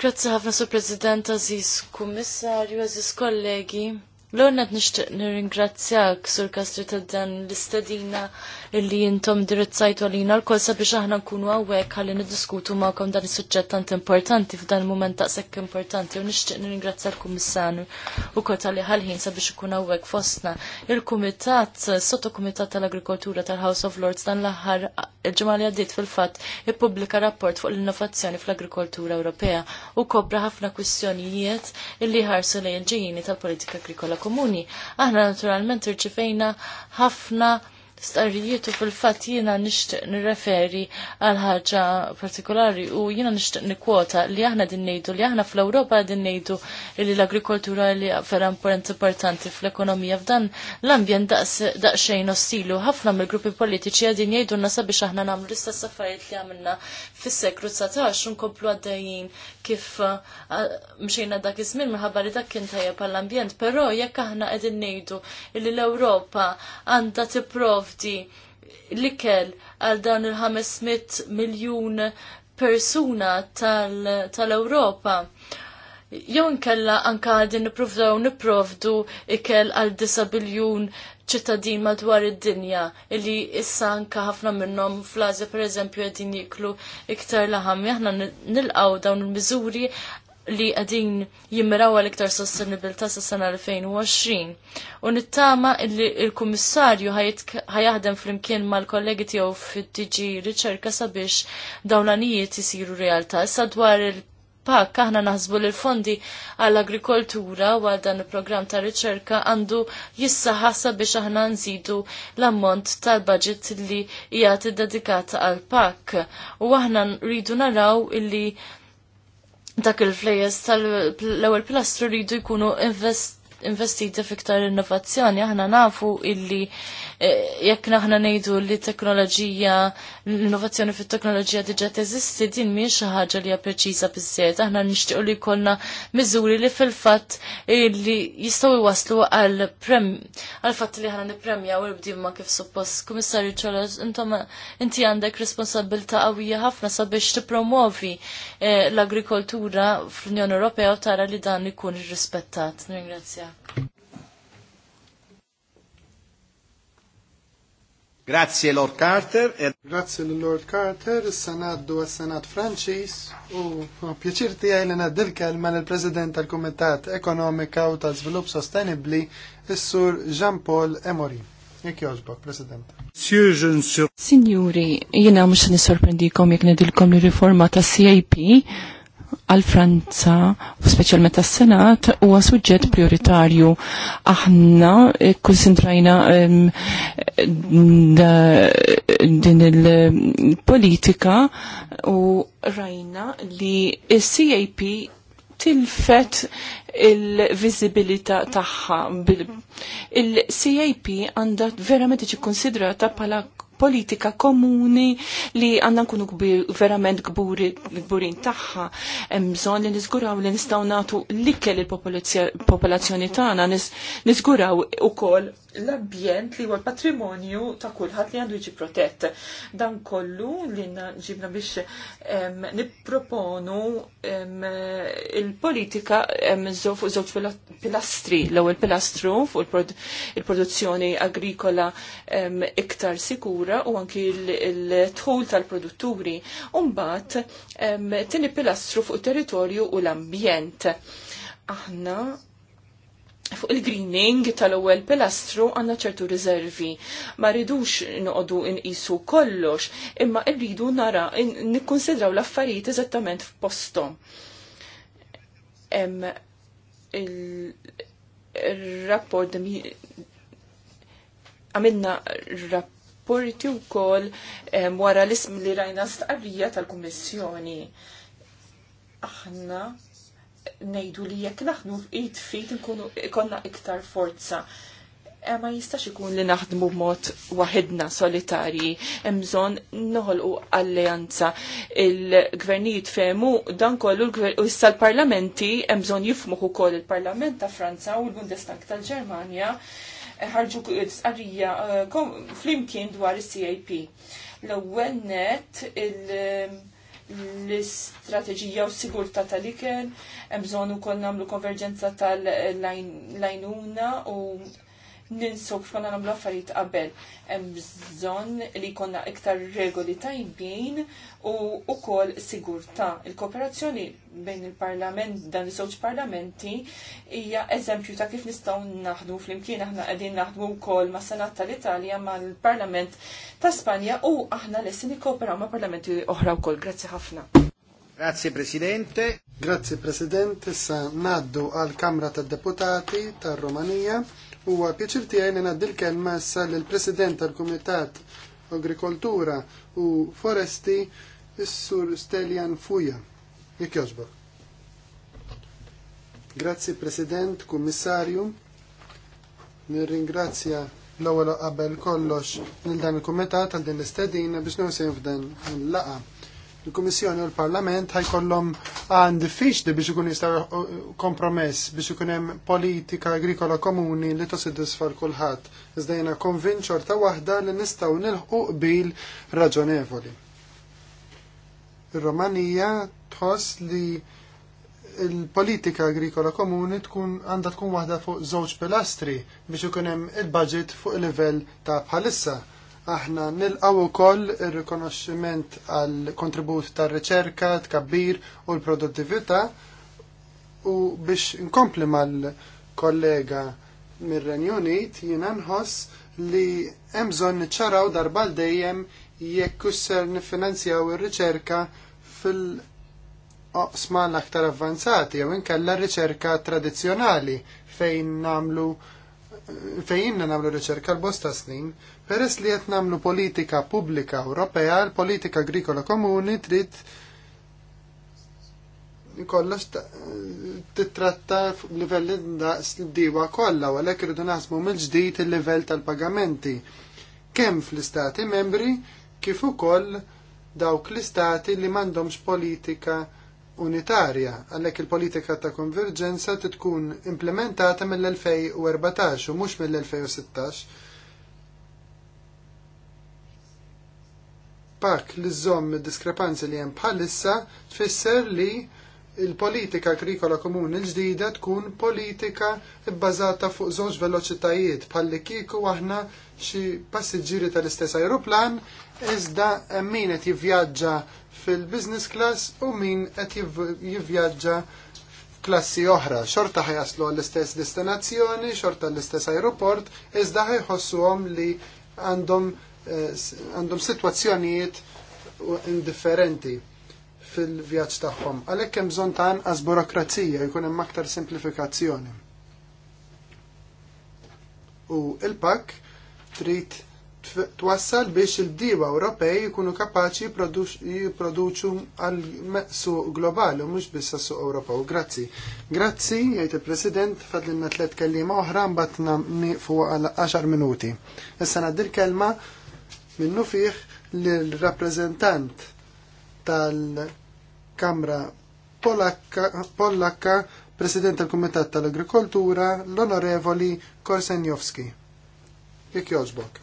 Grazie ħafna, Sur President, Aziz Kummissarju, Aziz Kollegi. L-għonnet nishtiq nir-ingrazzjak, Sur Kastri, ta' dan l-istadina illi jintom dirizzajtu għalina l kolsa sabiex aħna nkunu għawek għalli nidiskutu ma'kom dan il-sujġet tant importanti f'dan il-moment ta' sekk importanti u nishtiq nir-ingrazzjak kummissanu u kota li ħalħin sabiex ikun għawek fosna. Il-Kumitat, sotto Kumitat tal-Agrikoltura tal-House of Lords dan l-ħar il-ġimgħa li għaddiet fil-fatt ippubblika rapport fuq l-innovazzjoni fl-agrikoltura Ewropea u kobra ħafna kwistjonijiet illi ħarsu lejn il-ġejjini tal-politika agrikola komuni. Aħna naturalment irċifejna ħafna starijiet u fil-fatt jiena nixtieq nirreferi għal ħaġa partikolari u jiena nixtieq nikwota li aħna din ngħidu li aħna fl-Ewropa din ngħidu li l-agrikoltura li vera importanti fl-ekonomija f'dan l-ambjent daqsxejn ostilu ħafna mill-gruppi politiċi għadin jgħidu nasa biex aħna nagħmlu l-istess affarijiet li għamilna fis-seklu 19 nkomplu għaddejjin kif uh, mxejna dak iż-żmien minħabba li dak kien tajjeb għall-ambjent, però jekk aħna qegħdin ngħidu li l-Ewropa għandha tipprovdi l-ikel għal dawn il-500 miljun persuna tal-Ewropa. Jew nkella anka għadin nipprovdaw niprovdu ikel għal 9 biljun ċittadin madwar id-dinja illi issa anka ħafna minnhom fl-Asja pereżempju qegħdin jiklu iktar laħam aħna nilqgħu dawn il-miżuri li qegħdin jimmiraw għal iktar sostenibilità sa sena 2020. U nittama illi l kummissarju ħajaħdem flimkien mal-kollegi tiegħu fit-tiġi riċerka sabiex dawn l-anijiet isiru realtà. Issa dwar il- pak aħna naħsbu l fondi għall agrikoltura u għal dan il-programm ta' riċerka għandu jissaħħasa biex aħna nżidu l-ammont tal-budget li jgħati dedikata għal pak. U aħna rridu naraw illi dak il-flejes tal-ewwel pilastru rridu jkunu invest investiti fiktar innovazzjoni, aħna nafu illi eh, jekk aħna ngħidu li teknoloġija l-innovazzjoni fit-teknoloġija diġà teżisti din miex xi ħaġa li hija preċiża biżżejjed. Aħna nixtiequ li jkollna miżuri li fil-fatt li jistgħu waslu għal għal fatt li aħna nippremjaw il ma kif suppost. Kummissarju Ċolos, intom inti għandek responsabilità qawwija ħafna sabiex tippromovi eh, l-agrikoltura fl-Unjoni Ewropea u tara li dan ikun irrispettat. Ringrazzja. Grazie Lord Carter. E... Grazie Lord Carter, il e du senat Franċis u piacere ti li naddil kelma il president tal-Kumitat Ekonomika u tal-Svilup Sostenibli, e sur Jean-Paul Emory. E che osbo, presidente. Signori, io non jina mux nisorprendikom jek nedilkom li riforma ta' CIP għal Franza, u specialment għas senat huwa suġġett prioritarju. Aħna eh, konsentrajna din il-politika u rajna li il-CAP tilfet il-vizibilita tagħha. Il-CAP għandha verament iġi konsidrata bħala politika komuni li għandna nkunu verament gburin tagħha. Hemm bżonn li nizguraw li nistgħu nagħtu l-ikkel il-popolazzjoni tagħna, niżguraw ukoll l-ambjent li huwa l-patrimonju ta' kulħadd li għandu jiġi protett. Dan kollu li ġibna biex nipproponu il-politika fuq żewġ pilastri. L-ewwel pilastru fuq il-produzzjoni agrikola iktar sikura u anki l-tħul tal-produtturi. mbagħad tieni pilastru fuq territorju u l-ambjent. Aħna fuq il-greening tal-ewwel pilastru għandna ċertu riservi. Ma rridux noqogħdu inqisu kollox, imma rridu nara nikkonsidraw l-affarijiet eżattament f'postom. Hemm il-rapport għamilna rapporti wkoll wara l-ism li rajna stqarrija tal-Kummissjoni. Aħna nejdu li jekk naħdmu f'id fit nkunu ikonna iktar forza. Eh, ma jistax ikun li naħdmu b'mod waħedna solitarji, imżon noħolqu alleanza. Il-gvernijiet femu dan kollu u issa l-parlamenti, imżon jifmuħu ukoll il-parlament ta' Franza u l-Bundestag tal ġermanja eh, ħarġu sqarrija eh, flimkien dwar is-CAP. L-ewwel net il- l-istrateġija u sigurta tal-ikel, hemm bżonn ukoll nagħmlu konverġenza tal-lajnuna u ninsuk f'konna namlu affarijiet qabel. Hemm bżonn li jkollna iktar regoli tajbin u wkoll sigurtà. Il-kooperazzjoni bejn il-parlament dan iż-żewġ parlamenti hija eżempju ta' kif nistgħu naħdmu flimkien aħna qegħdin naħdmu wkoll ma' Senat tal-Italja mal-Parlament ta' Spanja u aħna lesti nikkooperaw ma' parlamenti oħra wkoll. Grazzi ħafna. Grazie Presidente. Grazie Presidente, sa naddu għal Kamra tad Deputati tar Romania Huwa pjaċir tiegħi li massa l lill-President tal-Kumitat Agrikoltura u Foresti is-Sur Stelian Fuja. Jek joġbor. Grazzi President, Kummissarju. Nirringrazzja l-ewwel qabel kollox lil dan il-kumitat għal din l-istedina biex newsejn f'dan il-laqa il-Kummissjoni u l-Parlament ħajkollhom għan diffiċli biex ikun jistgħu uh, kompromess biex ikun hemm politika agrikola komuni li tosiddisfa l kulħadd. Iżda jiena konvint ta' waħda li nistgħu nilħu qbil raġonevoli. Ir-Romanija tħoss li il-politika agrikola komuni tkun għandha tkun waħda fuq żewġ pilastri biex ikun hemm il-budget fuq il-livell ta' bħalissa Aħna nilqaw ukoll ir-rikonoxximent għal kontribut tar-riċerka, tkabbir u l-produttività u biex nkompli mal-kollega mir-Renju Unit jiena nħoss li hemm bżonn niċċaraw darba dejjem jekk isser nifinanzjaw ir-riċerka fil- oqsma l-aktar avvanzati jew inkella riċerka tradizzjonali fejn namlu fejn namlu riċerka l-bosta snin Peress li qed nagħmlu politika pubblika Ewropea, l-politika agrikola komuni trid kollox titratta f'livelli daqs diwa kollha u għalhekk irridu naħsmu mill-ġdid il-livell tal-pagamenti kemm fl-istati membri kif ukoll dawk l-istati li m'għandhomx politika unitarja, għalhekk il-politika ta' konverġenza titkun implementata mill-2014 u mhux mill-2016 pak l żomm diskrepanzi li hemm bħalissa tfisser li il-politika agrikola komuni l-ġdida tkun politika bbażata fuq żewġ veloċitajiet bħalli kieku aħna xi passiġġieri tal-istess ajruplan iżda min qed jivvjaġġa fil-business class u min qed jivvjaġġa klassi oħra, xorta ħajaslu għall-istess destinazzjoni, xorta l-istess aeroport, iżda ħajħossuhom li għandhom Eh, għandhom sitwazzjonijiet indifferenti fil-vjaġġ tagħhom. Għalhekk hemm bżonn ta' anqas burokrazija jkun hemm aktar simplifikazzjoni. U il-pak trid twassal biex il-diba Ewropej jkunu kapaċi jipproduċu għal su globali u mhux biss suq Ewropa. Grazzi. Grazzi, jgħid il-President, fadlinna tliet kelliema oħra mbagħad fuq għal 10 minuti. Issa ngħaddi l-kelma minnu fih l-rappresentant tal-Kamra Polakka, President tal-Kumitat tal-Agrikoltura, l-Onorevoli Korsenjowski. Jek joġbok.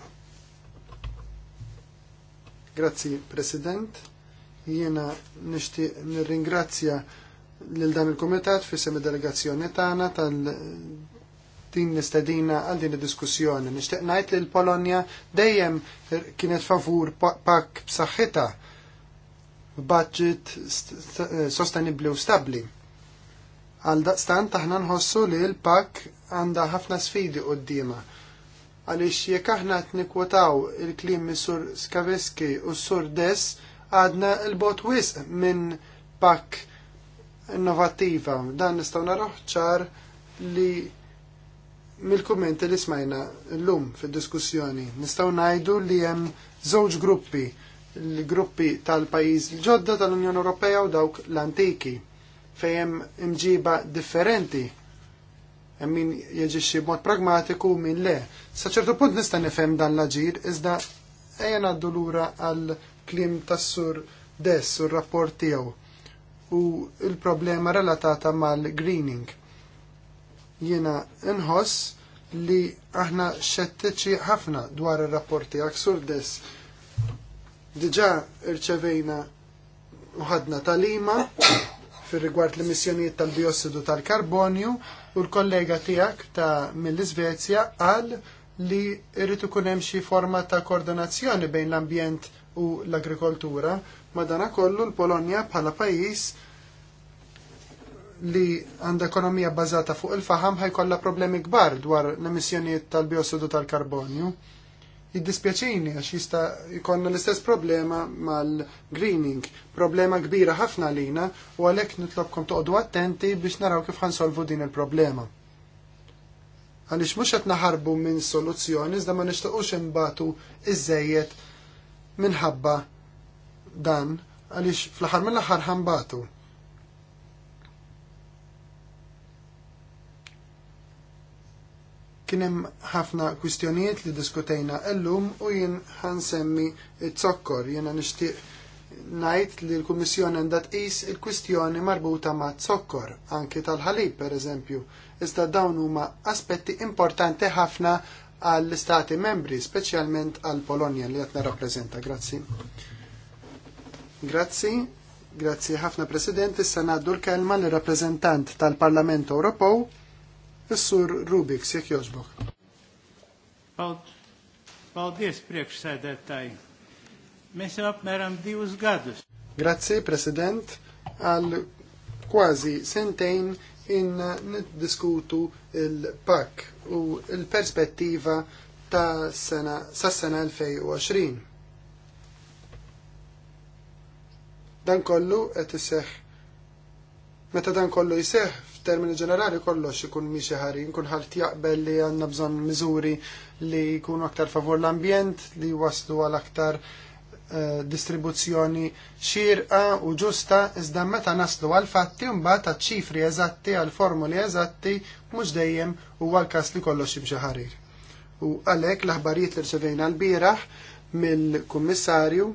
Grazzi, President. Jiena nishtiq nirringrazzja l dan il-Kumitat fis delegazzjoni tagħna tal din l għal din id-diskussjoni. Nixtieq ngħid li l-Polonja dejjem kienet favur pak b'saħħitha budget eh, sostenibli u stabli. Għal daqstan taħna nħossu li l-pak għandha ħafna sfidi d-dima. Għaliex jekk aħna qed nikwotaw il-klim mis-sur Skaveski u s-sur Des għadna l-bot wisq minn pak innovativa. Dan nistgħu naraw ċar li mill-kummenti li smajna l-lum fil-diskussjoni nistaw najdu li hemm żewġ gruppi, l-gruppi tal-pajjiż l-ġodda tal-Unjoni Ewropea u dawk l-antiki fejn hemm imġiba differenti hemm min jeġixxi b'mod pragmatiku u min le. Sa ċertu punt nista' nifhem dan l-aġir iżda ejja ngħaddu lura għal klim tas-sur dess u r-rapport tiegħu u l-problema relatata mal-greening Jiena nħoss li aħna xettiċi ħafna dwar ir-rapporti għak surdes. Diġa irċevejna uħadna talima fir rigward l-emissjonijiet tal-biossidu tal-karbonju u l-kollega tijak ta' mill-Svezja għal li irritu kunem xi forma ta' koordinazzjoni bejn l-ambjent u l-agrikoltura. Madana kollu l-Polonja bħala pajis li għandha ekonomija bbażata fuq il-faham ħajkollha problemi kbar dwar l-emissjonijiet tal-biossidu tal-karbonju. Id-dispjaċini għax jista' jkollna l-istess problema mal-greening, problema kbira ħafna lina u għalhekk nitlobkom toqgħdu attenti biex naraw kif ħansolvu din il-problema. Għaliex mhux qed naħarbu minn soluzzjoni iżda ma nixtiequx imbatu iżejjed minħabba dan għaliex fl ħar mill-aħħar ħambatu. Kien hemm ħafna kwistjonijiet li diskutejna llum u jien ħansemmi t-zokkor. Jiena nixtieq ngħid li l-Kummissjoni għandha tqis il-kwistjoni marbuta ma' zokkor, anki tal-ħalib pereżempju. Iżda dawn huma aspetti importanti ħafna għall-istati membri, speċjalment għall-Polonja li qed nirrappreżenta. Grazzi. Grazzi. Grazzi ħafna President, issa ngħaddu l-kelma l-rappreżentant tal-Parlament Ewropew, Is-sur Rubik, jekk jogħġbok. Paldies priekšsēdētāji. Mēs jau apmēram divus gadus. Grazie, President, al quasi sentēn in diskutu il-PAK u il-perspettiva ta' sena, sa' sena 2020. Dan kollu et iseħħ meta dan kollu jseħ f'termini ġenerali kollox ikun miexi ħari, nkun ħalt jaqbel li għanna bżon miżuri li jkunu aktar favor l-ambjent, li waslu għal aktar eh, distribuzzjoni xirqa u ġusta, iżda meta naslu għal fatti mbagħad għat ċifri eżatti għal formuli eżatti mhux dejjem u l-każ li kollox jimxi ħarir. U għalhekk l-aħbarijiet li rċevejna l-bieraħ mill-kummissarju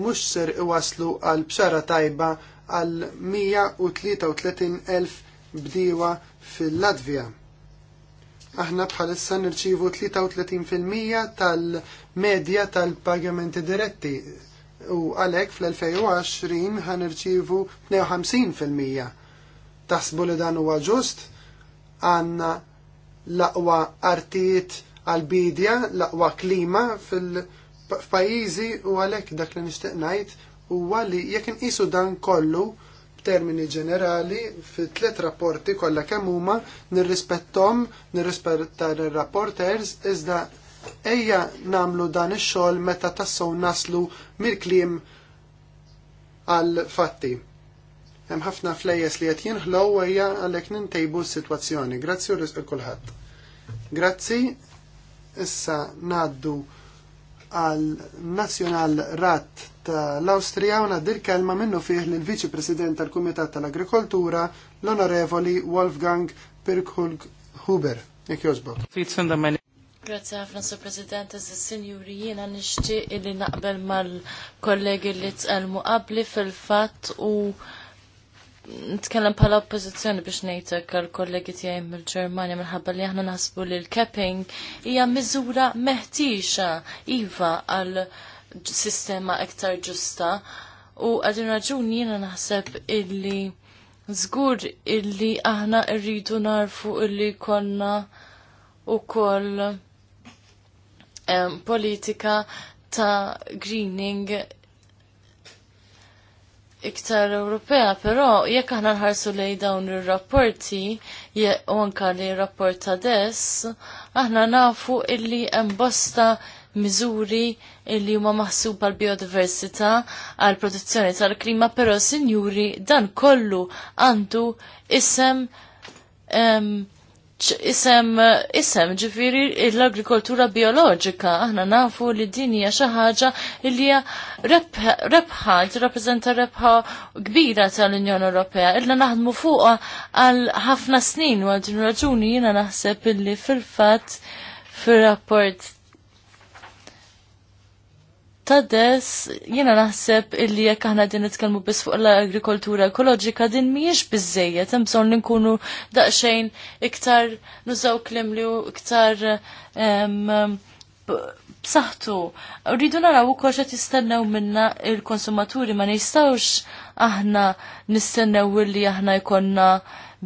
mhux ser iwaslu għal bxara tajba għal 133.000 bdiewa fil-Latvija. Aħna bħalissa nirċivu 33% tal-medja tal-pagamenti diretti u għalek fl-2020 ħan irċivu 52%. Taħsbu li dan huwa ġust għanna laqwa artijiet għal-bidja, laqwa klima fil-pajizi u għalek dak li nishtiq huwa li jekk inqisu dan kollu b'termini ġenerali fi tliet rapporti kollha kemm huma nirrispettom, nirrispetta r-rapporters iżda ejja namlu dan ix-xogħol meta tassew naslu mill-kliem għal fatti. Hemm ħafna flejjes li qed jinħlow ejja għalhekk nintejbu s-sitwazzjoni. Grazzi u kulħadd. Grazzi, issa ngħaddu għal National Rat tal-Awstrija u nadir kelma minnu fih l viċi President tal-Kumitat tal-Agrikoltura l-Onorevoli Wolfgang Pirkhulg Huber. Jek jozbok. Grazie ħafna Sur President, eżis sinjuri jiena nixtieq li naqbel mal-kollegi li tkellmu qabli fil-fatt u nitkellem bħala oppożizzjoni biex ngħidlek għal kollegi tiegħi mill-Ġermanja minħabba li aħna naħsbu li l-capping hija miżura meħtiexa iva għal sistema iktar ġusta u għadin raġuni jiena naħseb illi żgur illi aħna rridu narfu illi konna koll politika ta' greening iktar Ewropea, però jekk aħna nħarsu lej dawn ir-rapporti u anka li rapport ta' dess, aħna nafu illi hemm bosta miżuri illi huma maħsuba l biodiversità għal protezzjoni tal-klima, però sinjuri dan kollu għandu isem um, isem isem ġifiri l-agrikoltura biologika aħna nafu li din hija xi ħaġa li hija rebħa tirrappreżenta rebħa kbira tal-Unjoni Ewropea illa naħdmu fuqha għal ħafna snin u għal din raġuni jiena naħseb illi fil-fatt fir-rapport tades, jina naħseb illi jekk aħna din nitkellmu biss fuq l-agrikoltura ekoloġika din mhijiex biżejjed, hemm bżonn li nkunu daqsxejn iktar nużaw klim li iktar b'saħħtu. Rridu naraw ukoll qed jistennew minna il-konsumaturi ma nistgħux aħna nistennew illi aħna jkollna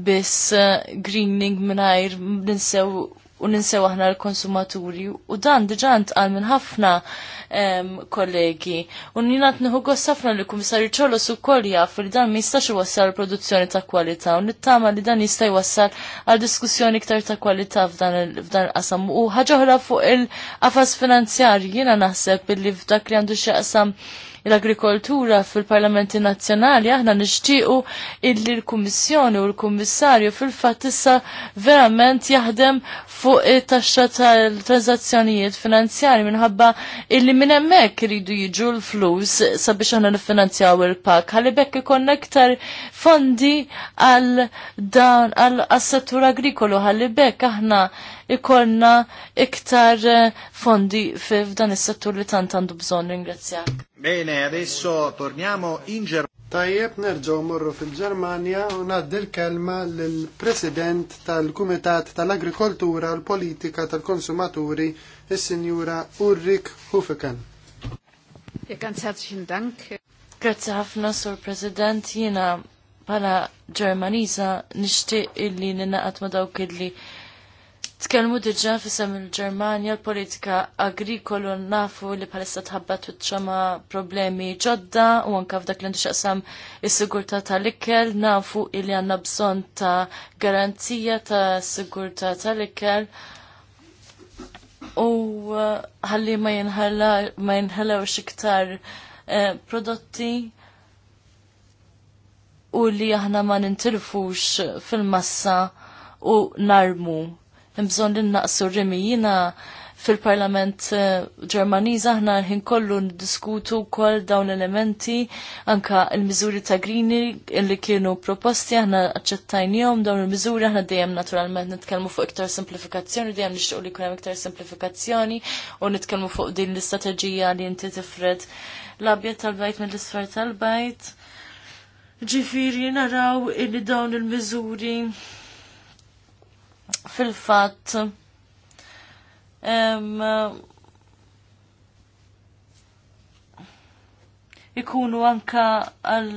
biss eh, greening mingħajr ninsew u ninsew aħna l-konsumaturi u dan diġà ntqal minn ħafna ehm, kollegi. U ninat nħu ħafna li kumissarju ċolos ukoll jaf li dan ma jistax wassal produzzjoni ta' kwalità u nittama li dan jista' wassal għal diskussjoni iktar ta' kwalità f'dan il-qasam u ħaġa fuq il-qafas finanzjarji jiena naħseb li f'dak li għandu xi l-agrikoltura fil-parlamenti nazzjonali aħna nixtiequ illi l-Kummissjoni u l-Kummissarju fil-fatt issa verament jaħdem fuq it-taxxa tal-transazzjonijiet finanzjari minħabba illi minn hemmhekk iridu jiġu l-flus sabiex aħna niffinanzjaw il-pak. Ħalli bekk ikonna iktar fondi għal dan għal settur agrikolu ħalli bekk aħna ikonna iktar eh, fondi f'dan is-settur li tant għandu bżonn ringrazzjak. Bene, adesso torniamo in Germania. Tajjeb nerġgħu morru fil-Ġermanja u ngħaddi l-kelma lill-President tal-Kumitat tal-Agrikoltura u l-Politika tal-Konsumaturi, il sinjura Ulrik Hufeken. Ganz herzlichen Dank. Grazie ħafna, Sur President. Jiena pala Ġermaniza nixtieq illi ninaqat ma dawk illi Tkellmu diġà fisem il-Ġermanja l-politika agrikolu nafu li palissa tħabbat ma problemi ġodda u anka f'dak li xaqsam is-sigurtà tal-ikel nafu li għandna bżonn ta' garanzija ta' sigurtà tal-ikel u uh, ħalli ma jinħalla u xiktar iktar uh, prodotti u li aħna ma nintilfux fil-massa u narmu bżon li naqsu rimijina fil-parlament eh, ġermaniż aħna ħin kollu ndiskutu kol dawn elementi anka il-miżuri ta' Grini li kienu proposti aħna aċċettajnihom dawn il-miżuri aħna dejjem naturalment nitkellmu fuq iktar simplifikazzjoni dejjem nixtieq li jkun hemm iktar simplifikazzjoni u nitkellmu fuq din l-istrateġija li inti tifred l-abjad tal-bajt mill-isfar tal-bajt. Ġifiri naraw illi dawn il-miżuri fil-fatt ikunu anka għal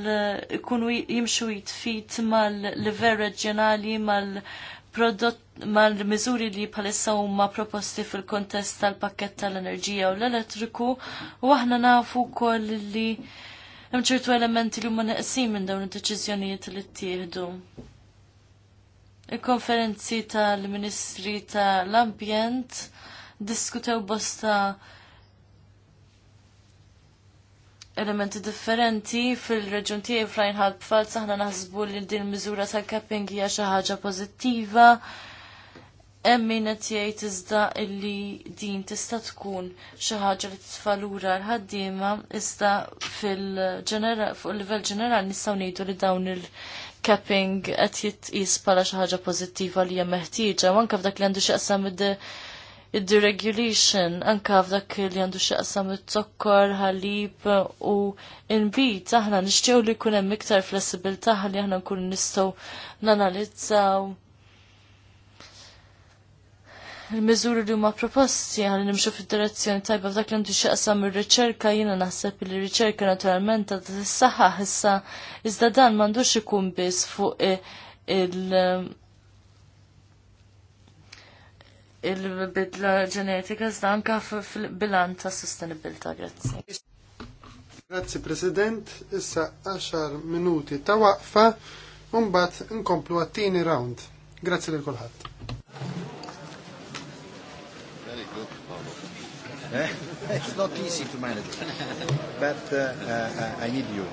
ikunu jimxu jitfit mal-level reġjonali mal-prodott mal-mizuri li palissa huma proposti fil-kontest tal-pakket tal-enerġija u l-elettriku u aħna nafu kol li hemm ċertu elementi li huma neqsin minn dawn id-deċiżjonijiet li ttieħdu. Il-konferenzi tal-Ministri tal-Ambjent diskutew bosta elementi differenti fil-reġun tiegħi fl-Ajn pfalz aħna naħsbu li din miżura tal-capping hija xi ħaġa pożittiva. Hemm min qed jgħid iżda illi din tista' tkun xi ħaġa li lura l-ħaddiema iżda fil-ġeneral fuq il-livell ġenerali nistgħu ngħidu li dawn il- capping qed jitqis bħala xi ħaġa pożittiva li hija meħtieġa u anke f'dak li għandu x'jaqsam id-deregulation, anke f'dak li għandu x'jaqsam it-zokkor, ħalib u inbit aħna nixtiegħu li jkun hemm iktar flessibilità ħalli aħna nkunu nistgħu nanalizzaw il-mizuri li huma proposti għal nimxu fid-direzzjoni tajba f'dak li għandu xieqsam ir-riċerka jiena naħseb li r-riċerka naturalment għadha tissaħħa issa iżda dan m'għandux ikun biss fuq il- il-bidla ġenetika iżda anke fil-bilan ta' sostenibilità. Grazzi. Grazzi President, issa 10 minuti ta' waqfa, un bat nkomplu għattini round. Grazzi lil kulħadd. Eh? it's not easy to manage, but uh, uh, uh I need you.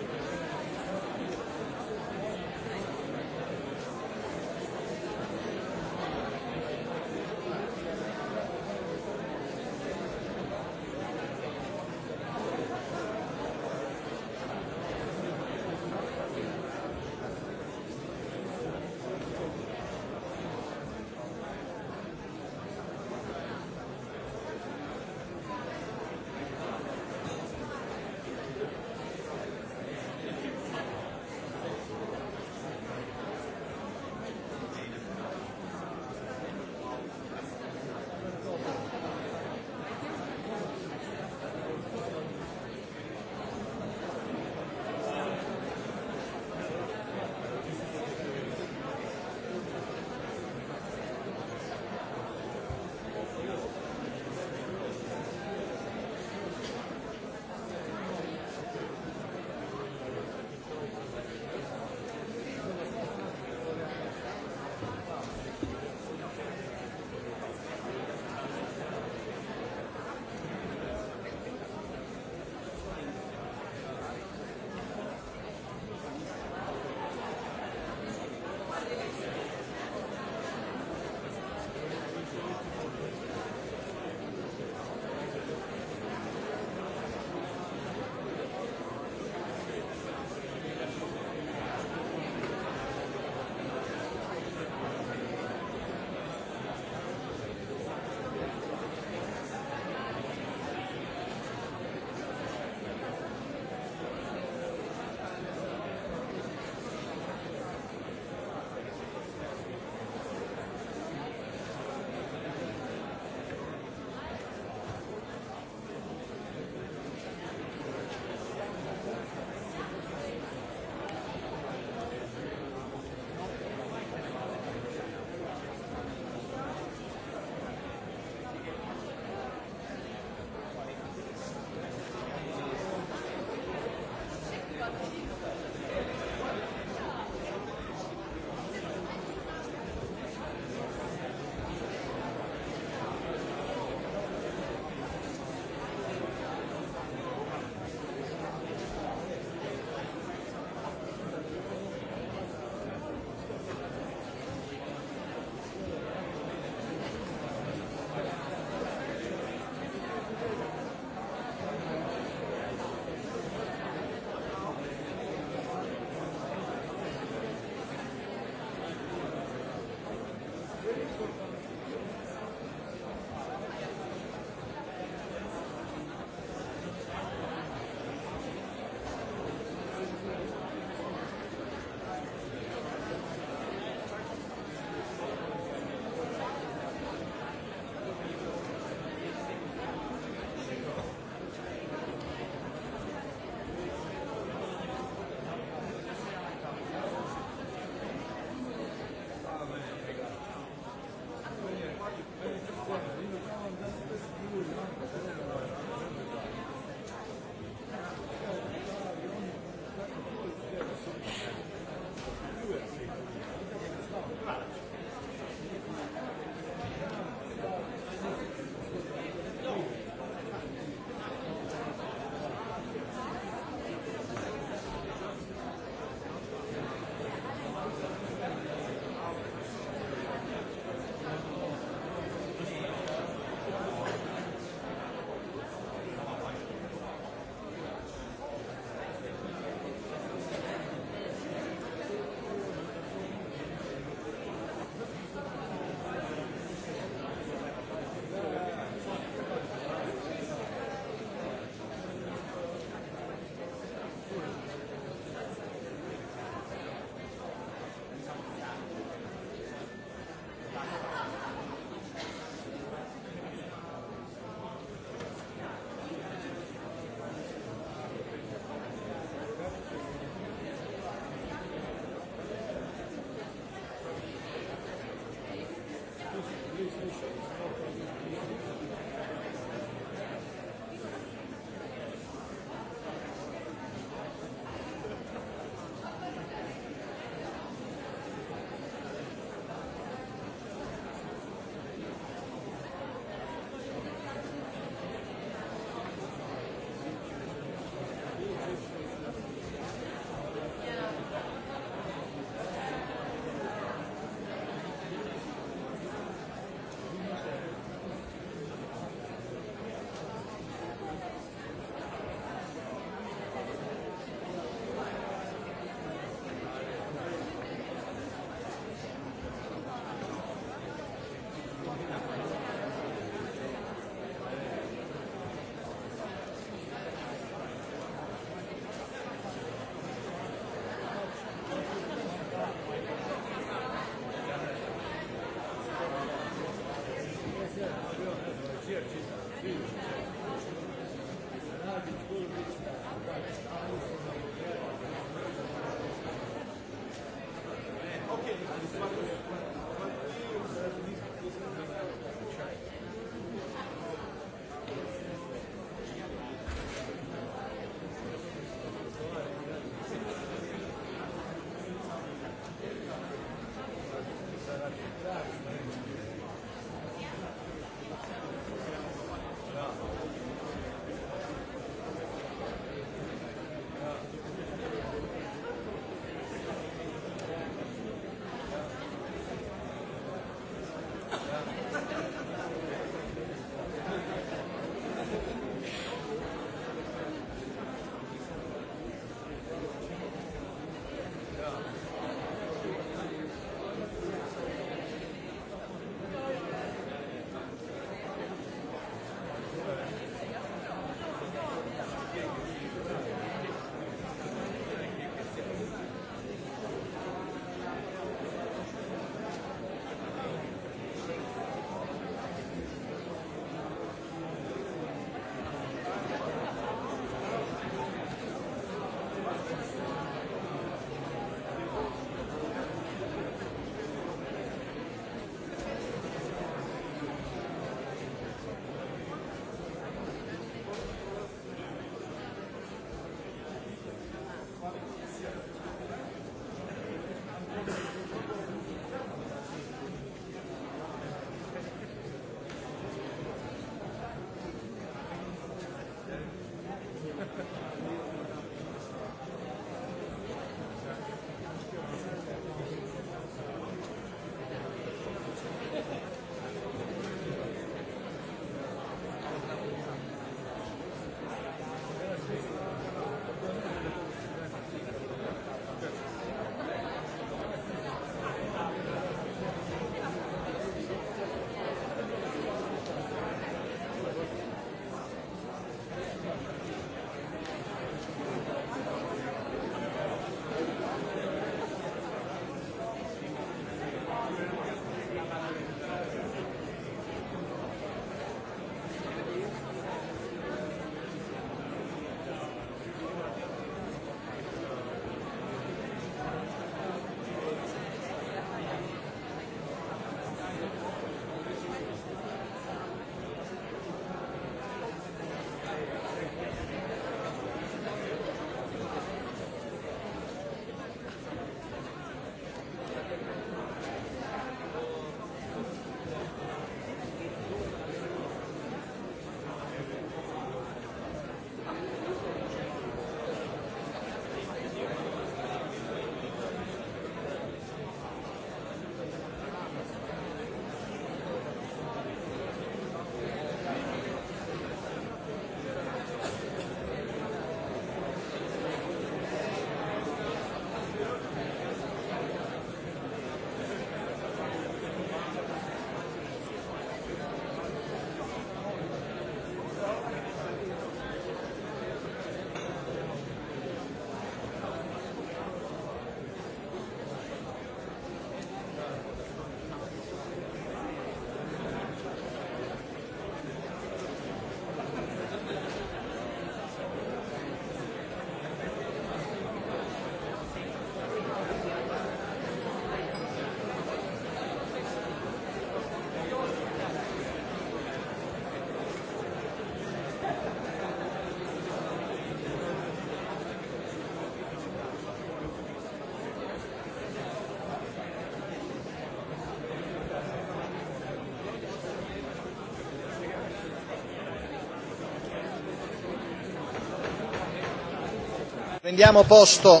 Prendiamo posto.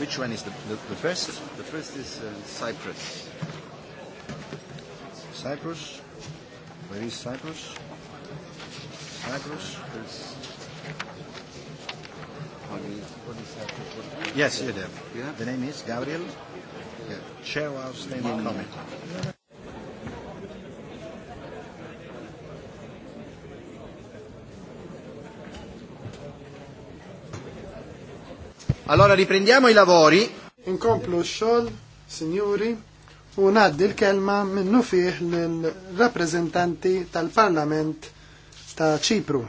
Which one is the, the, the first? The first is uh, Cyprus. Cyprus? Where is Cyprus? Cyprus? What is Cyprus? What is yes, you have. Yeah. The name is Gabriel. Yeah. Chair of Standing Committee. Allora riprendiamo i lavori. Inkomplu xol, signori, u naddi l-kelma minnu fih l-rappresentanti tal-Parlament ta' Ċipru,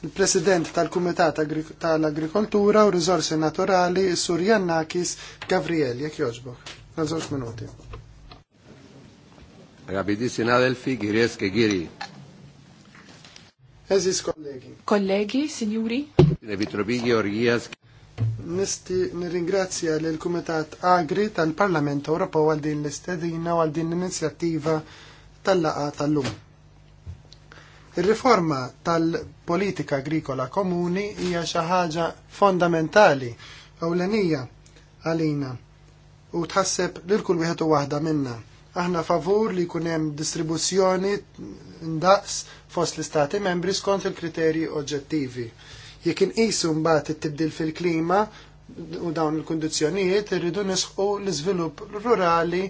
il-President tal-Kumitat tal-Agrikoltura u Risorsi Naturali, Sur Jannakis Gavriel, jek joġbok. Għal minuti. Rapidissina Adelfi, gireske Giri. Eżis kollegi. Kollegi, signori. Nevitrobigi Orgijas nisti nirringrazzja l kumitat Agri tal-Parlament Ewropew għal din l-istedina u għal din l-inizjattiva tal-laqa tal-lum. Ir-riforma tal-politika agrikola komuni hija xi ħaġa fondamentali ewlenija għalina u tħasseb li l kull wieħed u waħda minna. Aħna favur li jkun hemm distribuzzjoni ndaqs fost l-istati membri skont il-kriterji oġġettivi Jekk inqisu mbagħad it-tibdil fil-klima u dawn il-kundizzjonijiet irridu nisħu l-iżvilupp rurali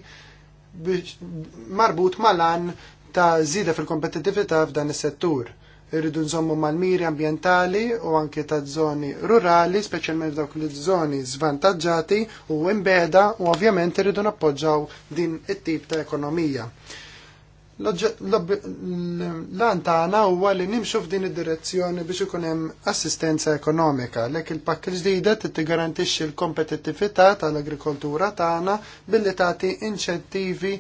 marbut malan ta' zida fil-kompetitività f'dan is-settur. Irridu nżommu mal-miri ambientali u anke ta' zoni rurali, speċjalment dawk li zoni zvantaġġati u imbeda u ovvjament irridu nappoġġaw din it-tip ta' ekonomija. L-għan tagħna huwa li nimxu f'din id-direzzjoni biex ikun hemm assistenza ekonomika, lek il-pakk ġdida tigarantixxi l-kompetittività tal-agrikoltura tagħna billi tagħti inċentivi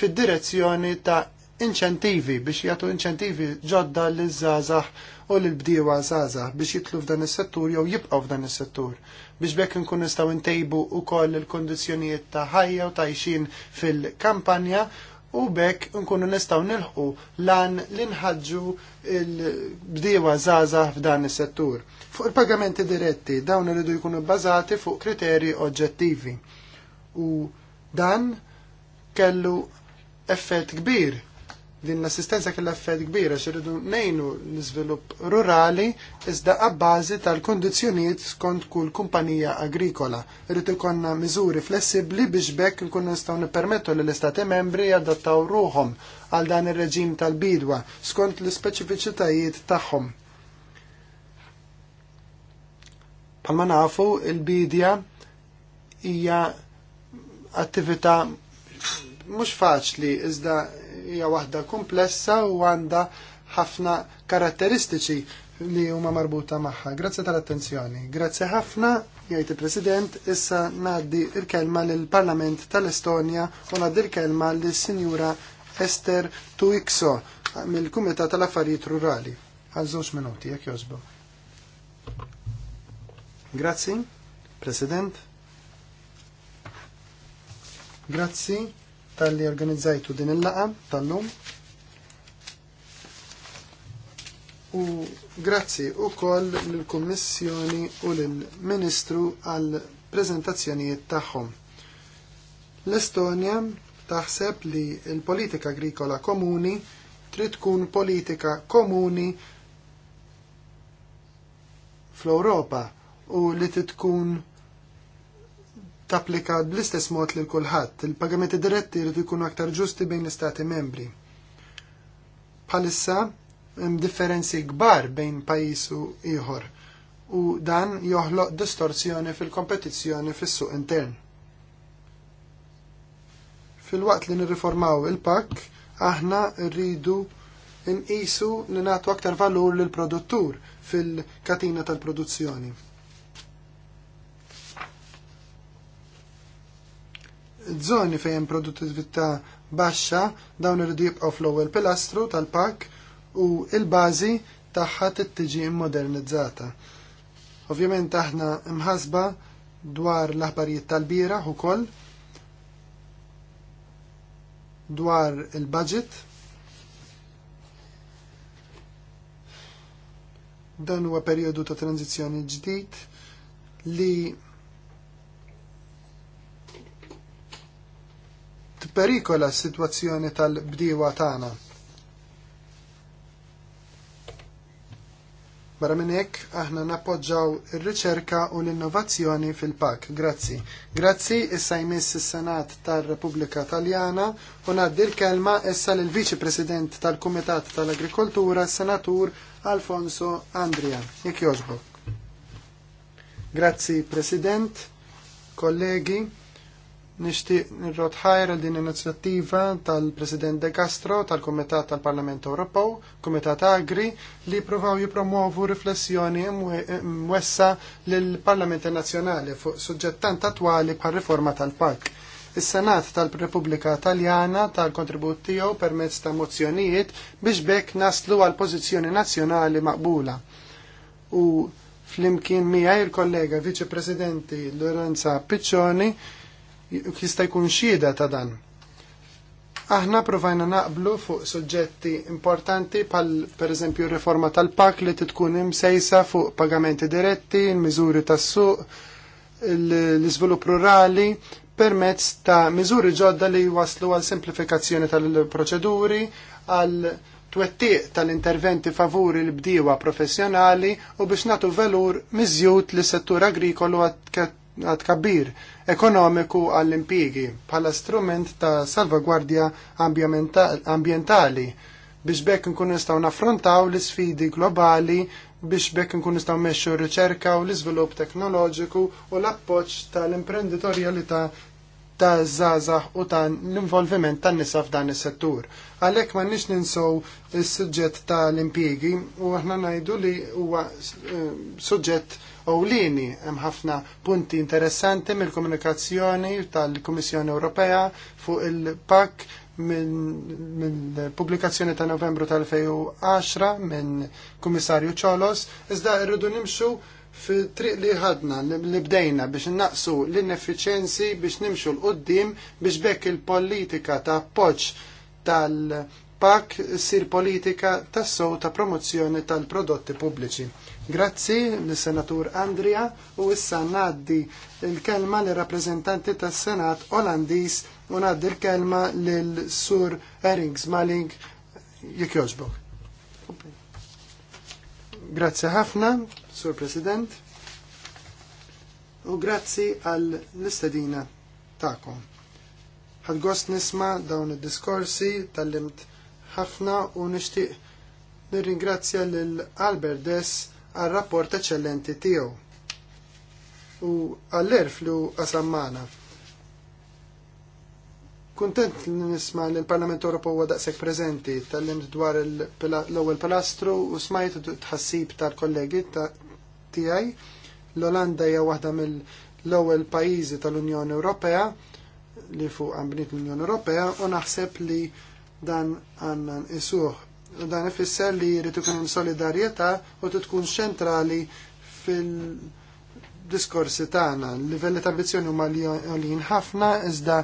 fid-direzzjoni ta' inċentivi biex jagħtu inċentivi ġodda l żgħażagħ u l-bdiewa żgħażagħ biex jitlu f'dan is-settur jew jibqgħu f'dan is-settur biex bekk nkun nistgħu ntejbu wkoll il-kondizzjonijiet ta' ħajja u tajxin fil-kampanja u bekk nkunu nistgħu nilħu lan li inħadġu l-bdiewa zaza f'dan is-settur. Fuq il-pagamenti diretti dawn iridu jkunu bbażati fuq kriterji oġġettivi. U dan kellu effett kbir Din l-assistenza kellha effett kbira xirridu nejnu l-iżvilupp rurali iżda għabbażi tal kondizjoniet skont kull kumpanija agrikola. Irrid konna miżuri flessibbli biex bekk nkun nistgħu nippermettu lill istati membri jadattaw ruhom għal dan ir-reġim tal-bidwa skont l-ispeċifiċitajiet tagħhom. Palma nafu il-bidja hija attività mhux faċli iżda hija waħda komplessa u għandha ħafna karatteristiċi li huma marbuta magħha. Grazzi tal-attenzjoni. Grazzi ħafna, jgħid il-President, issa ngħaddi l kelma lill-Parlament tal-Estonja u ngħaddi l kelma lis-Sinjura Ester Tuikso mill kumità tal-Affarijiet Rurali. Għal żewġ minuti, jekk jogħġbu. Grazzi, President. Grazzi tal-li organizzajtu din il-laqa tal-lum. U grazzi u koll l-Kommissjoni u l-Ministru għal prezentazzjonijiet tagħhom. L-Estonja taħseb li l-politika agrikola komuni trid tkun politika komuni fl-Ewropa u li tkun tapplika bl-istess mod lil kulħadd. Il-pagamenti diretti jridu jkunu aktar ġusti bejn l-istati membri. Bħalissa hemm differenzi kbar bejn pajjiż u ieħor u dan joħloq distorsjoni fil-kompetizzjoni fis-suq intern. Fil-waqt li nirriformaw il-pak, aħna rridu nqisu li nagħtu aktar valur lill produttur fil-katina tal-produzzjoni Zoni fejn produttività baxxa dawn irridu jibqgħu fl-ewwel pilastru tal-pak u l-bażi tagħha tittiġi immodernizzata. Ovvjament aħna imħasba dwar l-aħbarijiet tal-bieraħ ukoll dwar il-budget. Dan huwa perjodu ta' tranzizzjoni ġdid li Perikola s-sitwazzjoni tal-bdiewa tagħna. Barra minn hekk aħna nappoġġaw il riċerka u l-innovazzjoni fil-pak. Grazzi. Grazzi issa jmiss is-Senat tar-Repubblika Taljana u ngħaddi l-kelma issa l viċi President tal-Kumitat tal-Agrikoltura, Senatur Alfonso Andria. Jek jogħġbok. Grazzi President, kollegi. Nixtieq nirrot ħajra din inizjattiva tal-President De Castro tal-Kumitat tal-Parlament Ewropew, Kumitat Agri, li provaw jipromovu riflessjoni mwessa lill parlament Nazzjonali fuq suġġettant attwali bħal riforma tal-PAK. Is-Senat tal-Repubblika Taljana tal-kontribut tiegħu permezz ta' mozzjonijiet biex bekk naslu għal pożizzjoni nazzjonali maqbula. U flimkien miegħi il-kollega Viċi Presidenti Lorenza Piccioni jista' jkun xieda ta' dan. Aħna provajna naqblu fuq suġġetti importanti pal per eżempju riforma tal-pak li titkun imsejsa fuq pagamenti diretti, il-miżuri tas-suq, l-iżvilupp rurali, permezz ta' miżuri ġodda li waslu għal simplifikazzjoni tal-proċeduri, għal twettiq tal-interventi favuri l-bdiewa professjonali u biex natu velur miżjut li settur agrikolu għat għad kabir ekonomiku għall-impigi bħala strument ta' salvagwardja ambientali biex bekk nkun nistgħu naffrontaw l-isfidi globali biex bekk nkun nistgħu mexxu r-riċerka u l-iżvilupp teknoloġiku u l-appoġġ tal-imprenditorjalità ta' żgħażagħ u ta' l-involviment tan-nisa f'dan is-settur. Għalhekk m'għandniex ninsow is-suġġett tal-impjiegi u aħna ngħidu li huwa eh, suġġett ewlieni hemm ħafna punti interessanti mill-komunikazzjoni tal-Kummissjoni Ewropea fuq il-PAK mill-pubblikazzjoni ta' Novembru tal-2010 minn Kummissarju Ċolos, iżda rridu nimxu fil-triq li ħadna, li bdejna biex naqsu l-inefficienzi biex nimxu l-qoddim biex bekk il-politika ta' appoġġ tal-pak sir politika tas sow ta' promozzjoni tal-prodotti pubbliċi. Grazzi l-Senatur Andria u issa naddi il-kelma l-rappresentanti tas senat Olandis u naddi il-kelma l-Sur Erings Maling Jekjosbog. Grazzi ħafna, Sur President, u grazzi għall-istedina ta'kom. Għadgost nisma dawn id-diskorsi, tal-limt ħafna u nishtiq nirringrazzja l-Albert Dess għal rapport eċċellenti tiegħu u għall-erf li għasammana. Kuntent li nisma li l-Parlament Ewropew huwa daqshekk preżenti tal-lim dwar l-ewwel pilastru u smajt tħassib tal-kollegi tiegħi l-Olanda hija waħda mill-ewwel pajjiżi tal-Unjoni Ewropea li fuq għambniet l-Unjoni Ewropea u naħseb li dan għandna nqisuh Dan ifisser li jrid ikun hemm solidarjetà u tkun ċentrali fil-diskorsi tagħna. Livelli ta' ambizzjoni huma għalin ħafna iżda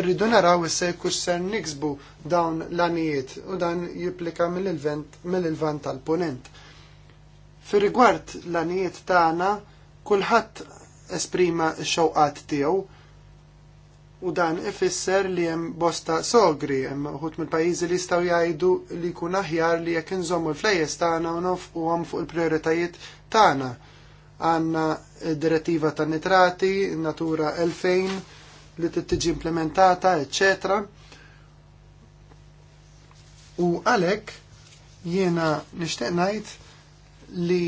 rridu naraw issa jkux ser niksbu dawn l-anijiet u dan jipplika mill-ilvant tal-ponent. Fir-rigward l-anijiet tagħna kulħadd esprima x-xewqat tiegħu u dan ifisser li hemm bosta sogri, hemm uħut mill-pajjiżi li jistgħu jgħidu li jkun aħjar li jekk inżommu l-flejjes tagħna u nofquhom fuq il-prijoritajiet tagħna. Għandna direttiva tan nitrati, natura 2000 li tiġi implementata, eċċetera. U għalhekk jiena nixtieq ngħid li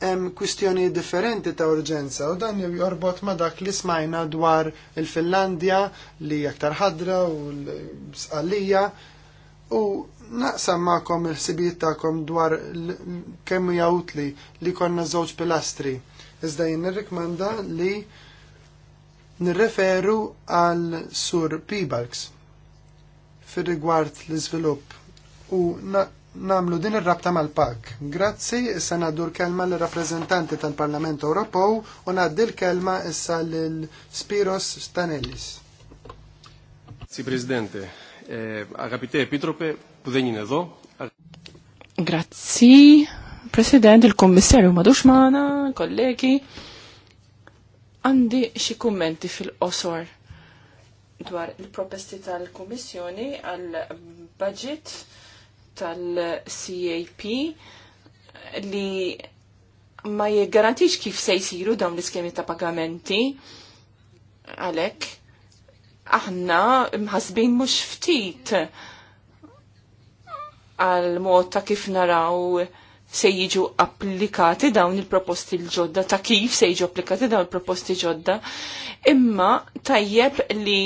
hemm kwistjoni differenti ta' urġenza u dan jorbot ma' dak li smajna dwar il-Finlandja li aktar ħadra u l-Sqallija u naqsam ma'kom il-sibijiet ta'kom dwar kemm jawtli li konna żewġ pilastri. Iżda jien nirrikmanda li nirreferu għal Sur Pibalks fir rigward l-iżvilupp u namlu din ir-rabta mal-pak. Grazzi, issa ngħaddu l-kelma l rappreżentanti tal-Parlament Ewropew u ngħaddi l-kelma issa lil Spiros Stanellis. Si Presidente, eh, Agapite Epitrope, pudegni din Grazzi, President, il-Kommissarju madux kollegi. Għandi xi kummenti fil-qosor dwar il-proposti tal kommissjoni għal-budget tal-CAP li ma jgarantix kif se jisiru dawn l-iskemi ta' pagamenti għalek aħna mħasbin mux ftit għal mod ta' kif naraw se jiġu applikati dawn il-proposti l-ġodda, ta' kif se jiġu applikati dawn il-proposti ġodda, imma tajjeb li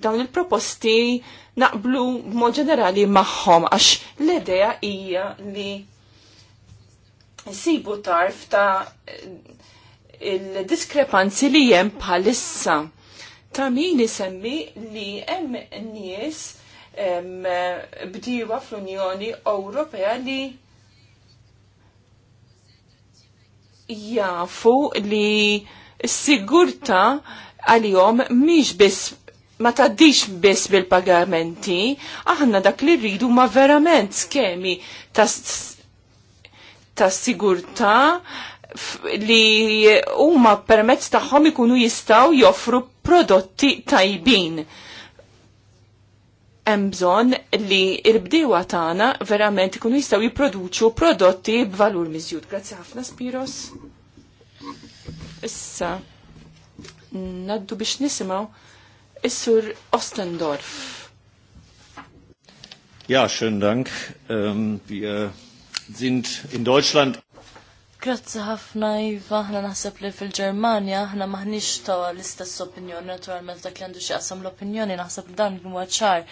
dawn il-proposti naqblu b'mod ġenerali magħhom għax l-idea hija li sibu tarf ta' il-diskrepanzi li hemm bħalissa. Ta' min isemmi li hemm nies bdiewa fl-Unjoni Ewropea li jafu li s-sigurta għal-jom miġ biss ma taddix biss bil-pagamenti, aħna dak li rridu ma verament skemi ta' ta' sigurta li huma permezz tagħhom ikunu jistgħu joffru prodotti tajbin. Hemm bżonn li l-bdiewa tagħna verament ikunu jistgħu jipproduċu prodotti b'valur miżjud. Grazzi ħafna Spiros. Issa naddu biex nisimgħu Is-sur Ostendorf. Ja, schönen Dank. Um, wir sind in Deutschland. Grazzi ħafna Iva, ħna naħseb li fil-Ġermanja, ħna maħniex ta' l-istess opinjoni, naturalment dak li għandu xieqsam l-opinjoni, naħseb li dan huwa ċar,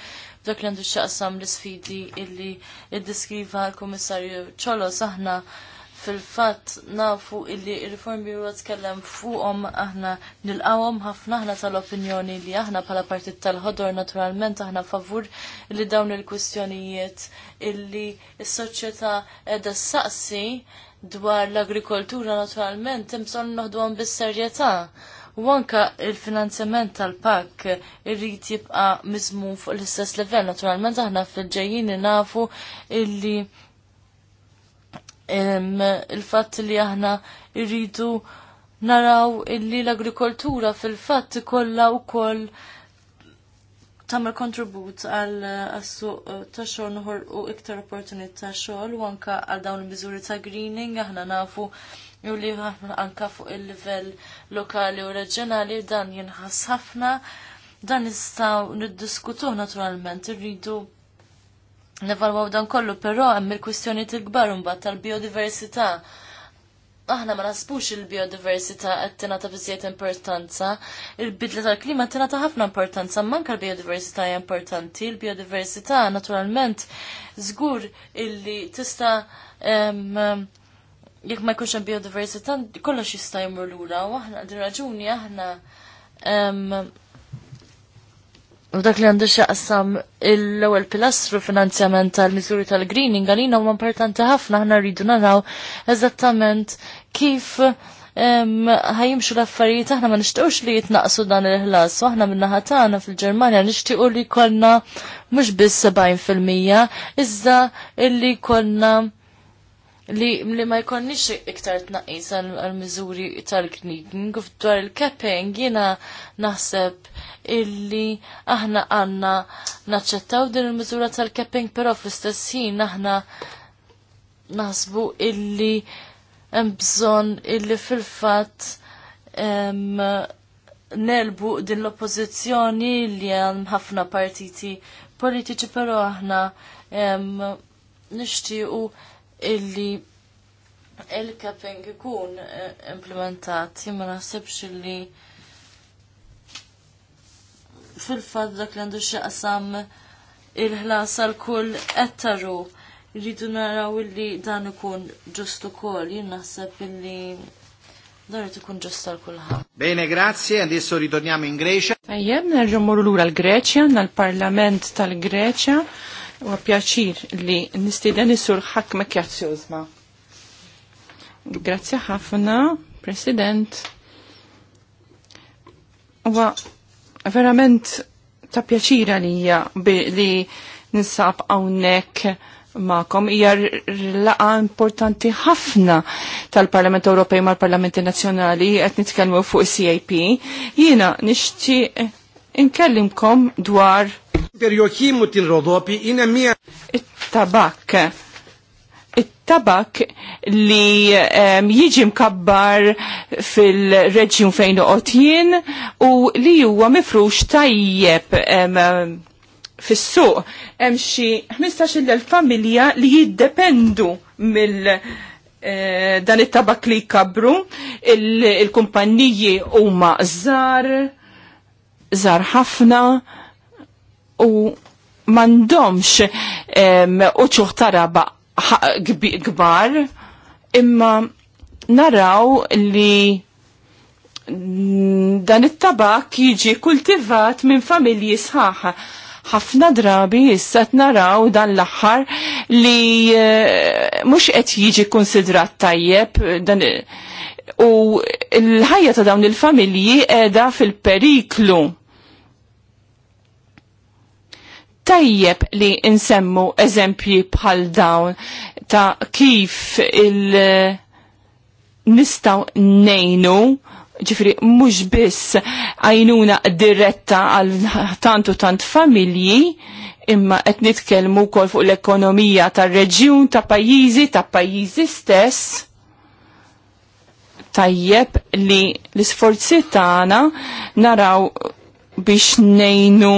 dak li għandu xieqsam l-sfidi illi id-diskriva l-Komissarju ċolos, aħna fil-fatt nafu illi il-reformi u tkellem fuqhom aħna nilqawhom ħafna aħna tal-opinjoni li aħna bħala partit tal-ħodor naturalment aħna favur li dawn il-kwistjonijiet illi s-soċjetà s saqsi dwar l-agrikoltura naturalment imson noħduhom bis-serjetà. U anka il-finanzjament tal-pak irrid jibqa' mizmu fuq l-istess livell. Naturalment aħna fil ġejjini nafu illi il-fatt li aħna irridu naraw illi l-agrikoltura fil-fatt kollha wkoll tamer kontribut għal suq eh, ta' xogħol u iktar opportunità ta' xogħol u anka għal dawn il-miżuri ta' greening aħna nafu u li anka fuq il-livell lokali u reġjonali dan jinħass ħafna dan nistgħu niddiskutuh naturalment irridu Nevalwaw dan kollu, però hemm il-kwistjoni il-kbar mbagħad tal-biodiversità. Aħna ma nasbux il-biodiversità qed tingħata bizziet importanza, il-bidla tal-klima tingħata ħafna importanza, manka l-biodiversità hija importanti, il-biodiversità naturalment żgur illi tista' jekk ma jkunx hemm biodiversità kollox jista' jmur lura u aħna din raġuni aħna U dak li għandu xaqsam l-ewel pilastru finanzjament tal-miżuri tal-greening għalina u importanti ħafna ħna rridu naraw eżattament kif ħajimxu l-affarijiet aħna ma nixtiqux li jitnaqsu dan il-ħlas u aħna minna ħatana fil-Ġermanja nixtiequ li konna mhux biss 70% iżda illi konna li, li ma jkollniex iktar tnaqqis għal miżuri tal-greening u dwar il-capping jiena naħseb illi aħna għanna naċċettaw din il-miżura tal-capping, però fl-istess ħin aħna naħsbu illi hemm bżonn illi fil-fatt nelbu din l-oppożizzjoni li hemm ħafna partiti politiċi, però aħna nixtiequ illi il-capping ikun eh, implementat, ma naħsibx illi fil fad dak li għandu xaqsam il-ħlas għal kull ettaru rridu naraw illi dan ikun ġustu ukoll, jien naħseb illi dan ikun ġust għal kulħadd. Bene, grazie, adesso ritorniamo in Grecia. Tajjeb, nerġgħu morru lura l-Greċja, nal-Parlament tal-Greċja, u pjaċir li nistieden sur ħak mekjazzjużma. Grazzi ħafna, President. Wa verament ta' pjaċira hija li nisab hawnhekk ma'kom hija laqa importanti ħafna tal-Parlament Ewropej mal-Parlamenti Nazzjonali qed nitkellmu fuq CAP. Jiena nixtieq inkellimkom dwar Perjokimu tin rodopi jina mija. It-tabak it-tabak li um, jiġi mkabbar fil-reġjun fejn jien u li huwa mifrux tajjeb um, fis-suq hemm xi 15-il familja li jiddependu mill eh, dan it-tabak li jkabru il-kumpanniji il huma żar żar ħafna u m'għandhomx uċuħ taraba kbar, imma naraw li dan it-tabak jiġi kultivat minn familji sħaħ. ħafna drabi issa naraw dan l-aħħar li eh, mhux qed jiġi konsidrat tajjeb dan u l-ħajja ta' dawn il-familji qiegħda fil-periklu tajjeb li nsemmu eżempji bħal dawn ta' kif il- eh, nistaw nejnu ġifri mux biss għajnuna diretta għal tantu tant familji imma qed nitkellmu wkoll fuq l-ekonomija tar-reġjun ta' pajjiżi ta' pajjiżi stess tajjeb li l-isforzi tagħna naraw biex nejnu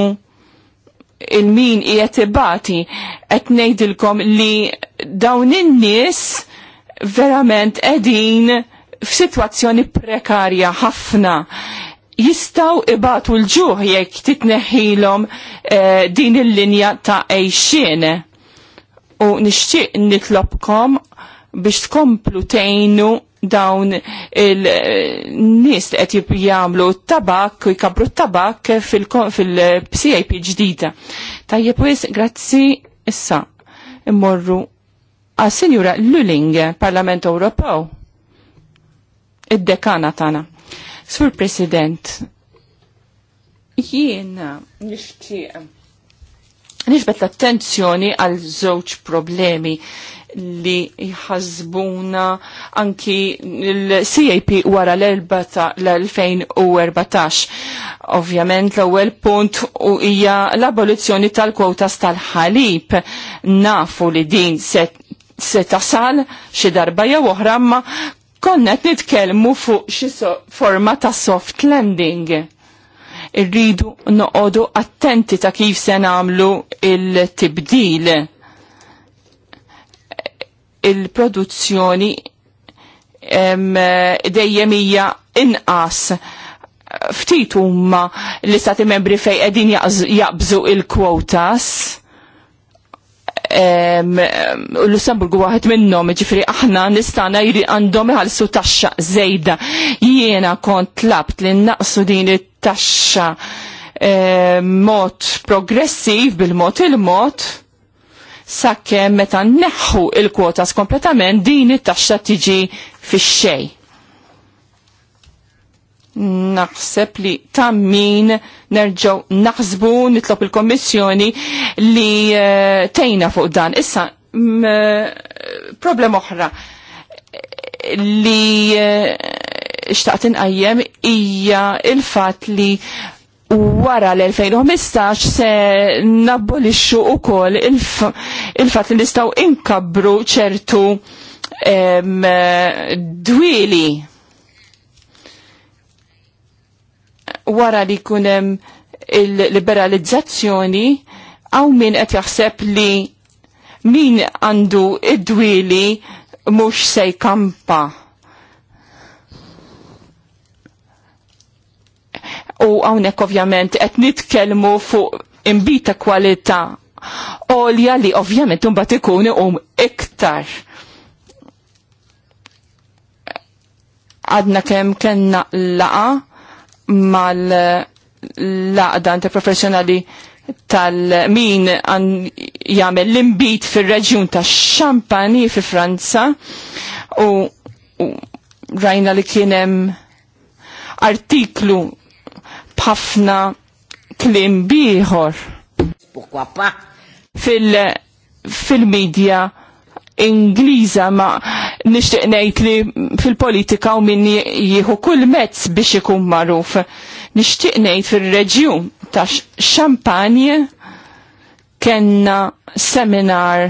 il-min qiegħed ibati qed ngħidilkom li dawn in-nies verament qegħdin f'sitwazzjoni prekarja ħafna jistaw ibatu l-ġuħ jekk titneħilom eh, din il-linja ta' ejxin. U nixtieq nitlobkom biex tkomplu tejnu dawn il-nis li qed jagħmlu tabak u jkabru tabak fil-CIP ġdida. Tajjeb wis, grazzi issa immorru għas sinjura Luling, Parlament Ewropew, id-dekana tagħna. Sur President, jiena nixtieq nixbet l-attenzjoni għal żewġ problemi li jħazbuna anki l-CAP wara l-2014. Ovvjament l-ewwel punt u hija l-abolizzjoni tal-kwotas tal-ħalib. Nafu li din se, tasal xi darba jew oħra ma konnet nitkellmu fuq xi forma ta' soft landing irridu noqodu attenti ta' kif se nagħmlu il-tibdil il-produzzjoni dejjem hija inqas ftit huma l-istati membri fej qegħdin jaqbżu il-kwotas. Lussemburgu waħed minnhom, ġifri aħna nistana jri għandhom iħallsu taxxa żejda. Jiena kont tlabt li naqsu din it-taxxa mod progressiv bil-mod il-mod sakemm meta neħħu il-kwotas kompletament din it-taxxa tiġi fix-xej. Naħseb li ta' min nerġgħu naħsbu nitlob il-Kommissjoni li eh, tejna fuq dan. Issa eh, problem oħra li eh, xtaqt inqajjem hija il-fatt li u wara l-2015 se nabbolixxu ukoll il-fatt li nistgħu inkabru ċertu dwili wara li jkun hemm il-liberalizzazzjoni għaw min qed jaħseb li min għandu id-dwili mhux se jkampa u hawnhekk ovvjament qed nitkellmu fuq imbita kwalità olja li ovvjament imbagħad batikuni um iktar. Għadna kemm kellna laqa mal-laqda professionali tal-min għan jagħmel l-imbit fir-reġjun tax-Xampani fi Franza u, u rajna li kienem artiklu bħafna klim biħor. Fil-medja fil Ingliża ma nixtieq ngħid li fil-politika u min jieħu kull mezz biex ikun magħruf. Nixtieq ngħid fir-reġjun ta' Champagne kenna seminar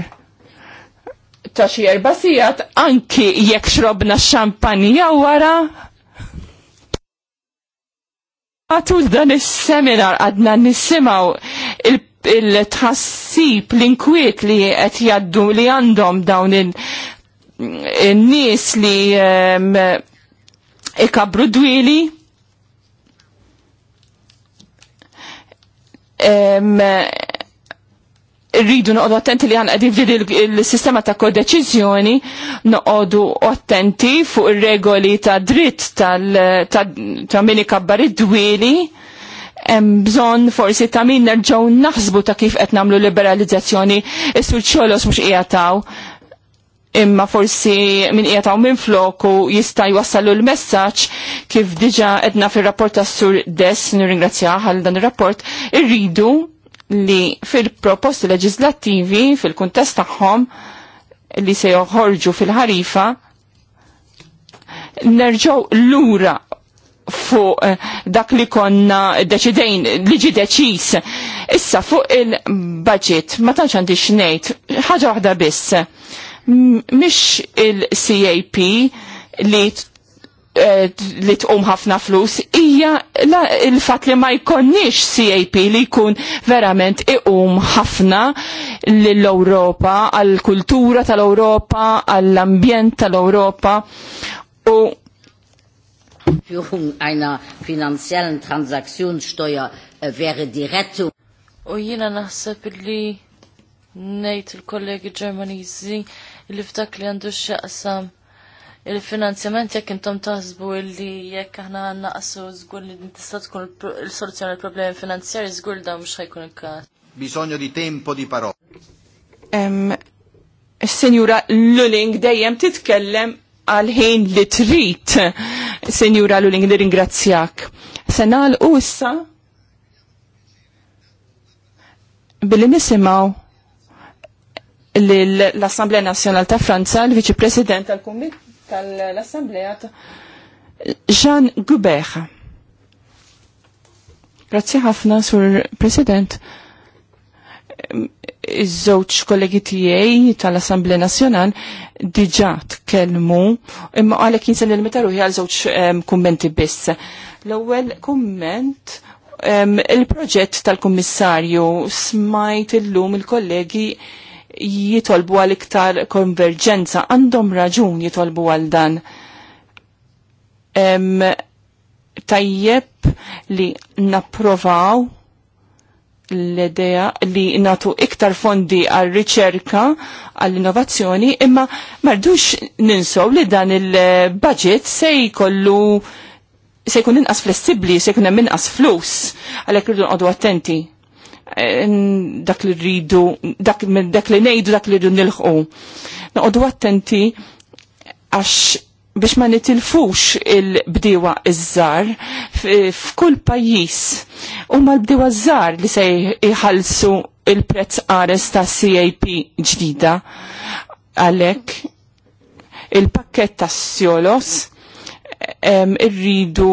ta' xi erba' sigħat anki jekk xrobna x-xampanja wara Għatul dan is-seminar għadna nisimaw il-tħassib, il l-inkwiet li qed jaddu li għandhom dawn il-nies li um, ikabru dwili. Um, rridu noqodu attenti li għanqadi f'din il-sistema ta' kodeċizjoni, noqodu attenti fuq ir-regoli ta' dritt ta' minni ikabbar id-dwili, hemm bżonn forsi ta' min nerġgħu naħsbu ta' kif qed nagħmlu liberalizzazzjoni is-sur xolos mhux qiegħataw imma forsi min qiegħataw minn floku jista' jwassalu l-messaġġ kif diġà qedna fir-rapport tas-sur Dess nirringrazzjah għal dan ir-rapport irridu li fil-proposti leġislattivi fil-kuntest tagħhom li se joħorġu fil-ħarifa nerġaw lura fuq eh, dak li konna deċidejn li ġi deċis. Issa fuq il-budget, ma tantx għandi xnejt, ħaġa waħda biss. Mhix il-CAP li Eh, li tqum ħafna flus hija il-fatt li ma jkonniex CAP li jkun verament iqum ħafna l-Ewropa, għall-kultura tal-Ewropa, għall-ambjent tal-Ewropa u Führung einer finanziellen Transaktionssteuer äh, wäre die Rettung. U jina naħseb li nejt il-kollegi Ġermanizi li f'dak li għandu xaqsam il-finanzjament jekk intom taħsbu li jekk aħna naqsu żgur li tista' tkun il-soluzzjoni l-problemi finanzjari żgur da mhux ħajkun il-każ. Bisogno di tempo di parola. Senjura Luling dejjem titkellem għal ħin li trid. Senjura Luling nirringrazzjak. Se nagħlqu issa billi nisimgħu l-Assemblea Nazzjonal ta' Franza, l-Viċi President tal kumitt tal-Assemblea Jean Gubeja. Grazzi ħafna, Sur President. Iż-żewġ kollegi tiegħi tal-Assemblea Nazzjonal diġà tkellmu imma għalhekk jinsel il-meta ruħi għal żewġ kummenti biss. L-ewwel kumment il-proġett tal-Kummissarju smajt illum il-kollegi il kollegi jitolbu għal iktar konverġenza, għandhom raġun jitolbu għal dan. tajjeb li napprovaw l-idea li natu iktar fondi għal riċerka għall innovazzjoni imma mardux ninsow li dan il-budget se jkollu se jkun inqas flessibli, se jkun hemm inqas flus, għalhekk rridu nqogħdu attenti dak li rridu, dak, dak li nejdu, dak li rridu nilħu. Noqogħdu attenti għax biex ma nitilfux il-bdiewa iż-żar f'kull pajjiż huma l-bdiewa iż-żar li se jħallsu il-prezz qares ta' CAP ġdida għalhekk il-pakket ta' Sjolos irridu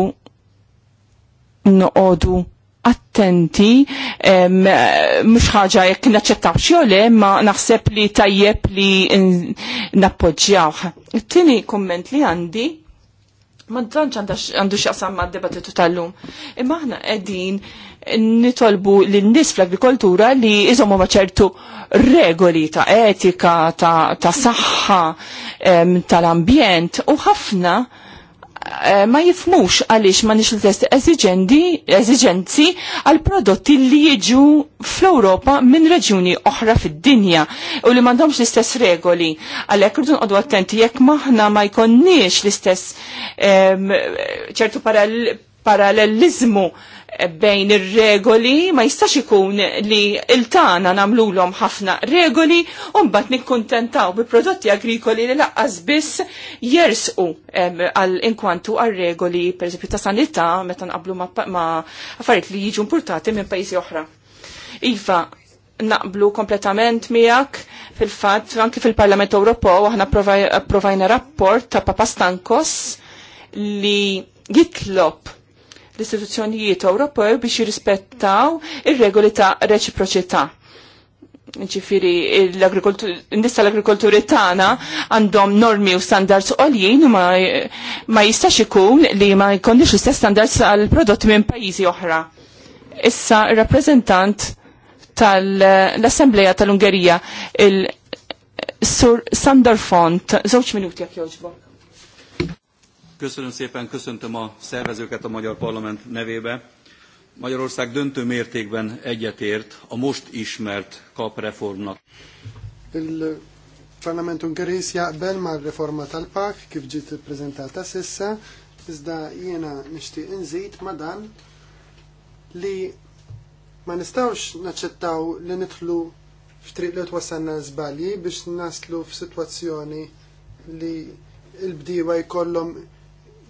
noqogħdu attenti, mux ħaġa jekk naċċettaw xjole, ma naħseb li tajjeb li nappoġġjaw. Tini komment li għandi, ma dranċ għandu xaqsam ma d-debattitu tal-lum. Imma ħna edin nitolbu l-nis fl-agrikoltura li izomu ċertu regoli ta' etika, ta saħħa, tal-ambjent u ħafna Eh, ma jifmux għaliex ma nix l-test eziġenzi għal prodotti li jiġu fl-Europa minn reġjuni oħra fid-dinja u li mandomx l-istess regoli. Għalek rridu nqodu attenti jekk maħna ma jkonniex l-istess ehm, ċertu parallelizmu bejn ir-regoli, ma jistax ikun li il-tana namlulhom ħafna regoli u mbagħad nikkuntentaw bi prodotti agrikoli li laqqas biss jersqu għal inkwantu għal regoli pereżempju ta' sanità meta nqablu ma' affarijiet li jiġu importati minn pajjiżi oħra. Iva, naqblu kompletament miegħek fil-fatt anke fil-Parlament Ewropew aħna provajna rapport ta' Papastankos li jitlob l-istituzzjonijiet Ewropew biex jirrispettaw ir-regoli ta' reċiproċità. Ġifiri, nista l-agrikolturi tagħna għandhom normi u standards għoljien u ma jistax ikun li ma jkollniex l-istess standards għal prodotti minn pajjiżi oħra. Issa r-rappreżentant tal-Assembleja tal-Ungerija, il-Sur Sandor Font, żewġ minuti jak jogħġbok. Köszönöm szépen, köszöntöm a szervezőket a Magyar Parlament nevébe. Magyarország döntő mértékben egyetért a most ismert kap reformnak. Il-Parlament Ungaris jaqbel ma' reforma tal-PAK kif ġiet ippreżentata sissa, iżda jiena nixtieq inżid ma' dan li ma nistgħux naċċettaw li nidħlu f'triq li twassalna żbalji biex naslu f'sitwazzjoni li l-bdiewa jkollhom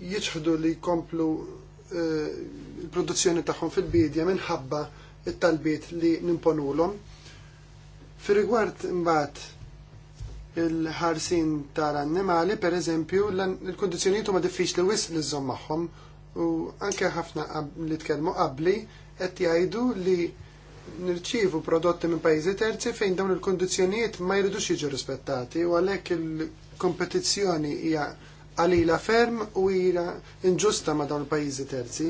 jiġħdu li jkomplu eh, il-produzzjoni tagħhom fil-bidja minħabba it-talbiet li nimponulhom. Fi rigward imbagħad il-ħarsin tal-annimali, per eżempju, l-kondizjonijiet huma diffiċli wisq li żomm magħhom u anke ħafna li tkellmu qabli qed jgħidu li nirċivu prodotti minn pajjiżi terzi fejn dawn il-kondizjonijiet ma jridux jiġu rispettati u għalhekk il-kompetizzjoni hija għalila ferm u ira inġusta ma dawn il-pajjiżi terzi,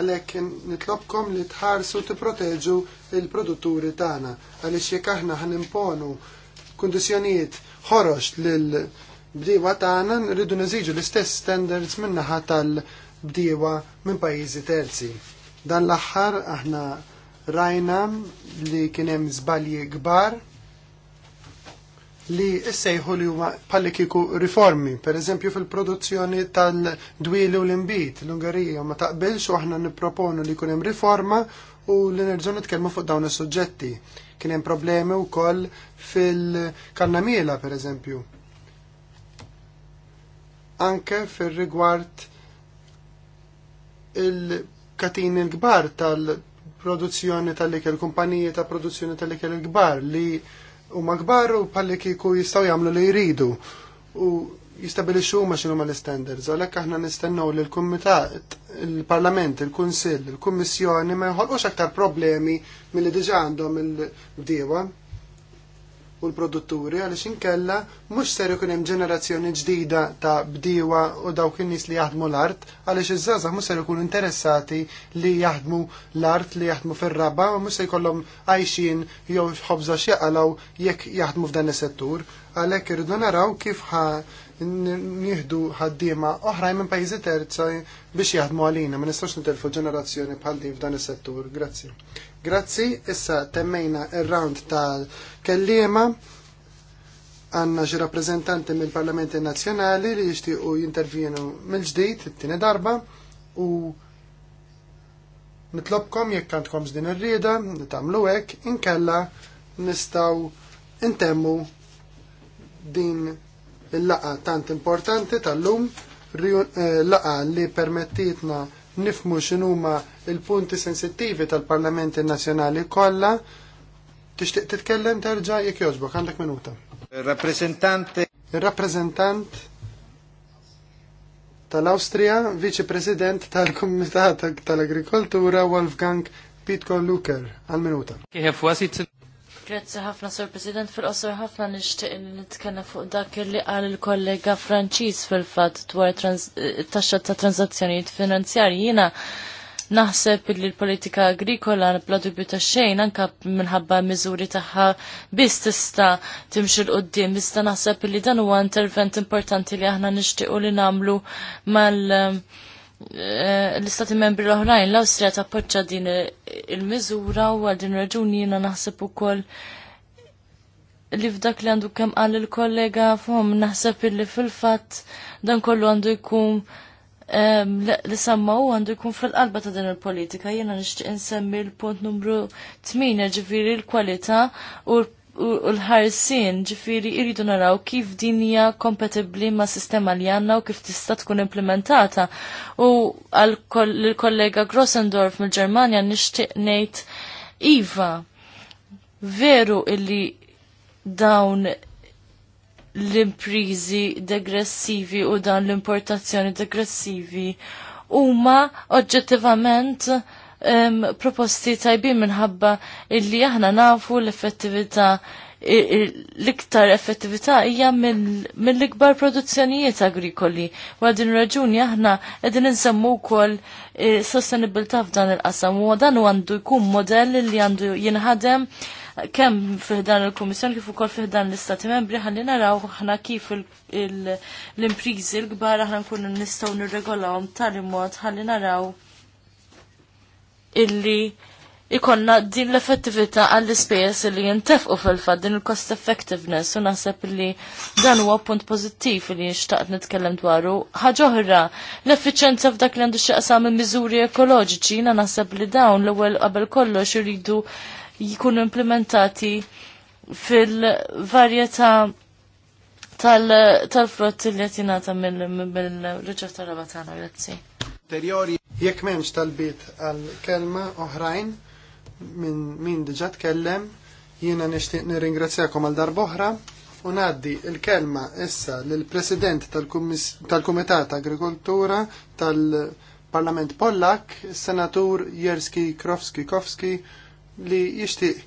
għalhekk nitlobkom li tħarsu tipproteġu il-produtturi tagħna għaliex jekk aħna imponu kundizzjonijiet ħorox l bdiewa tagħna nridu neżiġu l-istess standards min-naħa tal-bdiewa minn pajjiżi terzi. Dan l-aħħar aħna rajna li kien hemm żbalji kbar li sejħu li huma palli kiku riformi, per eżempju fil-produzzjoni tal-dwili u l-imbit, l-Ungarija ma taqbilx u aħna nipproponu li kunem riforma u li nerġgħu nitkellmu fuq dawn is-suġġetti. Kien hemm problemi wkoll fil-kannamiela per eżempju. Anke fir-rigward il-katini il kbar tal-produzzjoni tal-ikel, kumpanija ta' produzzjoni tal-ikel il kbar li u magbar u palli kiku jistaw jamlu li jridu u jistabilixu ma xinu ma l-standards, lekk aħna nistennaw li l-Kumitat, il-Parlament, il-Kunsill, il-Kummissjoni ma jħolqux aktar problemi mill-li diġa għandhom il-bdiewa, u l-produtturi għaliex inkella mhux ser ikun hemm ġenerazzjoni ġdida ta' bdiwa u dawk in-nies li jaħdmu l-art għaliex iż-żgħażagħ mhux ser ikunu interessati li jaħdmu l-art li jaħdmu fir-raba u mhux se jkollhom għajxin jew ħobża x'jaqalgħu jekk jaħdmu f'dan is-settur għalhekk irridu naraw kif ħa nieħdu ħaddiema oħrajn minn pajjiżi terza biex jaħdmu għalina, ma nistax nitelfu ġenerazzjoni bħal din f'dan is-settur. Grazzi. Grazzi, issa temmejna ir-round tal-kellima għanna ġi rappresentanti mill-Parlamenti Nazzjonali li jixtiequ jintervjenu mill-ġdid it-tieni darba u nitlobkom jekk għandkom din ir-rieda li tagħmlu hekk inkella nistgħu intemmu din il-laqa tant importanti tal-lum, eh, laqa li permettitna nifmu x'inhuma il-punti sensittivi tal-Parlamenti Nazzjonali kollha. Tixtieq titkellem terġa' jekk jogħġbok, għandek minuta. Rappresentante Il-rappresentant tal-Austria, viċi-president tal-Kumitat tal-Agrikoltura Wolfgang Pitko Luker, għal-minuta. Grazzi ħafna, Sur President, fil-qosor ħafna nixtieq li nitkellem fuq dak li qal il-kollega Franċiż fil-fatt dwar eh, taxxa ta' transazzjonijiet finanzjarji. Jiena naħseb li l-politika agrikola bladu dubju ta' xejn anka minħabba miżuri tagħha biss tista' timxil qudiem, iżda naħseb li dan huwa intervent importanti li aħna nixtiequ li nagħmlu mal- Eh, l-istati membri l-oħrajn l-Awstrija tappoġġa din il-miżura u għal din raġuni jiena naħseb ukoll li f'dak li għandu kemm qal il-kollega fuqhom naħseb illi fil-fatt dan kollu għandu jkun li samma u għandu jkun fil-qalba ta' din il-politika jiena nixtieq insemmi l-punt numru 8 ġifieri l-kwalità u l u l-ħarsin ġifiri irridu naraw kif din hija kompatibbli ma' sistema li għandna u kif tista' tkun implementata. U għal-kollega Grossendorf mill-Ġermanja nixtieq ngħid iva. Veru illi dawn l-imprizi degressivi u dan l-importazzjoni degressivi huma oġġettivament proposti tajbin minħabba illi aħna nafu l-effettività l-iktar effettività hija mill-ikbar produzzjonijiet agrikoli. U għadin raġuni aħna qegħdin insemmu wkoll e, sostenibilità f'dan il-qasam u dan għandu jkun modell li għandu jinħadem kemm fiħdan il-Kummissjoni kif ukoll fiħdan l-Istati Membri ħalli naraw aħna kif l-imprizi l-kbar aħna nkunu nistgħu nirregolawhom tal-imod ħalli naraw illi ikonna din l-effettività għall-ispejjeż illi jintefqu fil fad din il-cost effectiveness u naħseb li dan huwa punt pożittiv li xtaqt nitkellem dwaru. Ħaġa oħra, l-effiċenza f'dak li għandu il miżuri ekoloġiċi, na naħseb li dawn l-ewwel qabel kollox iridu jkunu implementati fil-varjetà tal-frott li qed jingħata mill-riċerta rabatana, grazzi. Jekk m'hemmx talbit għal kelma oħrajn minn min diġà tkellem, jiena nixtieq nirringrazzjakom għal darba oħra u ngħaddi il-kelma issa lill president tal-Kumitat Agrikoltura tal-Parlament Pollak, senatur Jerski Krowski Kowski li jixtieq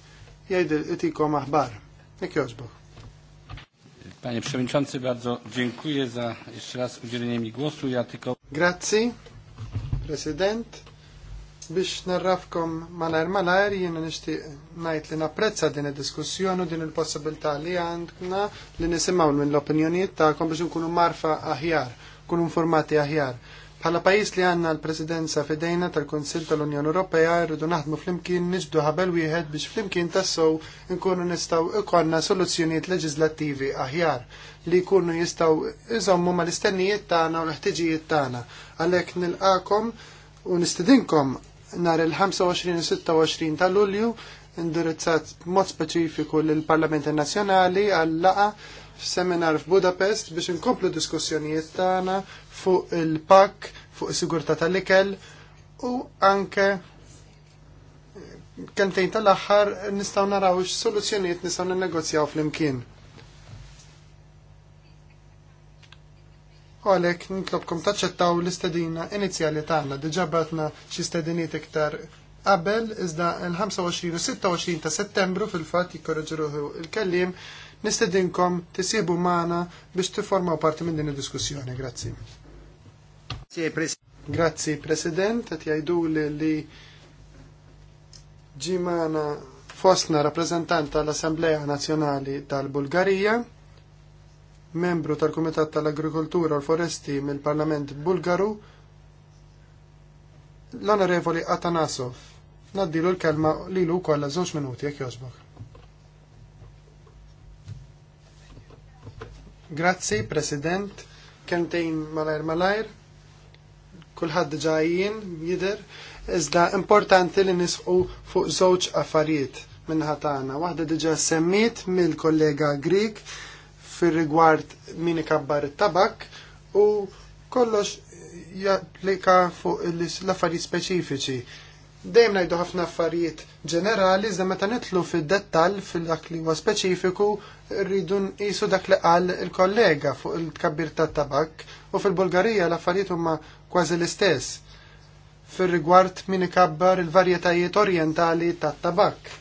jgħidil itikom aħbar. Jekk jogħġbok. Panie Przewodniczący, bardzo dziękuję za jeszcze raz udzielenie mi głosu. Ja tylko... Grazie. President, biex narrafkom malajr malajr, jiena nixtieq ngħid li napprezza din id-diskussjoni u din il-possibilità li għandna li nisimgħu minn l-opinjonijiet tagħkom biex nkunu marfa aħjar, kun informati aħjar. Bħala pajis li għanna l-presidenza fidejna tal-Konsil tal-Unjoni Ewropea rridu naħdmu flimkien niġdu ħabel wieħed biex flimkien tassow nkunu nistgħu ikonna soluzzjonijiet leġislattivi aħjar li jkunu jistaw iżommu ma l-istennijiet tagħna u l-ħtiġijiet tagħna. Għalhekk nilqakom u nistidinkom nhar il-25 u 26 ta' Lulju indirizzat mod speċifiku lill-Parlament Nazzjonali għall laqa f'seminar f'Budapest biex inkomplu diskussjonijiet tagħna fuq il-pak, fuq is-sigurtà tal-ikel u anke kentejn tal-aħħar nistgħu naraw x'soluzzjonijiet nistgħu fl flimkien u għalek, nitlobkom taċċettaw l-istedina inizjali tagħna diġà batna xi stediniet iktar qabel iżda l-25 u 26 ta' settembru fil-fatt jikkorreġu il-kellim nistedinkom tisibu maħna biex tiformaw parti minn din il-diskussjoni. Grazzi. Grazzi, President, għet jajdu li li ġimana fosna rappresentanta l-Assemblea Nazjonali tal-Bulgarija membru tal-Kumitat tal-Agrikoltura u l-Foresti mill-Parlament Bulgaru, l-Onorevoli Atanasov. Naddilu l-kelma li lu kolla zoċ minuti, jek jozbok. Grazzi, President. Kentejn malajr malajr. Kulħadd ġajjien jider. Iżda importanti li nisqu fuq żewġ affarijiet minnħatana. Wahda Waħda diġà semmit mill-kollega Grik fir-rigward min ikabbar it-tabak u kollox japplika fuq l-affarijiet speċifiċi. Dejjem ngħidu ħafna affarijiet ġenerali iżda meta nitlu fid-dettall fil-dak li huwa speċifiku rridu nqisu dak li qal il-kollega fuq il kabbir tat-tabak u fil-Bulgarija l-affarijiet huma kważi l-istess fir-rigward min ikabbar il-varjetajiet orjentali tat-tabak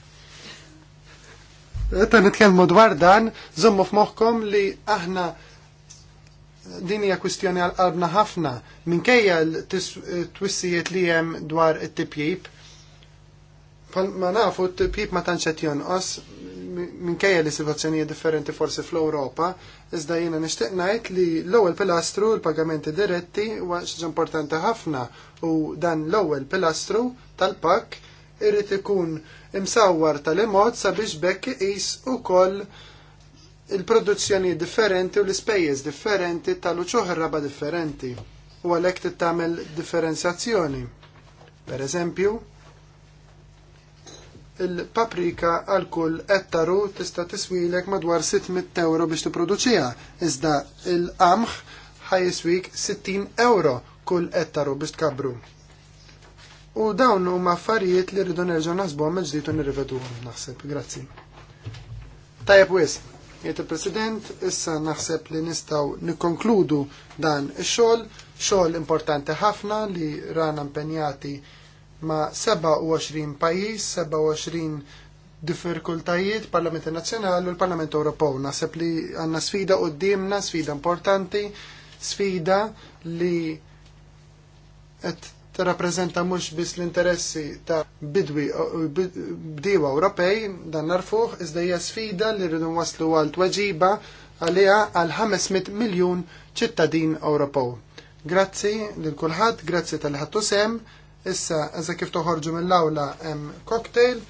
ta' nitkellmu dwar dan, żommu f'moħħkom li aħna din hija kwistjoni għal qalbna ħafna minkejja l-twissijiet li hemm dwar it-tipjib. Ma nafu t-tipjib ma tantx qed jonqos minkejja li situazzjonijiet differenti forsi fl-Ewropa, iżda jiena nixtieq ngħid li l-ewwel pilastru l-pagamenti diretti huwa xi importanti ħafna u dan l-ewwel pilastru tal-pakk irid ikun imsawwar tal-imod sabiex bekk u ukoll il-produzzjoni differenti u l-ispejjeż differenti tal-uċuħ raba differenti u għalhekk tittamel differenzjazzjoni. Per eżempju, il-paprika għal kull ettaru tista' tiswilek madwar 600 euro biex tipproduċiha, iżda il-qamħ jiswik 60 euro kull ettaru biex tkabru. U dawn huma affarijiet li rridu nerġgħu naħsbuhom mill-ġdid u nirriveduhom naħseb. Grazzi. Tajjeb wis, jgħid il-President, issa naħseb li nistgħu nikkonkludu dan ix-xogħol, xogħol importanti ħafna li rana impenjati ma' 27 pajjiż, 27 diffikultajiet Parlament Nazzjonali u l-Parlament Ewropew. Naħseb li għandna sfida qudiemna, sfida importanti, sfida li qed tirrappreżenta mhux biss l-interessi ta' bidwi bdiewa Ewropej dan narfuh iżda hija sfida li rridu waslu għal tweġiba għaliha għal 500 miljun ċittadin Ewropew. Grazzi lil kulħadd, grazzi tal-ħattu sem. Issa, eża kif toħorġu mill-awla hemm cocktail.